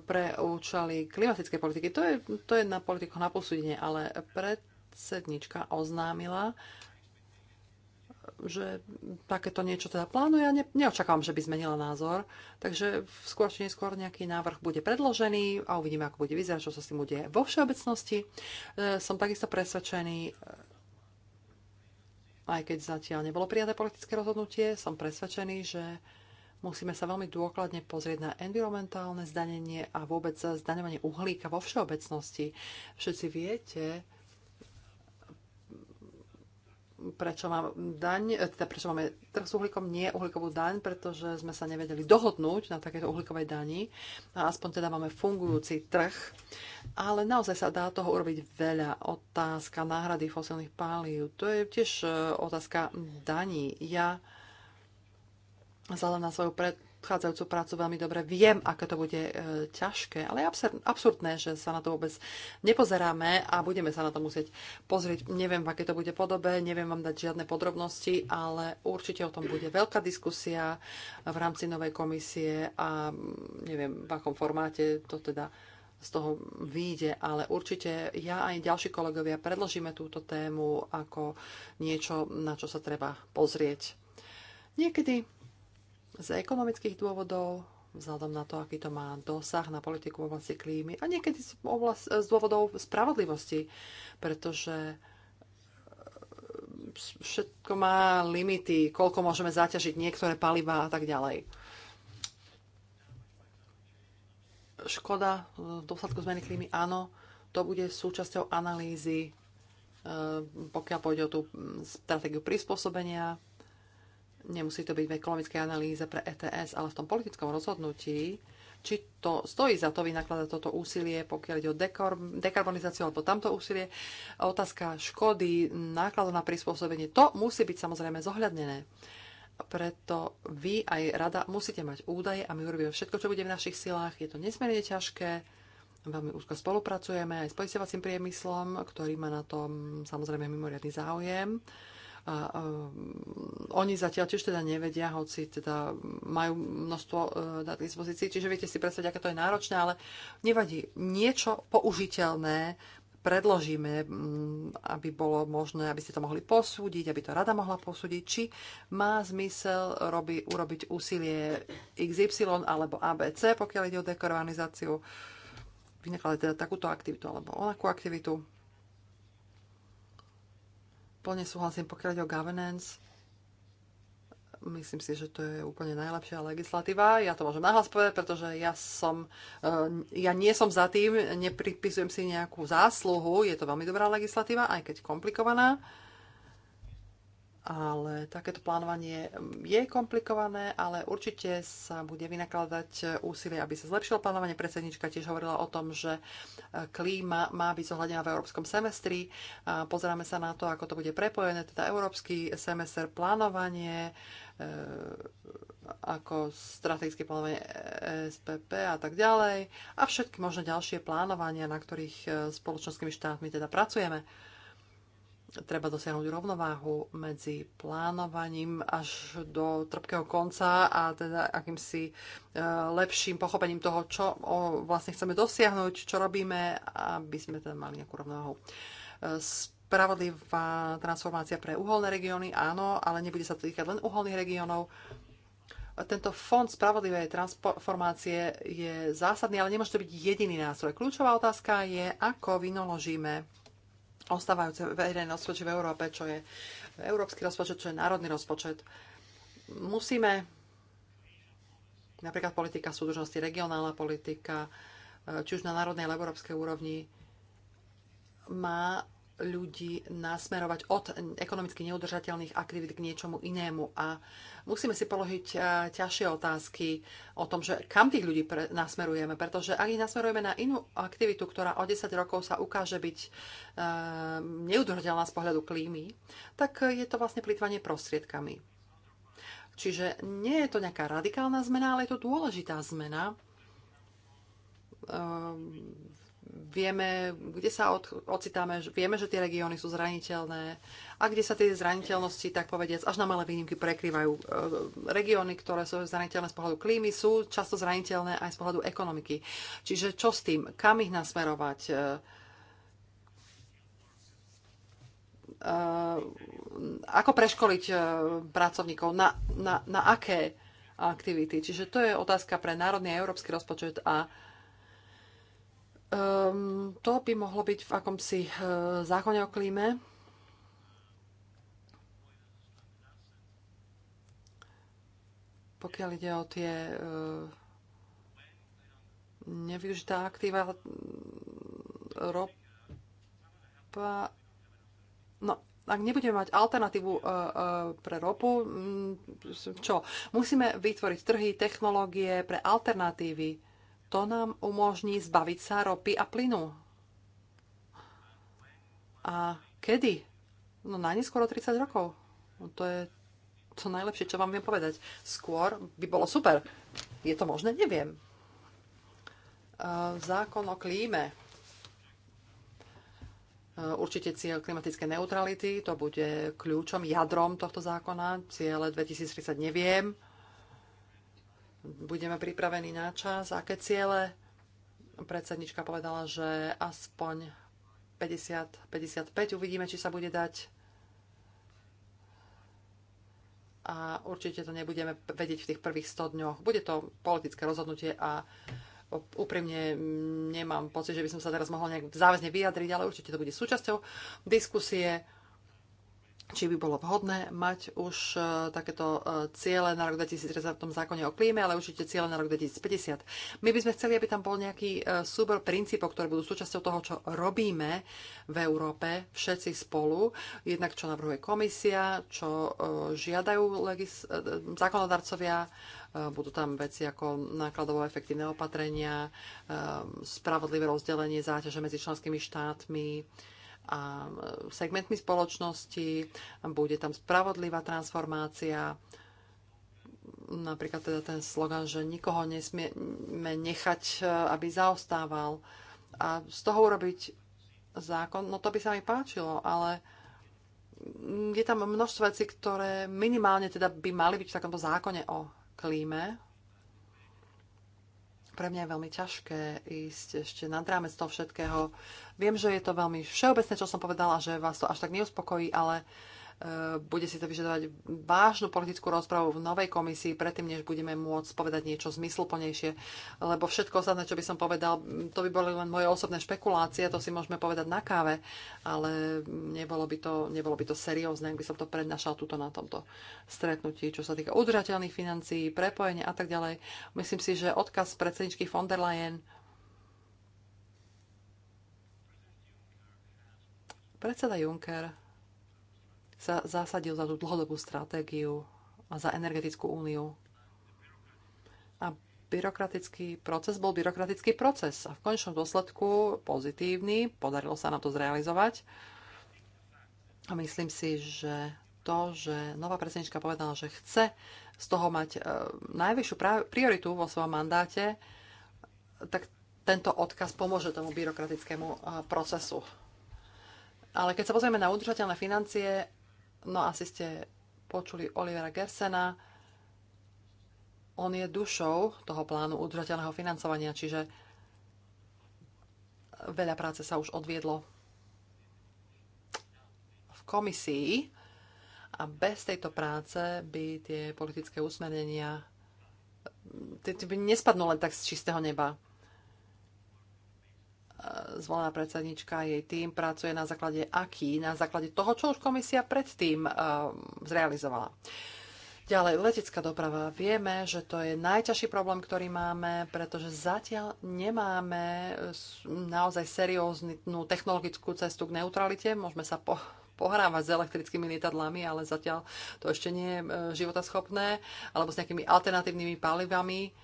Speaker 3: pre účely klimatickej politiky. To je, to je na politiku na posúdenie, ale predsednička oznámila, že takéto niečo teda plánuje a ne, neočakávam, že by zmenila názor. Takže skôr či neskôr nejaký návrh bude predložený a uvidíme, ako bude vyzerať, čo sa s tým udeje. Vo všeobecnosti e, som takisto presvedčený, e, aj keď zatiaľ nebolo prijaté politické rozhodnutie, som presvedčený, že musíme sa veľmi dôkladne pozrieť na environmentálne zdanenie a vôbec zdaňovanie uhlíka vo všeobecnosti. Všetci viete, prečo, má daň, e, teda prečo máme trh s uhlíkom, nie uhlíkovú daň, pretože sme sa nevedeli dohodnúť na takéto uhlíkovej dani. A aspoň teda máme fungujúci trh. Ale naozaj sa dá toho urobiť veľa. Otázka náhrady fosilných palív, to je tiež e, otázka daní. Ja vzhľadom na svoju pred, predchádzajúcu prácu veľmi dobre. Viem, aké to bude e, ťažké, ale je absur- absurdné, že sa na to vôbec nepozeráme a budeme sa na to musieť pozrieť. Neviem, v aké to bude podobe, neviem vám dať žiadne podrobnosti, ale určite o tom bude veľká diskusia v rámci novej komisie a neviem, v akom formáte to teda z toho vyjde, ale určite ja aj ďalší kolegovia predložíme túto tému ako niečo, na čo sa treba pozrieť. Niekedy z ekonomických dôvodov, vzhľadom na to, aký to má dosah na politiku v oblasti klímy a niekedy z, oblast, z dôvodov spravodlivosti, pretože e, všetko má limity, koľko môžeme zaťažiť niektoré paliva a tak ďalej. Škoda v dôsledku zmeny klímy, áno, to bude súčasťou analýzy, e, pokiaľ pôjde o tú stratégiu prispôsobenia nemusí to byť v ekonomickej analýze pre ETS, ale v tom politickom rozhodnutí, či to stojí za to vynakladať toto úsilie, pokiaľ ide o dekarbonizáciu alebo tamto úsilie. Otázka škody, nákladov na prispôsobenie, to musí byť samozrejme zohľadnené. Preto vy aj rada musíte mať údaje a my urobíme všetko, čo bude v našich silách. Je to nesmierne ťažké, veľmi úzko spolupracujeme aj s poisťovacím priemyslom, ktorý má na tom samozrejme mimoriadný záujem. A, oni zatiaľ tiež teda nevedia, hoci teda majú množstvo dát e, k dispozícii, čiže viete si predstaviť, aké to je náročné, ale nevadí. Niečo použiteľné predložíme, aby bolo možné, aby ste to mohli posúdiť, aby to rada mohla posúdiť, či má zmysel robi, urobiť úsilie XY alebo ABC, pokiaľ ide o dekoranizáciu, vynakladať teda takúto aktivitu alebo onakú aktivitu plne súhlasím, pokiaľ ide o governance, myslím si, že to je úplne najlepšia legislatíva. Ja to môžem nahlas povedať, pretože ja som, eh, ja nie som za tým, nepripisujem si nejakú zásluhu, je to veľmi dobrá legislatíva, aj keď komplikovaná ale takéto plánovanie mm, je komplikované, ale určite sa bude vynakladať e, úsilie, aby sa zlepšilo plánovanie. Predsednička tiež hovorila o tom, že e, klíma má byť zohľadená v európskom semestri. Pozeráme sa na to, ako to bude prepojené, teda európsky semester plánovanie, e, ako strategické plánovanie SPP a tak ďalej a všetky možné ďalšie plánovania, na ktorých spoločenskými štátmi teda pracujeme treba dosiahnuť rovnováhu medzi plánovaním až do trpkého konca a teda akýmsi e, lepším pochopením toho, čo vlastne chceme dosiahnuť, čo robíme, aby sme teda mali nejakú rovnováhu. E, spravodlivá transformácia pre uholné regióny, áno, ale nebude sa to týkať len uholných regiónov. Tento fond spravodlivej transformácie je zásadný, ale nemôže to byť jediný nástroj. Kľúčová otázka je, ako vynaložíme ostávajúce verejné rozpočet v Európe, čo je európsky rozpočet, čo je národný rozpočet. Musíme napríklad politika súdržnosti, regionálna politika, či už na národnej alebo európskej úrovni, má ľudí nasmerovať od ekonomicky neudržateľných aktivít k niečomu inému. A musíme si položiť e, ťažšie otázky o tom, že kam tých ľudí pre, nasmerujeme, pretože ak ich nasmerujeme na inú aktivitu, ktorá o 10 rokov sa ukáže byť e, neudržateľná z pohľadu klímy, tak je to vlastne plýtvanie prostriedkami. Čiže nie je to nejaká radikálna zmena, ale je to dôležitá zmena. E, vieme, kde sa od, ocitáme, vieme, že tie regióny sú zraniteľné a kde sa tie zraniteľnosti, tak povediac, až na malé výnimky prekrývajú. E, regióny, ktoré sú zraniteľné z pohľadu klímy, sú často zraniteľné aj z pohľadu ekonomiky. Čiže čo s tým? Kam ich nasmerovať? E, e ako preškoliť e, pracovníkov? Na, na, na aké aktivity? Čiže to je otázka pre národný a európsky rozpočet a Um, to by mohlo byť v akomsi uh, zákone o klíme. Pokiaľ ide o tie uh, nevyužitá aktíva ropa. No, ak nebudeme mať alternatívu eh, pre ropu, mm, čo? Musíme vytvoriť trhy, technológie pre alternatívy to nám umožní zbaviť sa ropy a plynu. A kedy? No najneskôr o 30 rokov. No to je to najlepšie, čo vám viem povedať. Skôr by bolo super. Je to možné? Neviem. E, zákon o klíme. E, určite cieľ klimatické neutrality, to bude kľúčom, jadrom tohto zákona. Ciele 2030 neviem budeme pripravení na čas. Aké ciele? Predsednička povedala, že aspoň 50-55 uvidíme, či sa bude dať. A určite to nebudeme vedieť v tých prvých 100 dňoch. Bude to politické rozhodnutie a úprimne nemám pocit, že by som sa teraz mohla nejak záväzne vyjadriť, ale určite to bude súčasťou diskusie či by bolo vhodné mať už e, takéto e, ciele na rok 2030 teda v tom zákone o klíme, ale určite ciele na rok 2050. My by sme chceli, aby tam bol nejaký e, súbor princípov, ktoré budú súčasťou toho, čo robíme v Európe všetci spolu. Jednak čo navrhuje komisia, čo žiadajú legis- zákonodarcovia, budú tam veci ako nákladovo efektívne opatrenia, spravodlivé rozdelenie záťaže medzi členskými štátmi, a e, segmentmi spoločnosti, bude tam spravodlivá transformácia, napríklad teda ten slogan, že nikoho nesmieme nechať, e, aby zaostával a z toho urobiť zákon, no to by sa mi páčilo, ale je tam množstvo vecí, ktoré minimálne teda by mali byť v takomto zákone o klíme pre mňa je veľmi ťažké ísť ešte nad rámec toho všetkého. Viem, že je to veľmi všeobecné, čo som povedala, že vás to až tak neuspokojí, ale uh, Eh, bude si to vyžadovať vážnu politickú rozpravu v novej komisii, predtým, než budeme môcť povedať niečo zmysluplnejšie. Lebo všetko ostatné, čo by som povedal, to by boli len moje osobné špekulácie, to si môžeme povedať na káve, ale nebolo by to, nebolo by to seriózne, ak by som to prednášal tuto na tomto stretnutí, čo sa týka udržateľných financií, prepojenia a tak ďalej. Myslím si, že odkaz predsedničky von der Leyen predseda Juncker sa zásadil za tú dlhodobú stratégiu a za energetickú úniu. A byrokratický proces bol byrokratický proces a v končnom dôsledku pozitívny, podarilo sa nám to zrealizovať. A myslím si, že to, že nová predsednička povedala, že chce z toho mať e, najvyššiu prioritu vo svojom mandáte, tak tento odkaz pomôže tomu byrokratickému e, procesu. Ale keď sa pozrieme na udržateľné financie, No asi ste počuli Olivera Gersena. On je dušou toho plánu udržateľného financovania, čiže veľa práce sa už odviedlo v komisii a bez tejto práce by tie politické usmernenia by nespadnú len tak z čistého neba. E, zvolená predsednička, jej tým pracuje na základe aký, na základe toho, čo už komisia predtým e, zrealizovala. Ďalej, letecká doprava. Vieme, že to je najťažší problém, ktorý máme, pretože zatiaľ nemáme e, naozaj serióznu technologickú cestu k neutralite. Môžeme sa po, pohrávať s elektrickými lietadlami, ale zatiaľ to ešte nie je životaschopné, alebo s nejakými alternatívnymi palivami.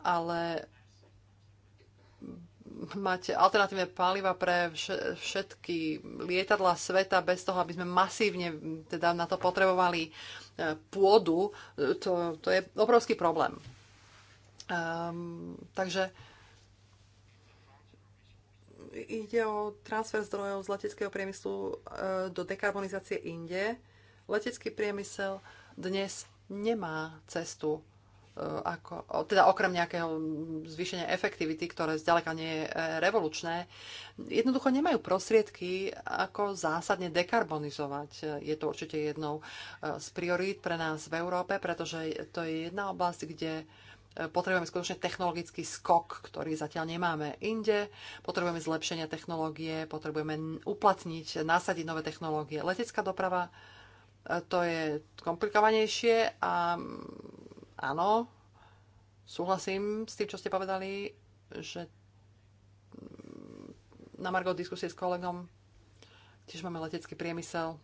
Speaker 3: Ale mať alternatívne paliva pre všetky lietadla sveta bez toho, aby sme masívne teda na to potrebovali e, pôdu, e, to, to je obrovský problém. Um, takže ide o transfer zdrojov z leteckého priemyslu e, do dekarbonizácie inde. Letecký priemysel dnes nemá cestu Eh, ako, teda okrem nejakého zvýšenia efektivity, ktoré zďaleka nie je eh, revolučné, jednoducho nemajú prostriedky, ako zásadne dekarbonizovať. Je to určite jednou eh, z priorít pre nás v Európe, pretože to je jedna oblasť, kde potrebujeme skutočne technologický skok, ktorý zatiaľ nemáme inde, potrebujeme zlepšenia technológie, potrebujeme uplatniť, nasadiť nové technológie. Letecká doprava, to je komplikovanejšie a mm, áno, súhlasím s tým, čo ste povedali, že mm, na Margo diskusie s kolegom tiež máme letecký priemysel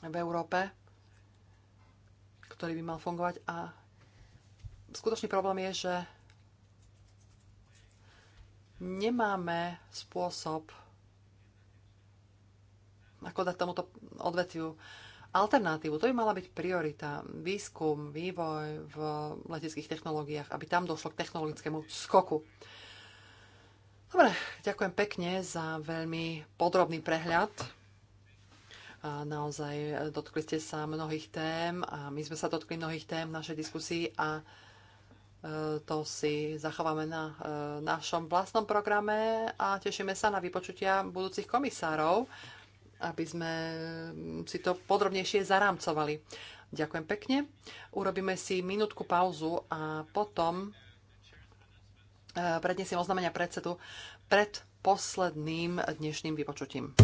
Speaker 3: v Európe, ktorý by mal fungovať a skutočný problém je, že nemáme spôsob, ako dať tomuto uh, alternatívu. To by mala byť priorita. Výskum, vývoj v leteckých technológiách, aby tam došlo k technologickému skoku. Dobre, ďakujem pekne za veľmi podrobný prehľad. A naozaj dotkli ste sa mnohých tém a my sme sa dotkli mnohých tém v našej diskusii a e, to si zachováme na e, našom vlastnom programe a tešíme sa na vypočutia budúcich komisárov aby sme mm, si to podrobnejšie zarámcovali. Ďakujem pekne. Urobíme si minútku pauzu a potom eh, prednesiem oznamenia predsedu pred posledným dnešným vypočutím.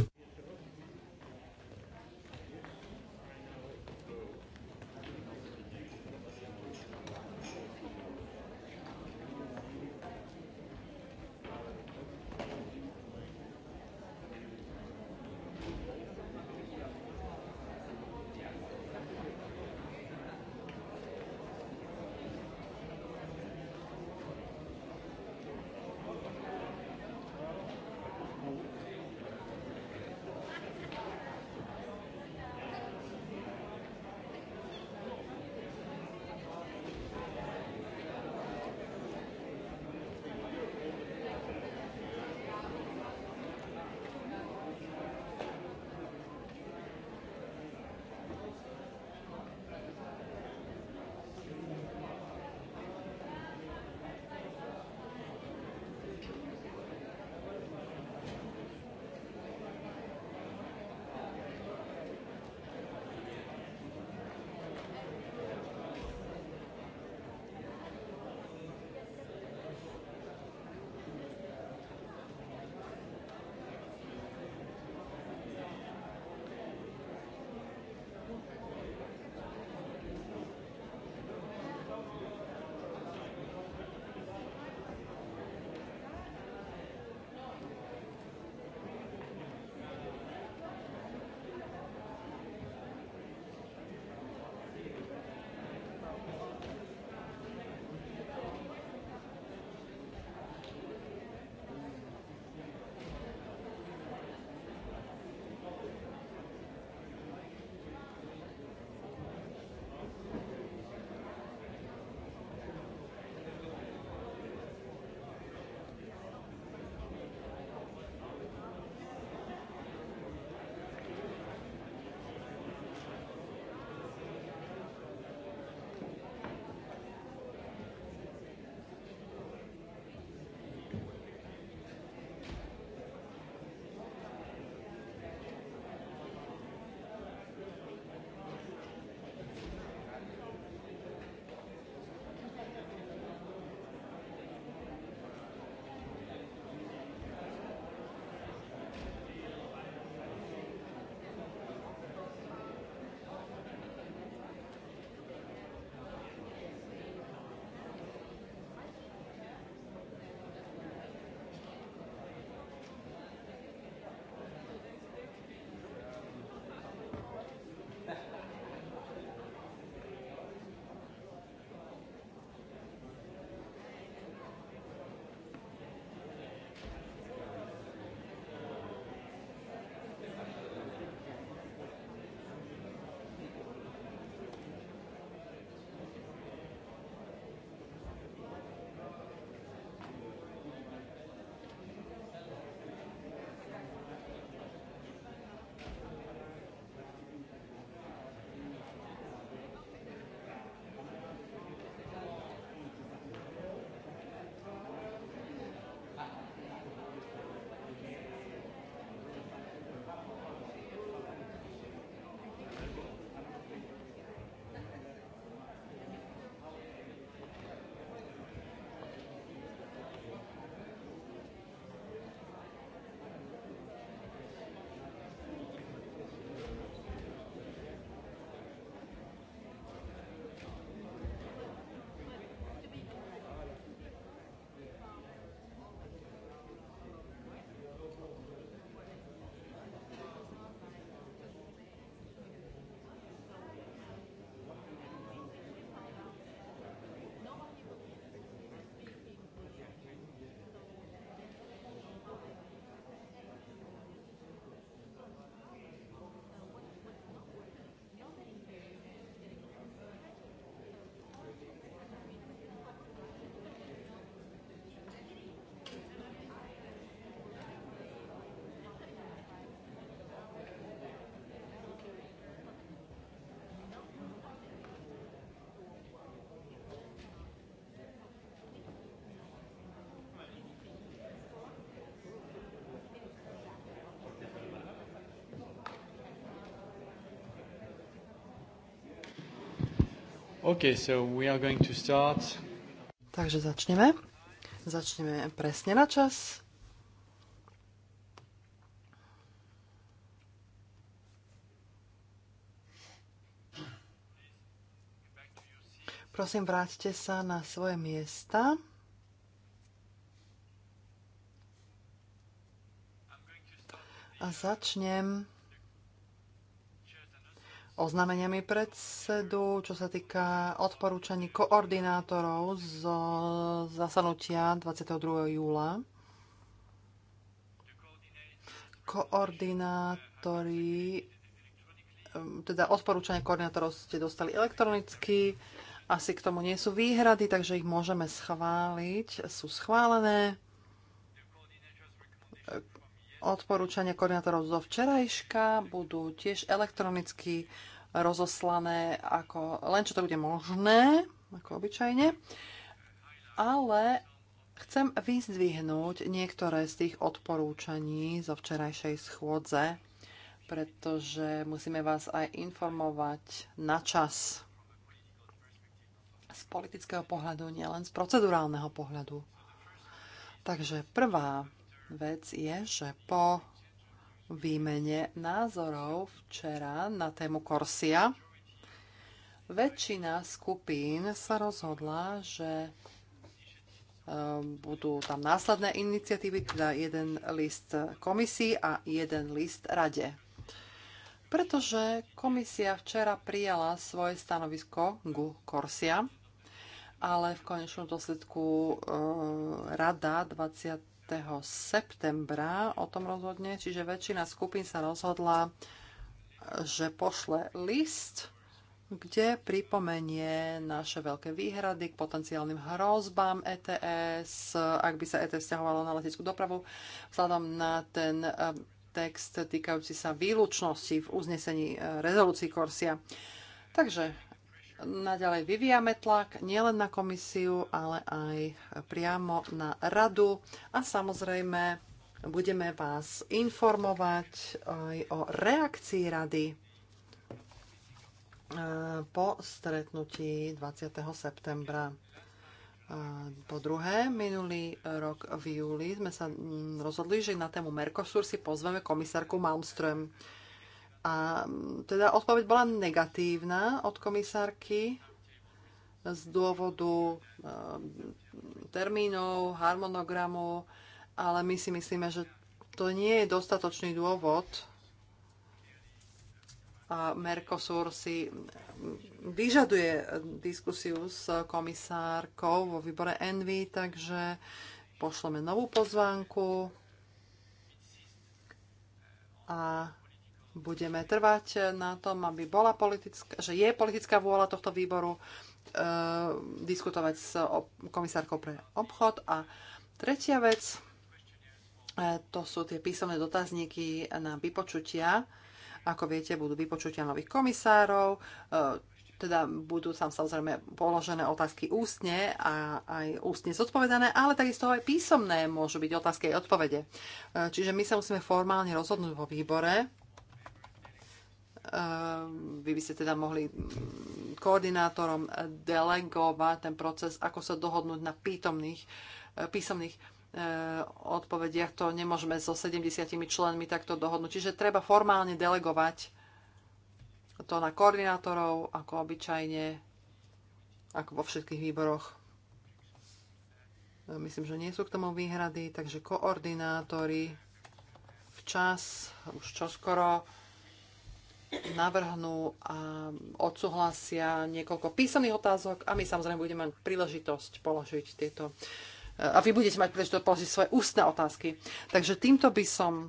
Speaker 1: Okay, so we are going to start.
Speaker 3: Takže začneme. Začneme presne na čas. Prosím, vráťte sa na svoje miesta. A začnem oznámeniami predsedu, čo sa týka odporúčaní koordinátorov zo zasadnutia 22. júla. Koordinátori, teda odporúčania koordinátorov ste dostali elektronicky, asi k tomu nie sú výhrady, takže ich môžeme schváliť, sú schválené. Odporúčania koordinátorov zo včerajška budú tiež elektronicky rozoslané, ako, len čo to bude možné, ako obyčajne. Ale chcem vyzdvihnúť niektoré z tých odporúčaní zo včerajšej schôdze, pretože musíme vás aj informovať na čas z politického pohľadu, nielen z procedurálneho pohľadu. Takže prvá vec je, že po výmene názorov včera na tému Korsia väčšina skupín sa rozhodla, že eh, budú tam následné iniciatívy, teda jeden list komisii a jeden list rade. Pretože komisia včera prijala svoje stanovisko GU Korsia, ale v konečnom dôsledku e, rada 20 septembra o tom rozhodne, čiže väčšina skupín sa rozhodla, že pošle list, kde pripomenie naše veľké výhrady k potenciálnym hrozbám ETS, ak by sa ETS vzťahovalo na leteckú dopravu, vzhľadom na ten eh, text týkajúci sa výlučnosti v uznesení eh, rezolúcií Korsia. Takže naďalej vyvíjame tlak nielen na komisiu, ale aj priamo na radu a samozrejme budeme vás informovať aj o reakcii rady e, po stretnutí 20. septembra. E, po druhé, minulý rok v júli sme sa rozhodli, že na tému Mercosur si pozveme komisárku Malmström. A mm, teda odpoveď bola negatívna od komisárky z dôvodu ehm, termínov, harmonogramu, ale my si myslíme, že to nie je dostatočný dôvod a Mercosur si mm, vyžaduje diskusiu s komisárkou vo výbore Envy, takže pošleme novú pozvánku a budeme trvať na tom, aby bola politická, že je politická vôľa tohto výboru e, diskutovať s komisárkou pre obchod. A tretia vec, e, to sú tie písomné dotazníky na vypočutia. Ako viete, budú vypočutia nových komisárov, e, teda budú tam samozrejme položené otázky ústne a aj ústne zodpovedané, ale takisto aj písomné môžu byť otázky aj odpovede. E, čiže my sa musíme formálne rozhodnúť vo výbore, Ehm, vy by ste teda mohli mm, koordinátorom delegovať ten proces, ako sa dohodnúť na pítomných, eh, písomných eh, odpovediach. To nemôžeme so 70 členmi takto dohodnúť. Čiže treba formálne delegovať to na koordinátorov, ako obyčajne, ako vo všetkých výboroch. Eh, myslím, že nie sú k tomu výhrady, takže koordinátori včas, už čoskoro, navrhnú a odsúhlasia niekoľko písaných otázok a my samozrejme budeme mať príležitosť položiť tieto a vy budete mať príležitosť položiť svoje ústne otázky. Takže týmto by som e,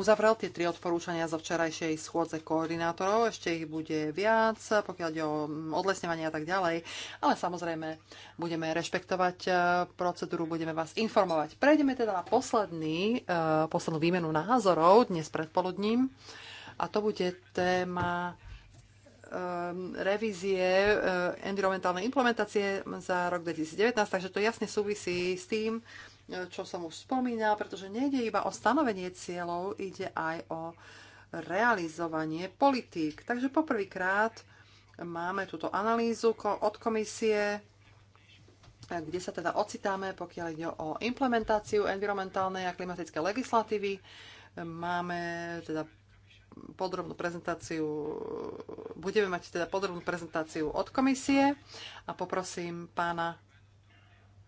Speaker 3: uzavrel tie tri odporúčania zo včerajšej schôdze koordinátorov. Ešte ich bude viac, pokiaľ ide o mm, odlesňovanie a tak ďalej. Ale samozrejme, budeme rešpektovať e, procedúru, budeme vás informovať. Prejdeme teda na posledný, e, poslednú výmenu názorov dnes predpoludním. poludním a to bude téma ehm, revízie eh, environmentálnej implementácie za rok 2019, takže to jasne súvisí s tým, eh, čo som už spomínal, pretože nejde iba o stanovenie cieľov, ide aj o realizovanie politík. Takže poprvýkrát máme túto analýzu od komisie, eh, kde sa teda ocitáme, pokiaľ ide o implementáciu environmentálnej a klimatickej legislatívy. Máme teda podrobnú prezentáciu, budeme mať teda podrobnú prezentáciu od komisie a poprosím pána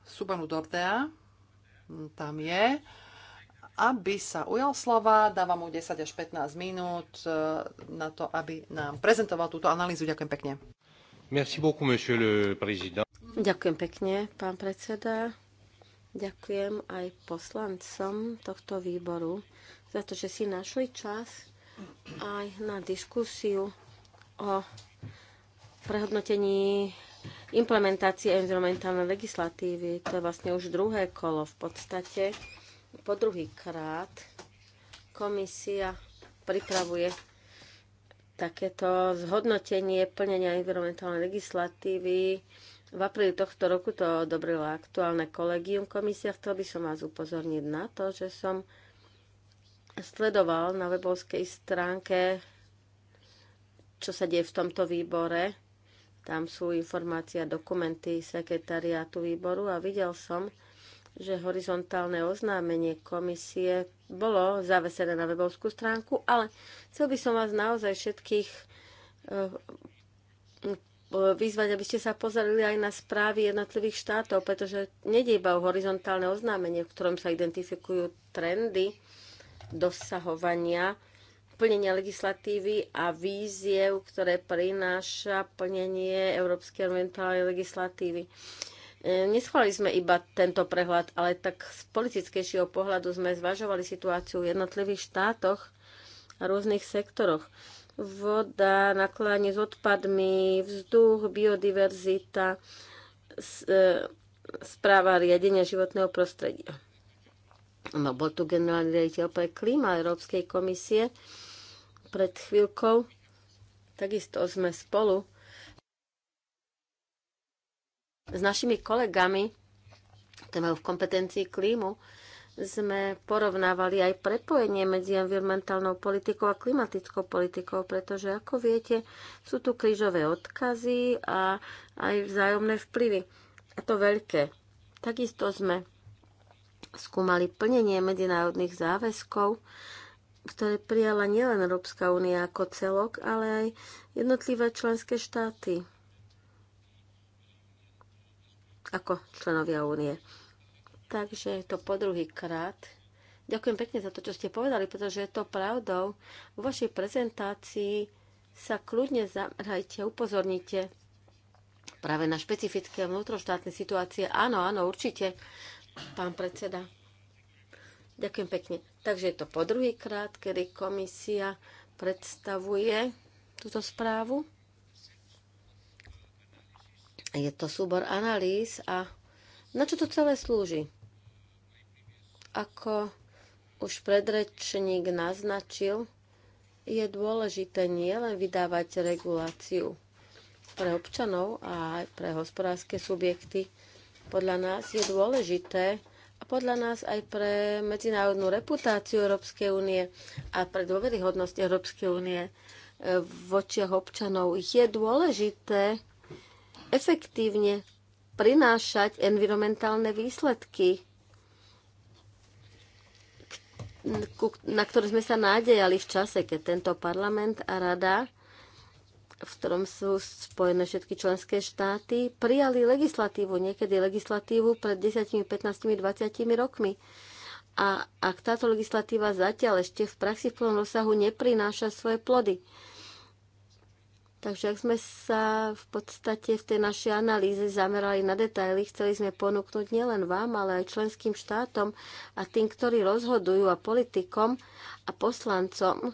Speaker 3: Subanu Dordea, tam je, aby sa ujal slova, dávam mu 10 až 15 minút e, na to, aby nám prezentoval túto analýzu. Ďakujem pekne.
Speaker 1: Merci beaucoup, monsieur le président.
Speaker 2: Ďakujem pekne, pán predseda. Ďakujem aj poslancom tohto výboru za to, že si našli čas aj na diskusiu o prehodnotení implementácie environmentálnej legislatívy. To je vlastne už druhé kolo v podstate. Po druhý krát komisia pripravuje takéto zhodnotenie plnenia environmentálnej legislatívy. V apríli tohto roku to odobrila aktuálne kolegium komisia. Chcel by som vás upozorniť na to, že som sledoval na webovskej stránke, čo sa deje v tomto výbore. Tam sú a dokumenty sekretariátu výboru a videl som, že horizontálne oznámenie komisie bolo zavesené na webovskú stránku, ale chcel by som vás naozaj všetkých eh, vyzvať, aby ste sa pozerali aj na správy jednotlivých štátov, pretože nedie iba o horizontálne oznámenie, v ktorom sa identifikujú trendy, dosahovania plnenia legislatívy a víziev, ktoré prináša plnenie európskej environmentálnej legislatívy. E, neschválili sme iba tento prehľad, ale tak z politickejšieho pohľadu sme zvažovali situáciu v jednotlivých štátoch a rôznych sektoroch. Voda, nakladanie s odpadmi, vzduch, biodiverzita, e, správa riadenia životného prostredia no bol tu generálny riaditeľ pre klíma Európskej komisie pred chvíľkou. Takisto sme spolu s našimi kolegami, ktorí majú v kompetencii klímu, sme porovnávali aj prepojenie medzi environmentálnou politikou a klimatickou politikou, pretože, ako viete, sú tu krížové odkazy a aj vzájomné vplyvy. A to veľké. Takisto sme skúmali plnenie medzinárodných záväzkov, ktoré prijala nielen Európska únia ako celok, ale aj jednotlivé členské štáty ako členovia únie. Takže je to po druhý krát. Ďakujem pekne za to, čo ste povedali, pretože je to pravdou. Vo vašej prezentácii sa kľudne zamerajte, upozornite práve na špecifické vnútroštátne situácie. Áno, áno, určite pán predseda. Ďakujem pekne. Takže je to po druhý krát, kedy komisia predstavuje túto správu. Je to súbor analýz a na čo to celé slúži? Ako už predrečník naznačil, je dôležité nielen vydávať reguláciu pre občanov a aj pre hospodárske subjekty, podľa nás je dôležité a podľa nás aj pre medzinárodnú reputáciu Európskej únie a pre dôveryhodnosť Európskej únie e, v očiach občanov je dôležité efektívne prinášať environmentálne výsledky, na ktoré sme sa nádejali v čase, keď tento parlament a rada v ktorom sú spojené všetky členské štáty, prijali legislatívu, niekedy legislatívu pred 10, 15, 20 rokmi. A ak táto legislatíva zatiaľ ešte v praxi v plnom rozsahu neprináša svoje plody. Takže ak sme sa v podstate v tej našej analýze zamerali na detaily, chceli sme ponúknuť nielen vám, ale aj členským štátom a tým, ktorí rozhodujú a politikom a poslancom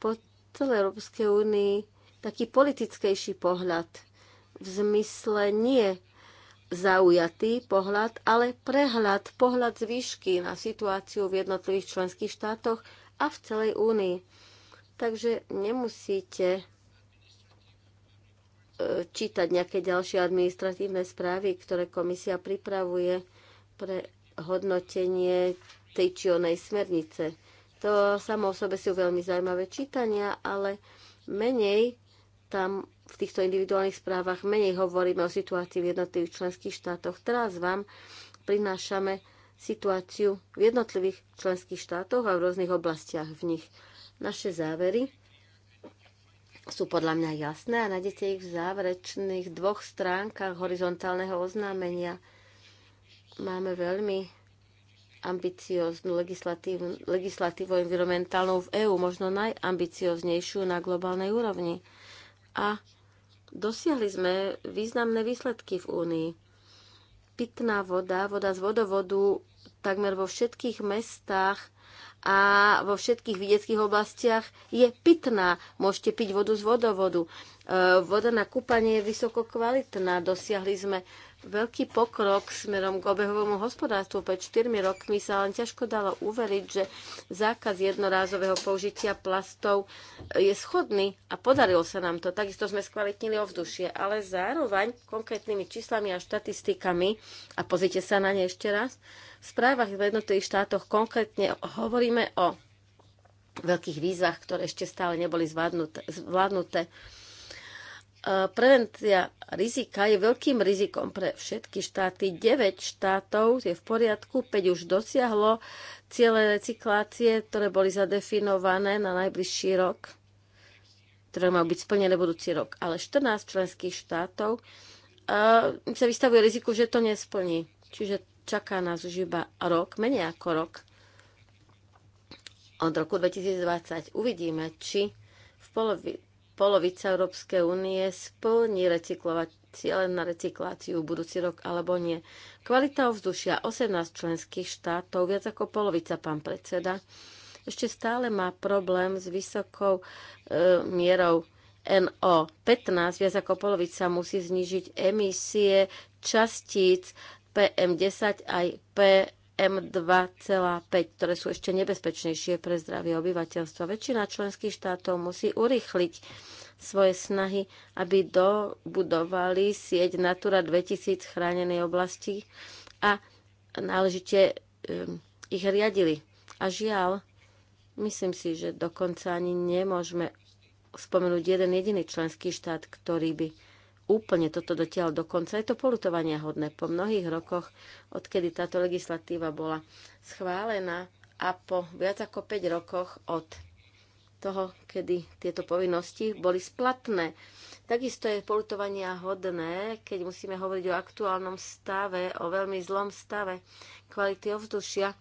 Speaker 2: po celej Európskej únii taký politickejší pohľad. V zmysle nie zaujatý pohľad, ale prehľad, pohľad z výšky na situáciu v jednotlivých členských štátoch a v celej únii. Takže nemusíte e, čítať nejaké ďalšie administratívne správy, ktoré komisia pripravuje pre hodnotenie tej či onej smernice. To samo o sebe sú veľmi zaujímavé čítania, ale menej tam v týchto individuálnych správach menej hovoríme o situácii v jednotlivých členských štátoch. Teraz vám prinášame situáciu v jednotlivých členských štátoch a v rôznych oblastiach v nich. Naše závery sú podľa mňa jasné a nájdete ich v záverečných dvoch stránkach horizontálneho oznámenia. Máme veľmi ambicióznu legislatívu, legislatívu environmentálnu v EÚ, možno najambicioznejšiu na globálnej úrovni a dosiahli sme významné výsledky v Únii. Pitná voda, voda z vodovodu takmer vo všetkých mestách a vo všetkých vidieckých oblastiach je pitná. Môžete piť vodu z vodovodu. E, voda na kúpanie je vysoko kvalitná. Dosiahli sme veľký pokrok smerom k obehovému hospodárstvu. Pred 4 rokmi sa len ťažko dalo uveriť, že zákaz jednorázového použitia plastov e, je schodný a podarilo sa nám to. Takisto sme skvalitnili ovzdušie, ale zároveň konkrétnymi číslami a štatistikami, a pozrite sa na ne ešte raz, v správach v jednotlivých štátoch konkrétne hovoríme o veľkých výzvach, ktoré ešte stále neboli zvládnuté. zvládnuté E, prevencia rizika je veľkým rizikom pre všetky štáty. 9 štátov je v poriadku, 5 už dosiahlo ciele recyklácie, ktoré boli zadefinované na najbližší rok, ktoré majú byť splnené budúci rok. Ale 14 členských štátov e, sa vystavuje riziku, že to nesplní. Čiže čaká nás už iba rok, menej ako rok. Od roku 2020 uvidíme, či v polovi, polovica Európskej únie splní recyklovať cieľe na recykláciu budúci rok alebo nie. Kvalita ovzdušia 18 členských štátov, viac ako polovica, pán predseda, ešte stále má problém s vysokou e, mierou NO15, viac ako polovica musí znižiť emisie častíc PM10 aj PM M2,5, ktoré sú ešte nebezpečnejšie pre zdravie obyvateľstva. Väčšina členských štátov musí urýchliť svoje snahy, aby dobudovali sieť Natura 2000 chránenej oblasti a náležite ich riadili. A žiaľ, myslím si, že dokonca ani nemôžeme spomenúť jeden jediný členský štát, ktorý by úplne toto dotiaľ do konca. Je to polutovania hodné. Po mnohých rokoch, odkedy táto legislatíva bola schválená a po viac ako 5 rokoch od toho, kedy tieto povinnosti boli splatné. Takisto je polutovania hodné, keď musíme hovoriť o aktuálnom stave, o veľmi zlom stave kvality ovzdušia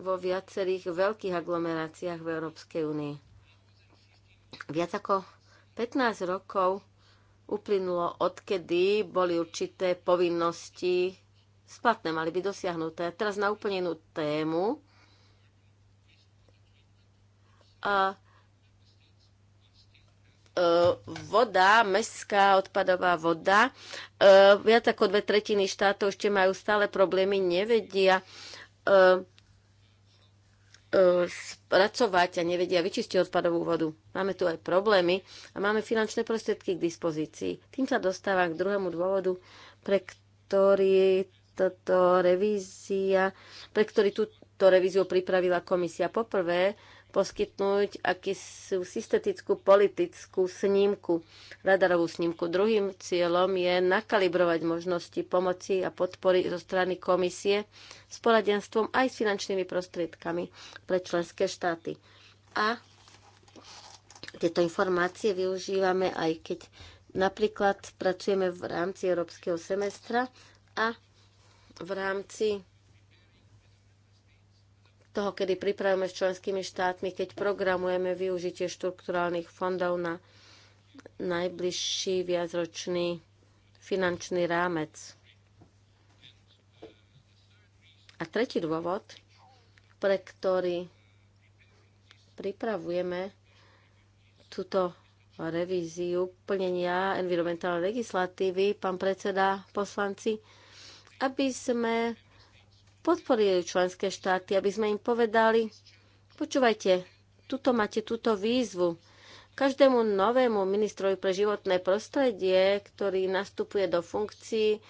Speaker 2: vo viacerých veľkých aglomeráciách v Európskej únii. Viac ako 15 rokov uplynulo, odkedy boli určité povinnosti splatné, mali byť dosiahnuté. Teraz na úplne inú tému. A e, voda, mestská odpadová voda. E, viac ako dve tretiny štátov ešte majú stále problémy, nevedia e, E, spracovať a nevedia vyčistiť odpadovú vodu. Máme tu aj problémy a máme finančné prostriedky k dispozícii. Tým sa dostávam k druhému dôvodu, pre ktorý toto revízia, pre ktorý túto revíziu pripravila komisia. Poprvé, poskytnúť akýsi systetickú politickú snímku, radarovú snímku. Druhým cieľom je nakalibrovať možnosti pomoci a podpory zo strany komisie s poradenstvom aj s finančnými prostriedkami pre členské štáty. A tieto informácie využívame aj keď napríklad pracujeme v rámci európskeho semestra a v rámci toho, kedy pripravíme s členskými štátmi, keď programujeme využitie štrukturálnych fondov na najbližší viacročný finančný rámec. A tretí dôvod, pre ktorý pripravujeme túto revíziu plnenia environmentálnej legislatívy, pán predseda, poslanci, aby sme podporili členské štáty, aby sme im povedali, počúvajte, tuto máte túto výzvu. Každému novému ministrovi pre životné prostredie, ktorý nastupuje do funkcií,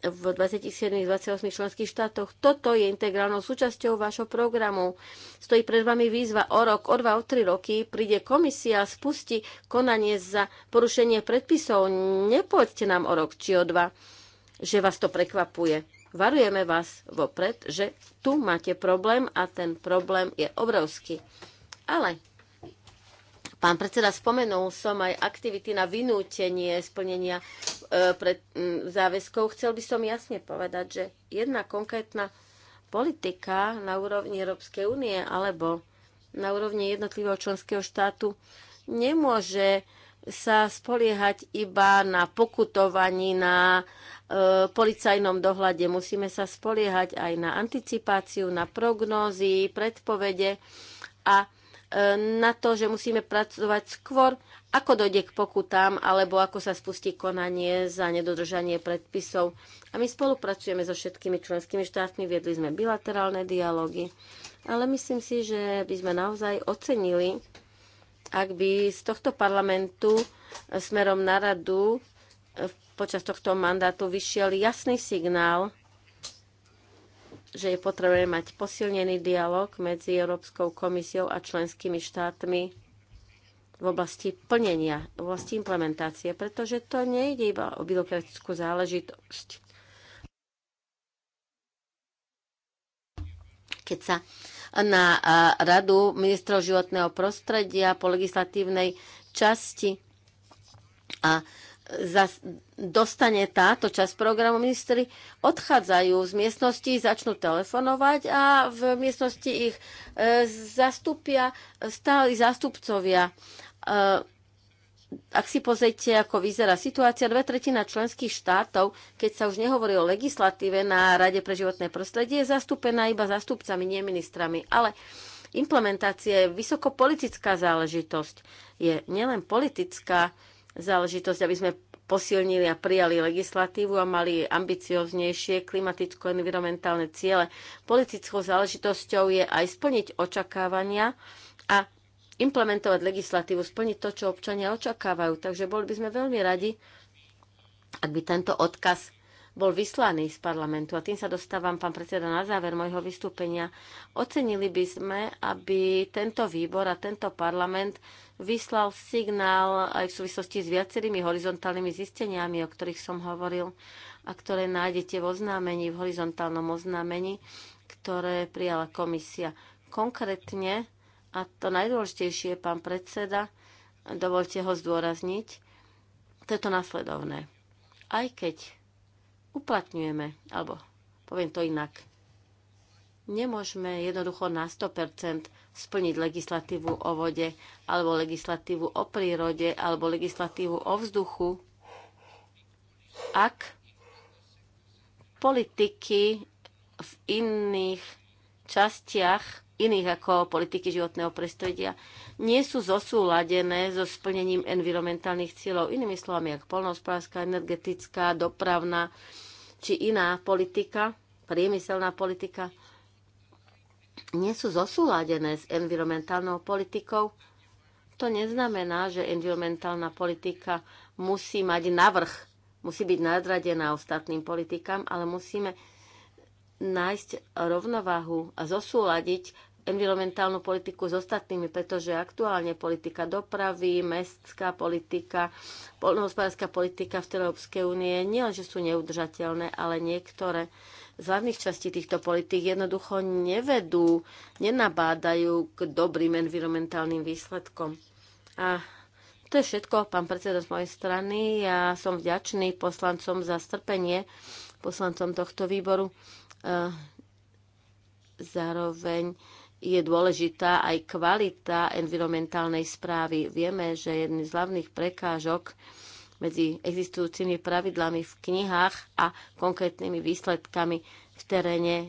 Speaker 2: v 27 28 členských štátoch. Toto je integrálnou súčasťou vášho programu. Stojí pred vami výzva o rok, o dva, o tri roky. Príde komisia spustí konanie za porušenie predpisov. Nepoďte nám o rok či o dva, že vás to prekvapuje varujeme vás vopred, že tu máte problém a ten problém je obrovský. Ale pán predseda spomenul som aj aktivity na vynútenie splnenia e, pred m, záväzkov. Chcel by som jasne povedať, že jedna konkrétna politika na úrovni Európskej únie alebo na úrovni jednotlivého členského štátu nemôže sa spoliehať iba na pokutovaní, na E, policajnom dohľade. Musíme sa spoliehať aj na anticipáciu, na prognózy, predpovede a e, na to, že musíme pracovať skôr, ako dojde k pokutám alebo ako sa spustí konanie za nedodržanie predpisov. A my spolupracujeme so všetkými členskými štátmi, viedli sme bilaterálne dialógy, ale myslím si, že by sme naozaj ocenili, ak by z tohto parlamentu smerom na radu počas tohto mandátu vyšiel jasný signál, že je potrebné mať posilnený dialog medzi Európskou komisiou a členskými štátmi v oblasti plnenia, v oblasti implementácie, pretože to nejde iba o byrokratickú záležitosť. Keď sa na Radu ministrov životného prostredia po legislatívnej časti a dostane táto časť programu, ministri odchádzajú z miestnosti, začnú telefonovať a v miestnosti ich e, zastúpia stáli zástupcovia. E, ak si pozrite, ako vyzerá situácia, dve tretina členských štátov, keď sa už nehovorí o legislatíve na Rade pre životné prostredie, je zastúpená iba zástupcami, nie ministrami. Ale implementácia je vysokopolitická záležitosť. Je nielen politická, záležitosť, aby sme posilnili a prijali legislatívu a mali ambicioznejšie klimaticko-environmentálne ciele. Politickou záležitosťou je aj splniť očakávania a implementovať legislatívu, splniť to, čo občania očakávajú. Takže boli by sme veľmi radi, ak by tento odkaz bol vyslaný z parlamentu. A tým sa dostávam, pán predseda, na záver mojho vystúpenia. Ocenili by sme, aby tento výbor a tento parlament vyslal signál aj v súvislosti s viacerými horizontálnymi zisteniami, o ktorých som hovoril a ktoré nájdete v oznámení, v horizontálnom oznámení, ktoré prijala komisia. Konkrétne, a to najdôležitejšie, pán predseda, dovolte ho zdôrazniť, to je to nasledovné. Aj keď uplatňujeme, alebo poviem to inak, nemôžeme jednoducho na 100% splniť legislatívu o vode, alebo legislatívu o prírode, alebo legislatívu o vzduchu, ak politiky v iných častiach iných ako politiky životného prostredia, nie sú zosúladené so splnením environmentálnych cieľov. Inými slovami, ako polnohospodárska, energetická, dopravná či iná politika, priemyselná politika, nie sú zosúladené s environmentálnou politikou. To neznamená, že environmentálna politika musí mať navrh, musí byť nadradená ostatným politikám, ale musíme nájsť rovnováhu a zosúladiť environmentálnu politiku s ostatnými, pretože aktuálne politika dopravy, mestská politika, poľnohospodárska politika v Európskej únie nie len že sú neudržateľné, ale niektoré z hlavných častí týchto politik jednoducho nevedú, nenabádajú k dobrým environmentálnym výsledkom. A to je všetko, pán predseda, z mojej strany. Ja som vďačný poslancom za strpenie, poslancom tohto výboru. E, zároveň je dôležitá aj kvalita environmentálnej správy. Vieme, že jedným z hlavných prekážok medzi existujúcimi pravidlami v knihách a konkrétnymi výsledkami v teréne e,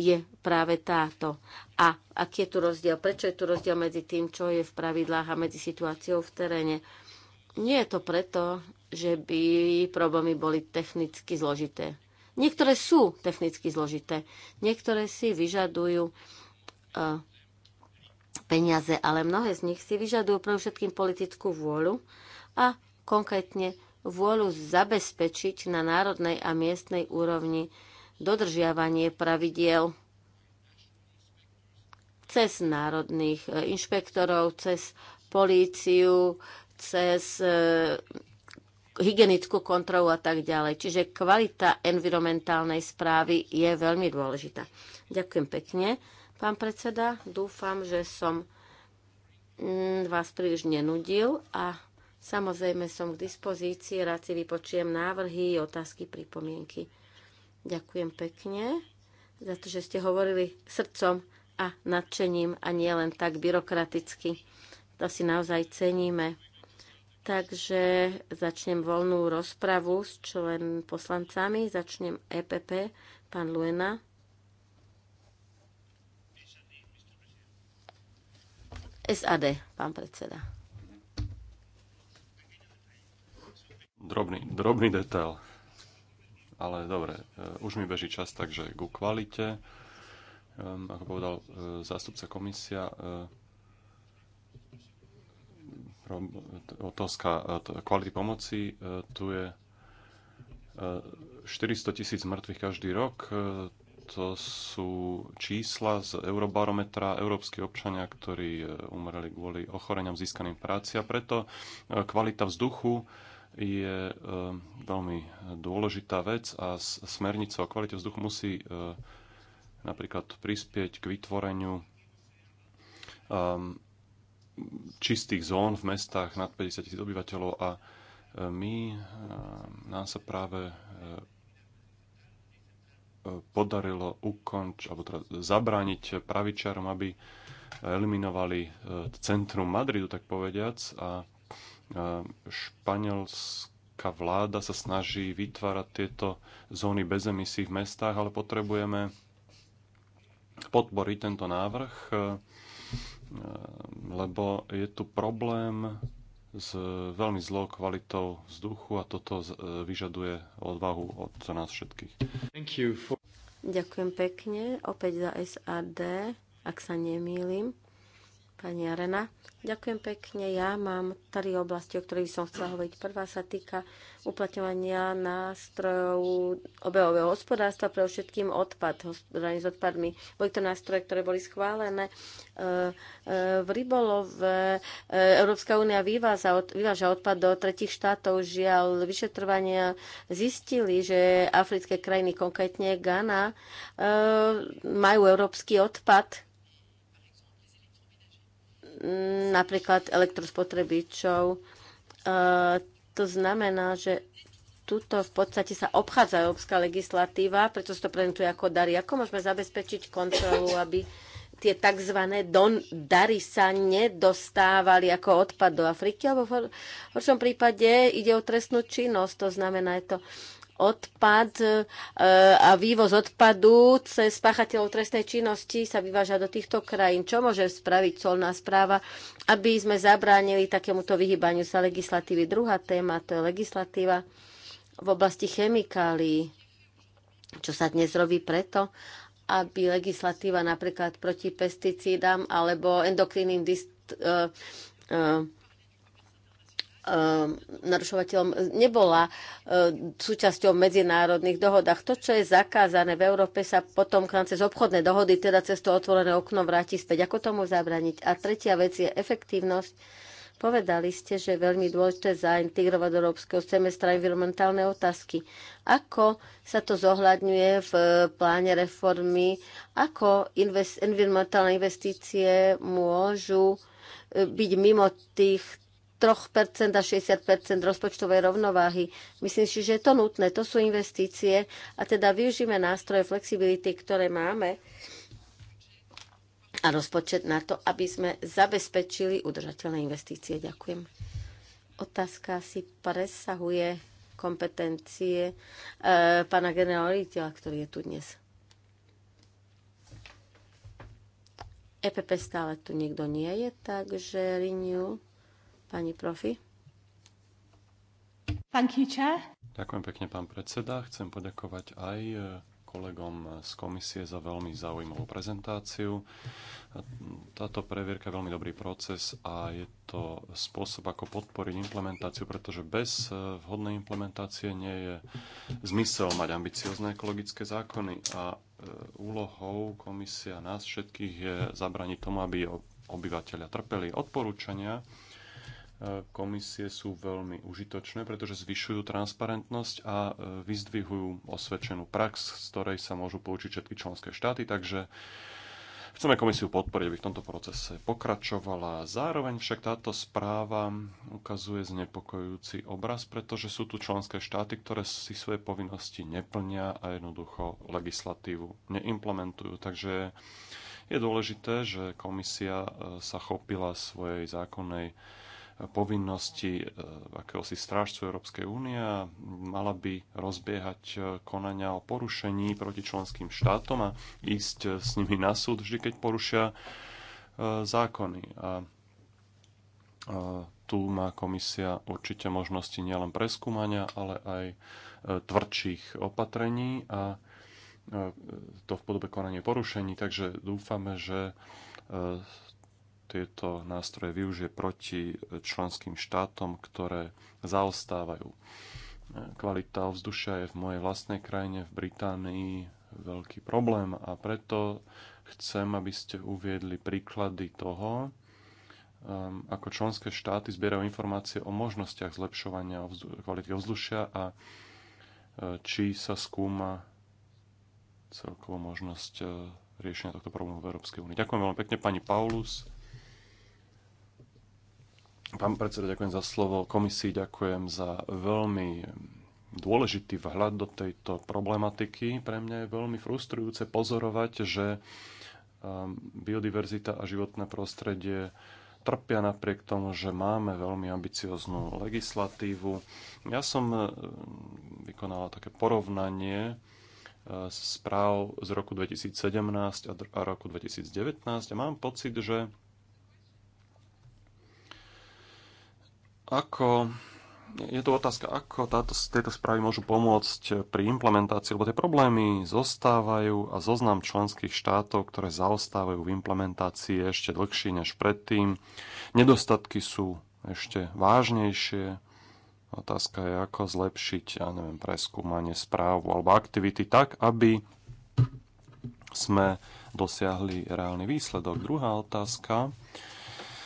Speaker 2: je práve táto. A aký je tu rozdiel? Prečo je tu rozdiel medzi tým, čo je v pravidlách a medzi situáciou v teréne? Nie je to preto, že by problémy boli technicky zložité. Niektoré sú technicky zložité, niektoré si vyžadujú e, peniaze, ale mnohé z nich si vyžadujú pre všetkým politickú vôľu a konkrétne vôľu zabezpečiť na národnej a miestnej úrovni dodržiavanie pravidiel cez národných e, inšpektorov, cez políciu, cez e, hygienickú kontrolu a tak ďalej. Čiže kvalita environmentálnej správy je veľmi dôležitá. Ďakujem pekne, pán predseda. Dúfam, že som mm, vás príliš nenudil a samozrejme som k dispozícii. Rád si vypočujem návrhy, otázky, pripomienky. Ďakujem pekne za to, že ste hovorili srdcom a nadšením a nie len tak byrokraticky. To si naozaj ceníme. Takže začnem voľnú rozpravu s člen poslancami. Začnem EPP, pán Luena. SAD, pán predseda.
Speaker 1: Drobný, drobný detail. Ale dobre, e, už mi beží čas, takže ku kvalite. Ehm, ako povedal e, zástupca komisia, e, otázka e, kvality pomoci. E, tu je 400 e, tisíc mŕtvych každý rok. To sú čísla z Eurobarometra európsky občania, ktorí umreli kvôli ochoreniam získaným práci a preto kvalita vzduchu je veľmi dôležitá vec a smernica o kvalite vzduchu musí napríklad prispieť k vytvoreniu čistých zón v mestách nad 50 tisíc obyvateľov a e, my, e, nám sa práve e, podarilo ukonč, alebo teda zabrániť pravičarom, aby eliminovali centrum Madridu, tak povediac, a španielská vláda sa snaží vytvárať tieto zóny bez emisí v mestách, ale potrebujeme podporiť tento návrh Ehm, lebo je tu problém s veľmi zlou kvalitou vzduchu a toto e, vyžaduje odvahu od nás všetkých. For...
Speaker 2: Ďakujem pekne, opäť za SAD, ak sa nemýlim. Pani Arena. Ďakujem pekne. Ja mám tri oblasti, o ktorých som chcela hovoriť. Prvá sa týka uplatňovania nástrojov obehového hospodárstva, pre všetkým odpad, hospodárenie s odpadmi. Boli to nástroje, ktoré boli schválené. E, e, v rybolove e, Európska únia vyváža, vyváža odpad do tretich štátov. Žiaľ, vyšetrovania zistili, že africké krajiny, konkrétne Ghana, majú európsky odpad, napríklad elektrospotrebičov. E, to znamená, že tuto v podstate sa obchádza európska legislatíva, preto sa to prezentuje ako dary. Ako môžeme zabezpečiť kontrolu, aby tie tzv. Don, dary sa nedostávali ako odpad do Afriky, alebo v horšom prípade ide o trestnú činnosť, to znamená, je to odpad e, a vývoz odpadu cez páchateľov trestnej činnosti sa vyváža do týchto krajín. Čo môže spraviť colná správa, aby sme zabránili takémuto vyhýbaniu sa legislatívy? Druhá téma to je legislatíva v oblasti chemikálií. Čo sa dnes robí preto, aby legislatíva napríklad proti pesticídam alebo endokrinným dist- uh, uh, Um, narušovateľom nebola uh, súčasťou medzinárodných dohodách. To, čo je zakázané v Európe, sa potom k nám cez obchodné dohody, teda cez to otvorené okno vráti späť. Ako tomu zabraniť? A tretia vec je efektívnosť. Povedali ste, že je veľmi dôležité zaintegrovať do európskeho semestra environmentálne otázky. Ako sa to zohľadňuje v eh, pláne reformy? Ako invest, environmentálne investície môžu eh, byť mimo tých 3% a 60% rozpočtovej rovnováhy. Myslím si, že je to nutné, to sú investície a teda využíme nástroje flexibility, ktoré máme a rozpočet na to, aby sme zabezpečili udržateľné investície. Ďakujem. Otázka si presahuje kompetencie e, pána generálneho ktorý je tu dnes. EPP stále tu nikto nie je, takže Renew Pani Profi. Thank you, Chair.
Speaker 1: Ďakujem pekne, pán predseda. Chcem poďakovať aj e, kolegom z komisie za veľmi zaujímavú prezentáciu. Táto previerka je veľmi dobrý proces a je to spôsob, ako podporiť implementáciu, pretože bez e, vhodnej implementácie nie je zmysel mať ambiciozne ekologické zákony a e, úlohou komisia nás všetkých je zabraniť tomu, aby obyvateľia trpeli odporúčania, komisie sú veľmi užitočné, pretože zvyšujú transparentnosť a e, vyzdvihujú osvedčenú prax, z ktorej sa môžu poučiť všetky členské štáty. Takže chceme komisiu podporiť, aby v tomto procese pokračovala. Zároveň však táto správa ukazuje znepokojujúci obraz, pretože sú tu členské štáty, ktoré si svoje povinnosti neplnia a jednoducho legislatívu neimplementujú. Takže je dôležité, že komisia e, sa chopila svojej zákonnej povinnosti eh, akéhosi strážcu Európskej únie a mala by rozbiehať eh, konania o porušení proti členským štátom a ísť eh, s nimi na súd vždy, keď porušia zákony. A tu má komisia určite možnosti nielen preskúmania, ale aj tvrdších opatrení a to v podobe konania porušení. Takže dúfame, že tieto nástroje využije proti členským štátom, ktoré zaostávajú. Kvalita ovzdušia je v mojej vlastnej krajine, v Británii, veľký problém a preto chcem, aby ste uviedli príklady toho, um, ako členské štáty zbierajú informácie o možnostiach zlepšovania kvality ovzdušia a e, či sa skúma celkovo možnosť e, riešenia tohto problému v Európskej únii. Ďakujem veľmi pekne, pani Paulus. Pán predseda, ďakujem za slovo. Komisii ďakujem za veľmi dôležitý vhľad do tejto problematiky. Pre mňa je veľmi frustrujúce pozorovať, že ehm, biodiverzita a životné prostredie trpia napriek tomu, že máme veľmi ambicioznú legislatívu. Ja som ehm, vykonala také porovnanie ehm, správ z roku 2017 a roku 2019 a mám pocit, že ako je to otázka, ako táto, tieto správy môžu pomôcť pri implementácii, lebo tie problémy zostávajú a zoznam členských štátov, ktoré zaostávajú v implementácii ešte dlhší než predtým. Nedostatky sú ešte vážnejšie. Otázka je, ako zlepšiť, ja neviem, preskúmanie správu alebo aktivity tak, aby sme dosiahli reálny výsledok. Druhá otázka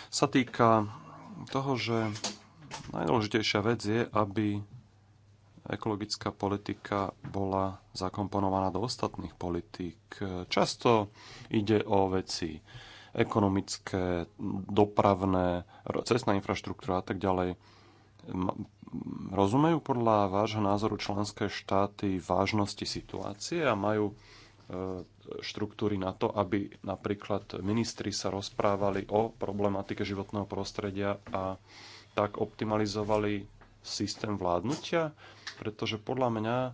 Speaker 1: sa týka toho, že Najdôležitejšia vec je, aby ekologická politika bola zakomponovaná do ostatných politík. Často ide o veci ekonomické, dopravné, cestná infraštruktúra a tak ďalej. Rozumejú podľa vášho názoru členské štáty vážnosti situácie a majú e, štruktúry na to, aby napríklad ministri sa rozprávali o problematike životného prostredia a tak optimalizovali systém vládnutia, pretože podľa mňa e,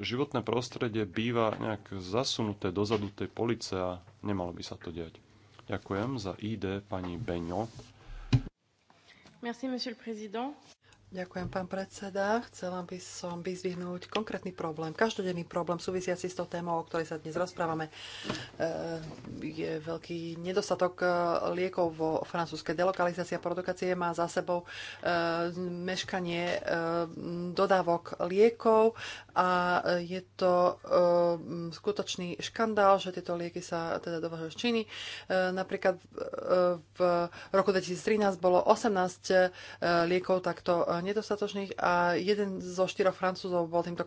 Speaker 1: životné prostredie býva nejak zasunuté dozadu tej police a nemalo by sa to diať. Ďakujem za ID pani Beňo.
Speaker 2: Merci, monsieur le président.
Speaker 3: Ďakujem, pán predseda. Chcela by som vyzvihnúť konkrétny problém, každodenný problém súvisiaci s tou témou, o ktorej sa dnes rozprávame. E, je veľký nedostatok e, liekov vo francúzskej delokalizácia produkácie má za sebou e, meškanie dodávok liekov a je to skutočný škandál, že tieto lieky sa teda dovážajú z Číny. Napríklad v roku 2013 bolo 18 liekov takto nedostatočných a jeden zo štyroch Francúzov bol týmto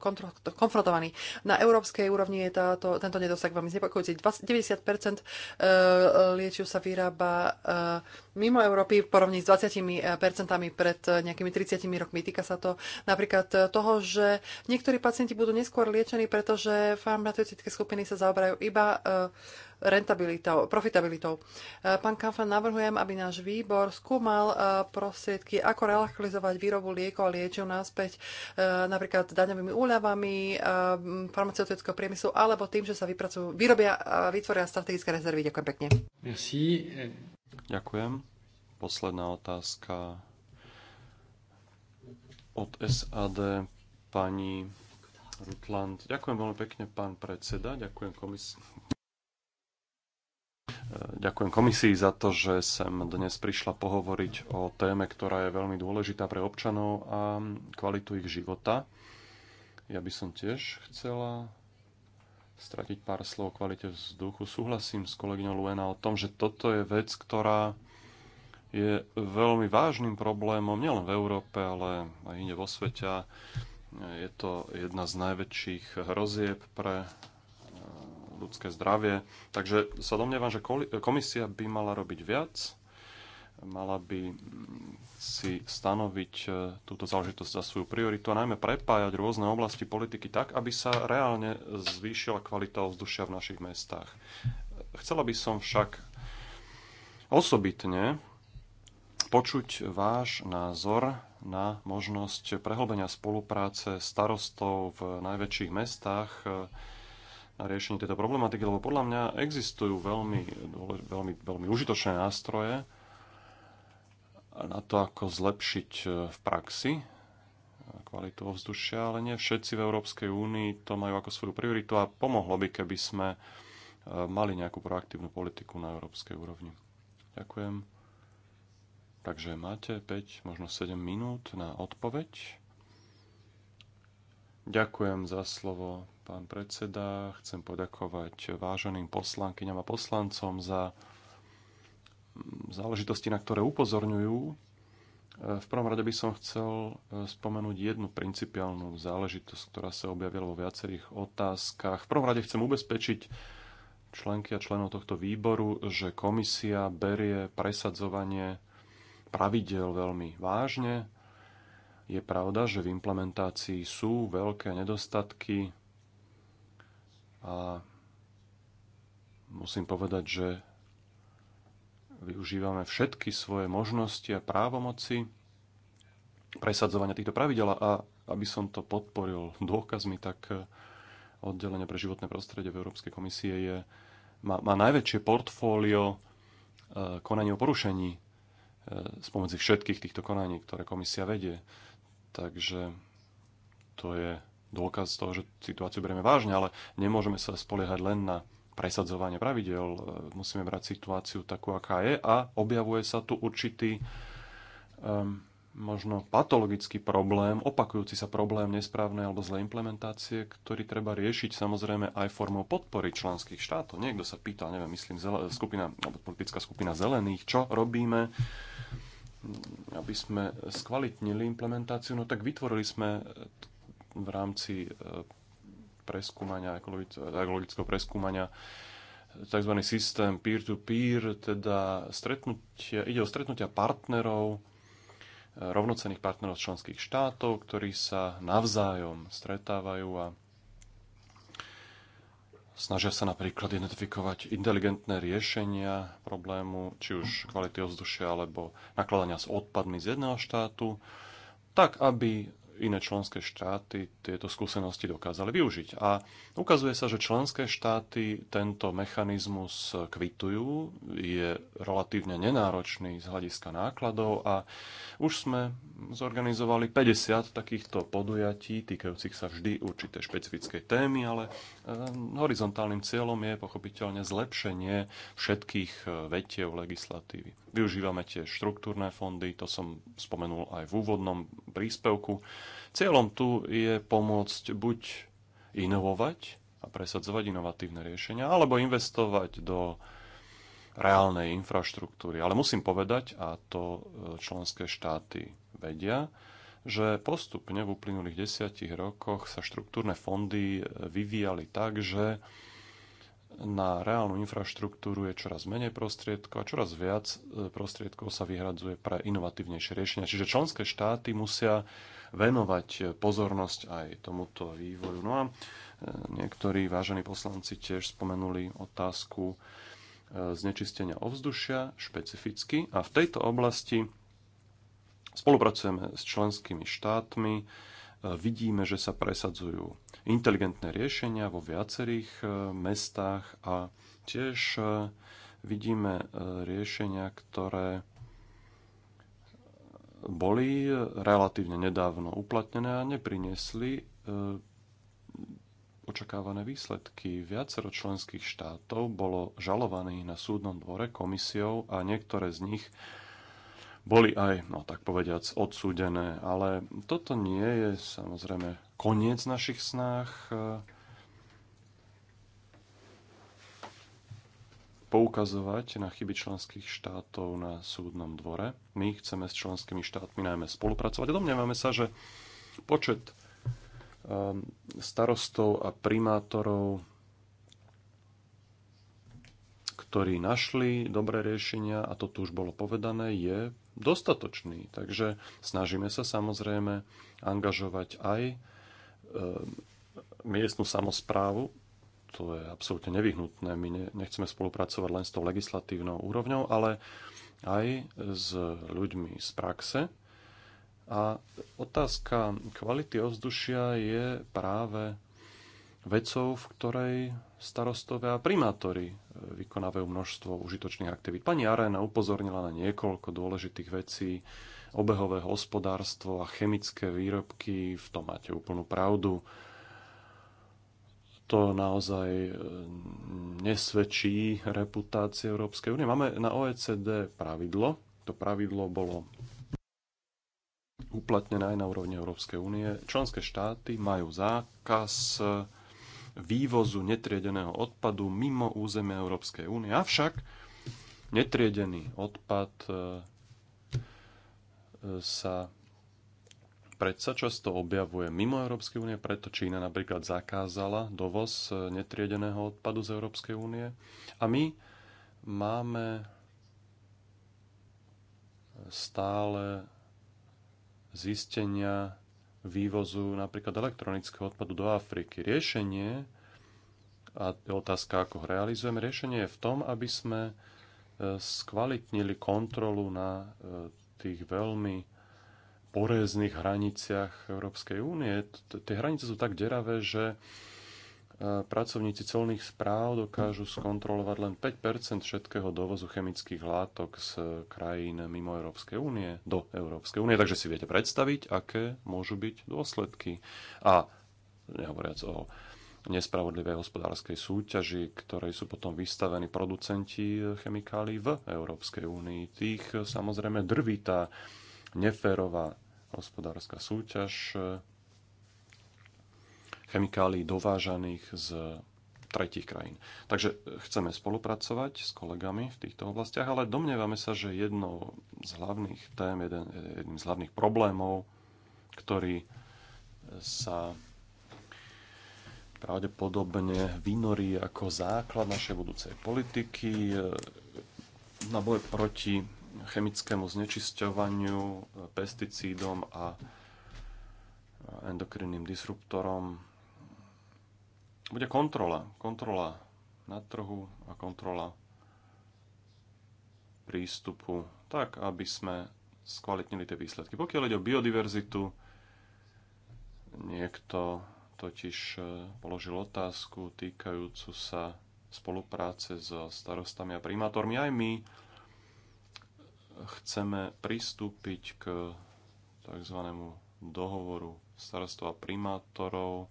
Speaker 3: konfrontovaný. Na európskej úrovni je táto, tento nedostatok veľmi znepokojúci. 90% liečiu sa vyrába e, mimo Európy v porovni s 20% e, pred e, nejakými 30 rokmi. Týka sa to napríklad toho, že niektorí pacienti budú neskôr liečení, pretože farmaceutické skupiny sa zaoberajú iba uh, rentabilitou, profitabilitou. Eh, pán Kanfan, navrhujem, aby náš výbor skúmal eh, prostriedky, ako relakalizovať výrobu liekov a liečiv náspäť eh, napríklad daňovými úľavami farmaceutického priemyslu alebo tým, že sa vypracujú, vyrobia a vytvoria strategické rezervy. Ďakujem pekne.
Speaker 1: Merci. Ďakujem. Posledná otázka od SAD pani Rutland. Ďakujem veľmi pekne, pán predseda. Ďakujem komis- Ďakujem komisii za to, že sem dnes prišla pohovoriť o téme, ktorá je veľmi dôležitá pre občanov a kvalitu ich života. Ja by som tiež chcela stratiť pár slov o kvalite vzduchu. Súhlasím s kolegyňou Luena o tom, že toto je vec, ktorá je veľmi vážnym problémom nielen v Európe, ale aj inde vo svete. Je to jedna z najväčších hrozieb pre ľudské zdravie. Takže sa domnievam, že komisia by mala robiť viac, mala by mm, si stanoviť e, túto záležitosť za svoju prioritu a najmä prepájať rôzne oblasti politiky tak, aby sa reálne zvýšila kvalita ovzdušia v našich mestách. Chcela by som však osobitne počuť váš názor na možnosť prehlbenia spolupráce starostov v najväčších mestách e, na riešenie tejto problematiky, lebo podľa mňa existujú veľmi, veľmi, veľmi užitočné nástroje na to, ako zlepšiť e, v praxi e, kvalitu ovzdušia, ale nie všetci v Európskej únii to majú ako svoju prioritu a pomohlo by, keby sme e, mali nejakú proaktívnu politiku na európskej úrovni. Ďakujem. Takže máte 5, možno 7 minút na odpoveď. Ďakujem za slovo, pán predseda. Chcem poďakovať váženým poslankyňam a poslancom za záležitosti, na ktoré upozorňujú. V prvom rade by som chcel spomenúť jednu principiálnu záležitosť, ktorá sa objavila vo viacerých otázkach. V prvom rade chcem ubezpečiť členky a členov tohto výboru, že komisia berie presadzovanie pravidel veľmi vážne. Je pravda, že v implementácii sú veľké nedostatky, a musím povedať, že využívame všetky svoje možnosti a právomoci presadzovania týchto pravidel a aby som to podporil dôkazmi, tak eh, oddelenie pre životné prostredie v Európskej komisie je, má, má najväčšie portfólio eh, konania o porušení eh, spomedzi všetkých týchto konaní, ktoré komisia vedie. Takže to je dôkaz toho, že situáciu berieme vážne, ale nemôžeme sa spoliehať len na presadzovanie pravidel. E, musíme brať situáciu takú, aká je a objavuje sa tu určitý um, možno patologický problém, opakujúci sa problém nesprávnej alebo zlej implementácie, ktorý treba riešiť samozrejme aj formou podpory členských štátov. Niekto sa pýta, neviem, myslím, skupina, alebo politická skupina zelených, čo robíme, aby sme skvalitnili implementáciu, no tak vytvorili sme v rámci e, preskúmania, ekologického preskúmania e, tzv. systém peer-to-peer, -peer, teda stretnutia, ide o stretnutia partnerov, e, rovnocených partnerov z členských štátov, ktorí sa navzájom stretávajú a snažia sa napríklad identifikovať inteligentné riešenia problému, či už kvality ovzdušia alebo nakladania s odpadmi z jedného štátu, tak aby iné členské štáty tieto skúsenosti dokázali využiť. A ukazuje sa, že členské štáty tento mechanizmus kvitujú, je relatívne nenáročný z hľadiska nákladov a už sme zorganizovali 50 takýchto podujatí, týkajúcich sa vždy určité špecifickej témy, ale e, horizontálnym cieľom je pochopiteľne zlepšenie všetkých e, vetiev legislatívy. Využívame tie štruktúrne fondy, to som spomenul aj v úvodnom príspevku. Cieľom tu je pomôcť buď inovovať a presadzovať inovatívne riešenia, alebo investovať do reálnej infraštruktúry. Ale musím povedať, a to e, členské štáty vedia, že postupne v uplynulých desiatich rokoch sa štruktúrne fondy e, vyvíjali tak, že na reálnu infraštruktúru je čoraz menej prostriedkov a čoraz viac e, prostriedkov sa vyhradzuje pre inovatívnejšie riešenia. Čiže členské štáty musia venovať pozornosť aj tomuto vývoju. No a e, niektorí vážení poslanci tiež spomenuli otázku e, znečistenia ovzdušia špecificky a v tejto oblasti spolupracujeme s členskými štátmi, e, vidíme, že sa presadzujú inteligentné riešenia vo viacerých mestách a tiež vidíme riešenia, ktoré boli relatívne nedávno uplatnené a nepriniesli e, očakávané výsledky. Viacero členských štátov bolo žalovaných na súdnom dvore komisiou a niektoré z nich boli aj, no tak povediac, odsúdené. Ale toto nie je samozrejme koniec našich snách. poukazovať na chyby členských štátov na súdnom dvore. My chceme s členskými štátmi najmä spolupracovať. A domnievame sa, že počet um, starostov a primátorov, ktorí našli dobré riešenia, a to tu už bolo povedané, je dostatočný. Takže snažíme sa samozrejme angažovať aj um, miestnu samozprávu to je absolútne nevyhnutné. My nechceme spolupracovať len s tou legislatívnou úrovňou, ale aj s ľuďmi z praxe. A otázka kvality ovzdušia je práve vecou, v ktorej starostové a primátori e, vykonávajú množstvo užitočných aktivít. Pani Arena upozornila na niekoľko dôležitých vecí, obehové hospodárstvo a chemické výrobky, v tom máte úplnú pravdu to naozaj e, nesvedčí reputácie Európskej únie. Máme na OECD pravidlo. To pravidlo bolo uplatnené aj na úrovni Európskej únie. Členské štáty majú zákaz e, vývozu netriedeného odpadu mimo územia Európskej únie. Avšak netriedený odpad e, sa predsa často objavuje mimo Európskej únie, preto Čína napríklad zakázala dovoz e, netriedeného odpadu z Európskej únie. A my máme stále zistenia vývozu napríklad elektronického odpadu do Afriky. Riešenie, a otázka, ako ho realizujeme, riešenie je v tom, aby sme e, skvalitnili kontrolu na e, tých veľmi porezných hraniciach Európskej únie. Tie hranice sú tak deravé, že e, pracovníci colných správ dokážu skontrolovať len 5 všetkého dovozu chemických látok z krajín mimo Európskej únie do Európskej únie. Takže si viete predstaviť, aké môžu byť dôsledky. A nehovoriac o nespravodlivej hospodárskej súťaži, ktorej sú potom vystavení producenti e, chemikálií v Európskej únii. Tých samozrejme drví tá neférová hospodárska súťaž chemikálií dovážaných z tretich krajín. Takže chceme spolupracovať s kolegami v týchto oblastiach, ale domnievame sa, že jednou z hlavných tém, jeden, jedným z hlavných problémov, ktorý sa pravdepodobne vynorí ako základ našej budúcej politiky na boj proti chemickému znečisťovaniu, pesticídom a endokrinným disruptorom. Bude kontrola. Kontrola na trhu a kontrola prístupu, tak aby sme skvalitnili tie výsledky. Pokiaľ ide o biodiverzitu, niekto totiž e, položil otázku týkajúcu sa spolupráce so starostami a primátormi. Aj my chceme pristúpiť k tzv. dohovoru starostov a primátorov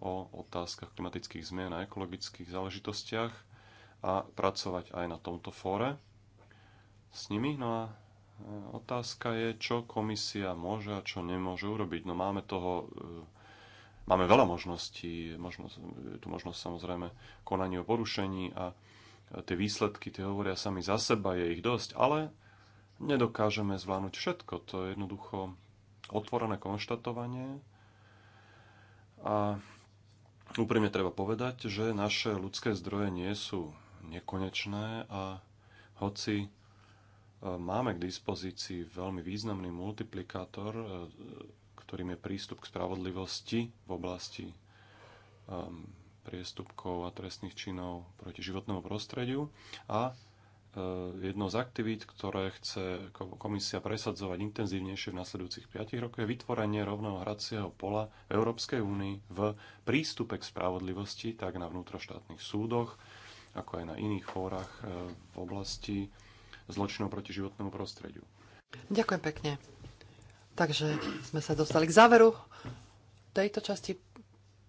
Speaker 1: o otázkach klimatických zmien a ekologických záležitostiach a pracovať aj na tomto fóre s nimi. No a e, otázka je, čo komisia môže a čo nemôže urobiť. No máme toho, e, máme veľa možností, možnosť, tu možnosť samozrejme konanie o porušení a e, tie výsledky, tie hovoria sami za seba, je ich dosť, ale nedokážeme zvládnuť všetko. To je jednoducho otvorené konštatovanie. A úprimne treba povedať, že naše ľudské zdroje nie sú nekonečné a hoci e, máme k dispozícii veľmi významný multiplikátor, e, ktorým je prístup k spravodlivosti v oblasti e, priestupkov a trestných činov proti životnému prostrediu a Eh, jednou z aktivít, ktoré chce komisia presadzovať intenzívnejšie v nasledujúcich 5 rokoch, je vytvorenie rovného hracieho pola Európskej únii v prístupe k spravodlivosti, tak na vnútroštátnych súdoch, ako aj na iných fórach eh, v oblasti zločinov proti životnému prostrediu.
Speaker 3: Ďakujem pekne. Takže sme sa dostali k záveru tejto časti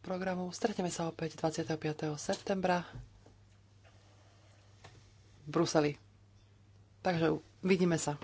Speaker 3: programu. Stretneme sa opäť 25. septembra. Bruseli. Takže vidíme sa.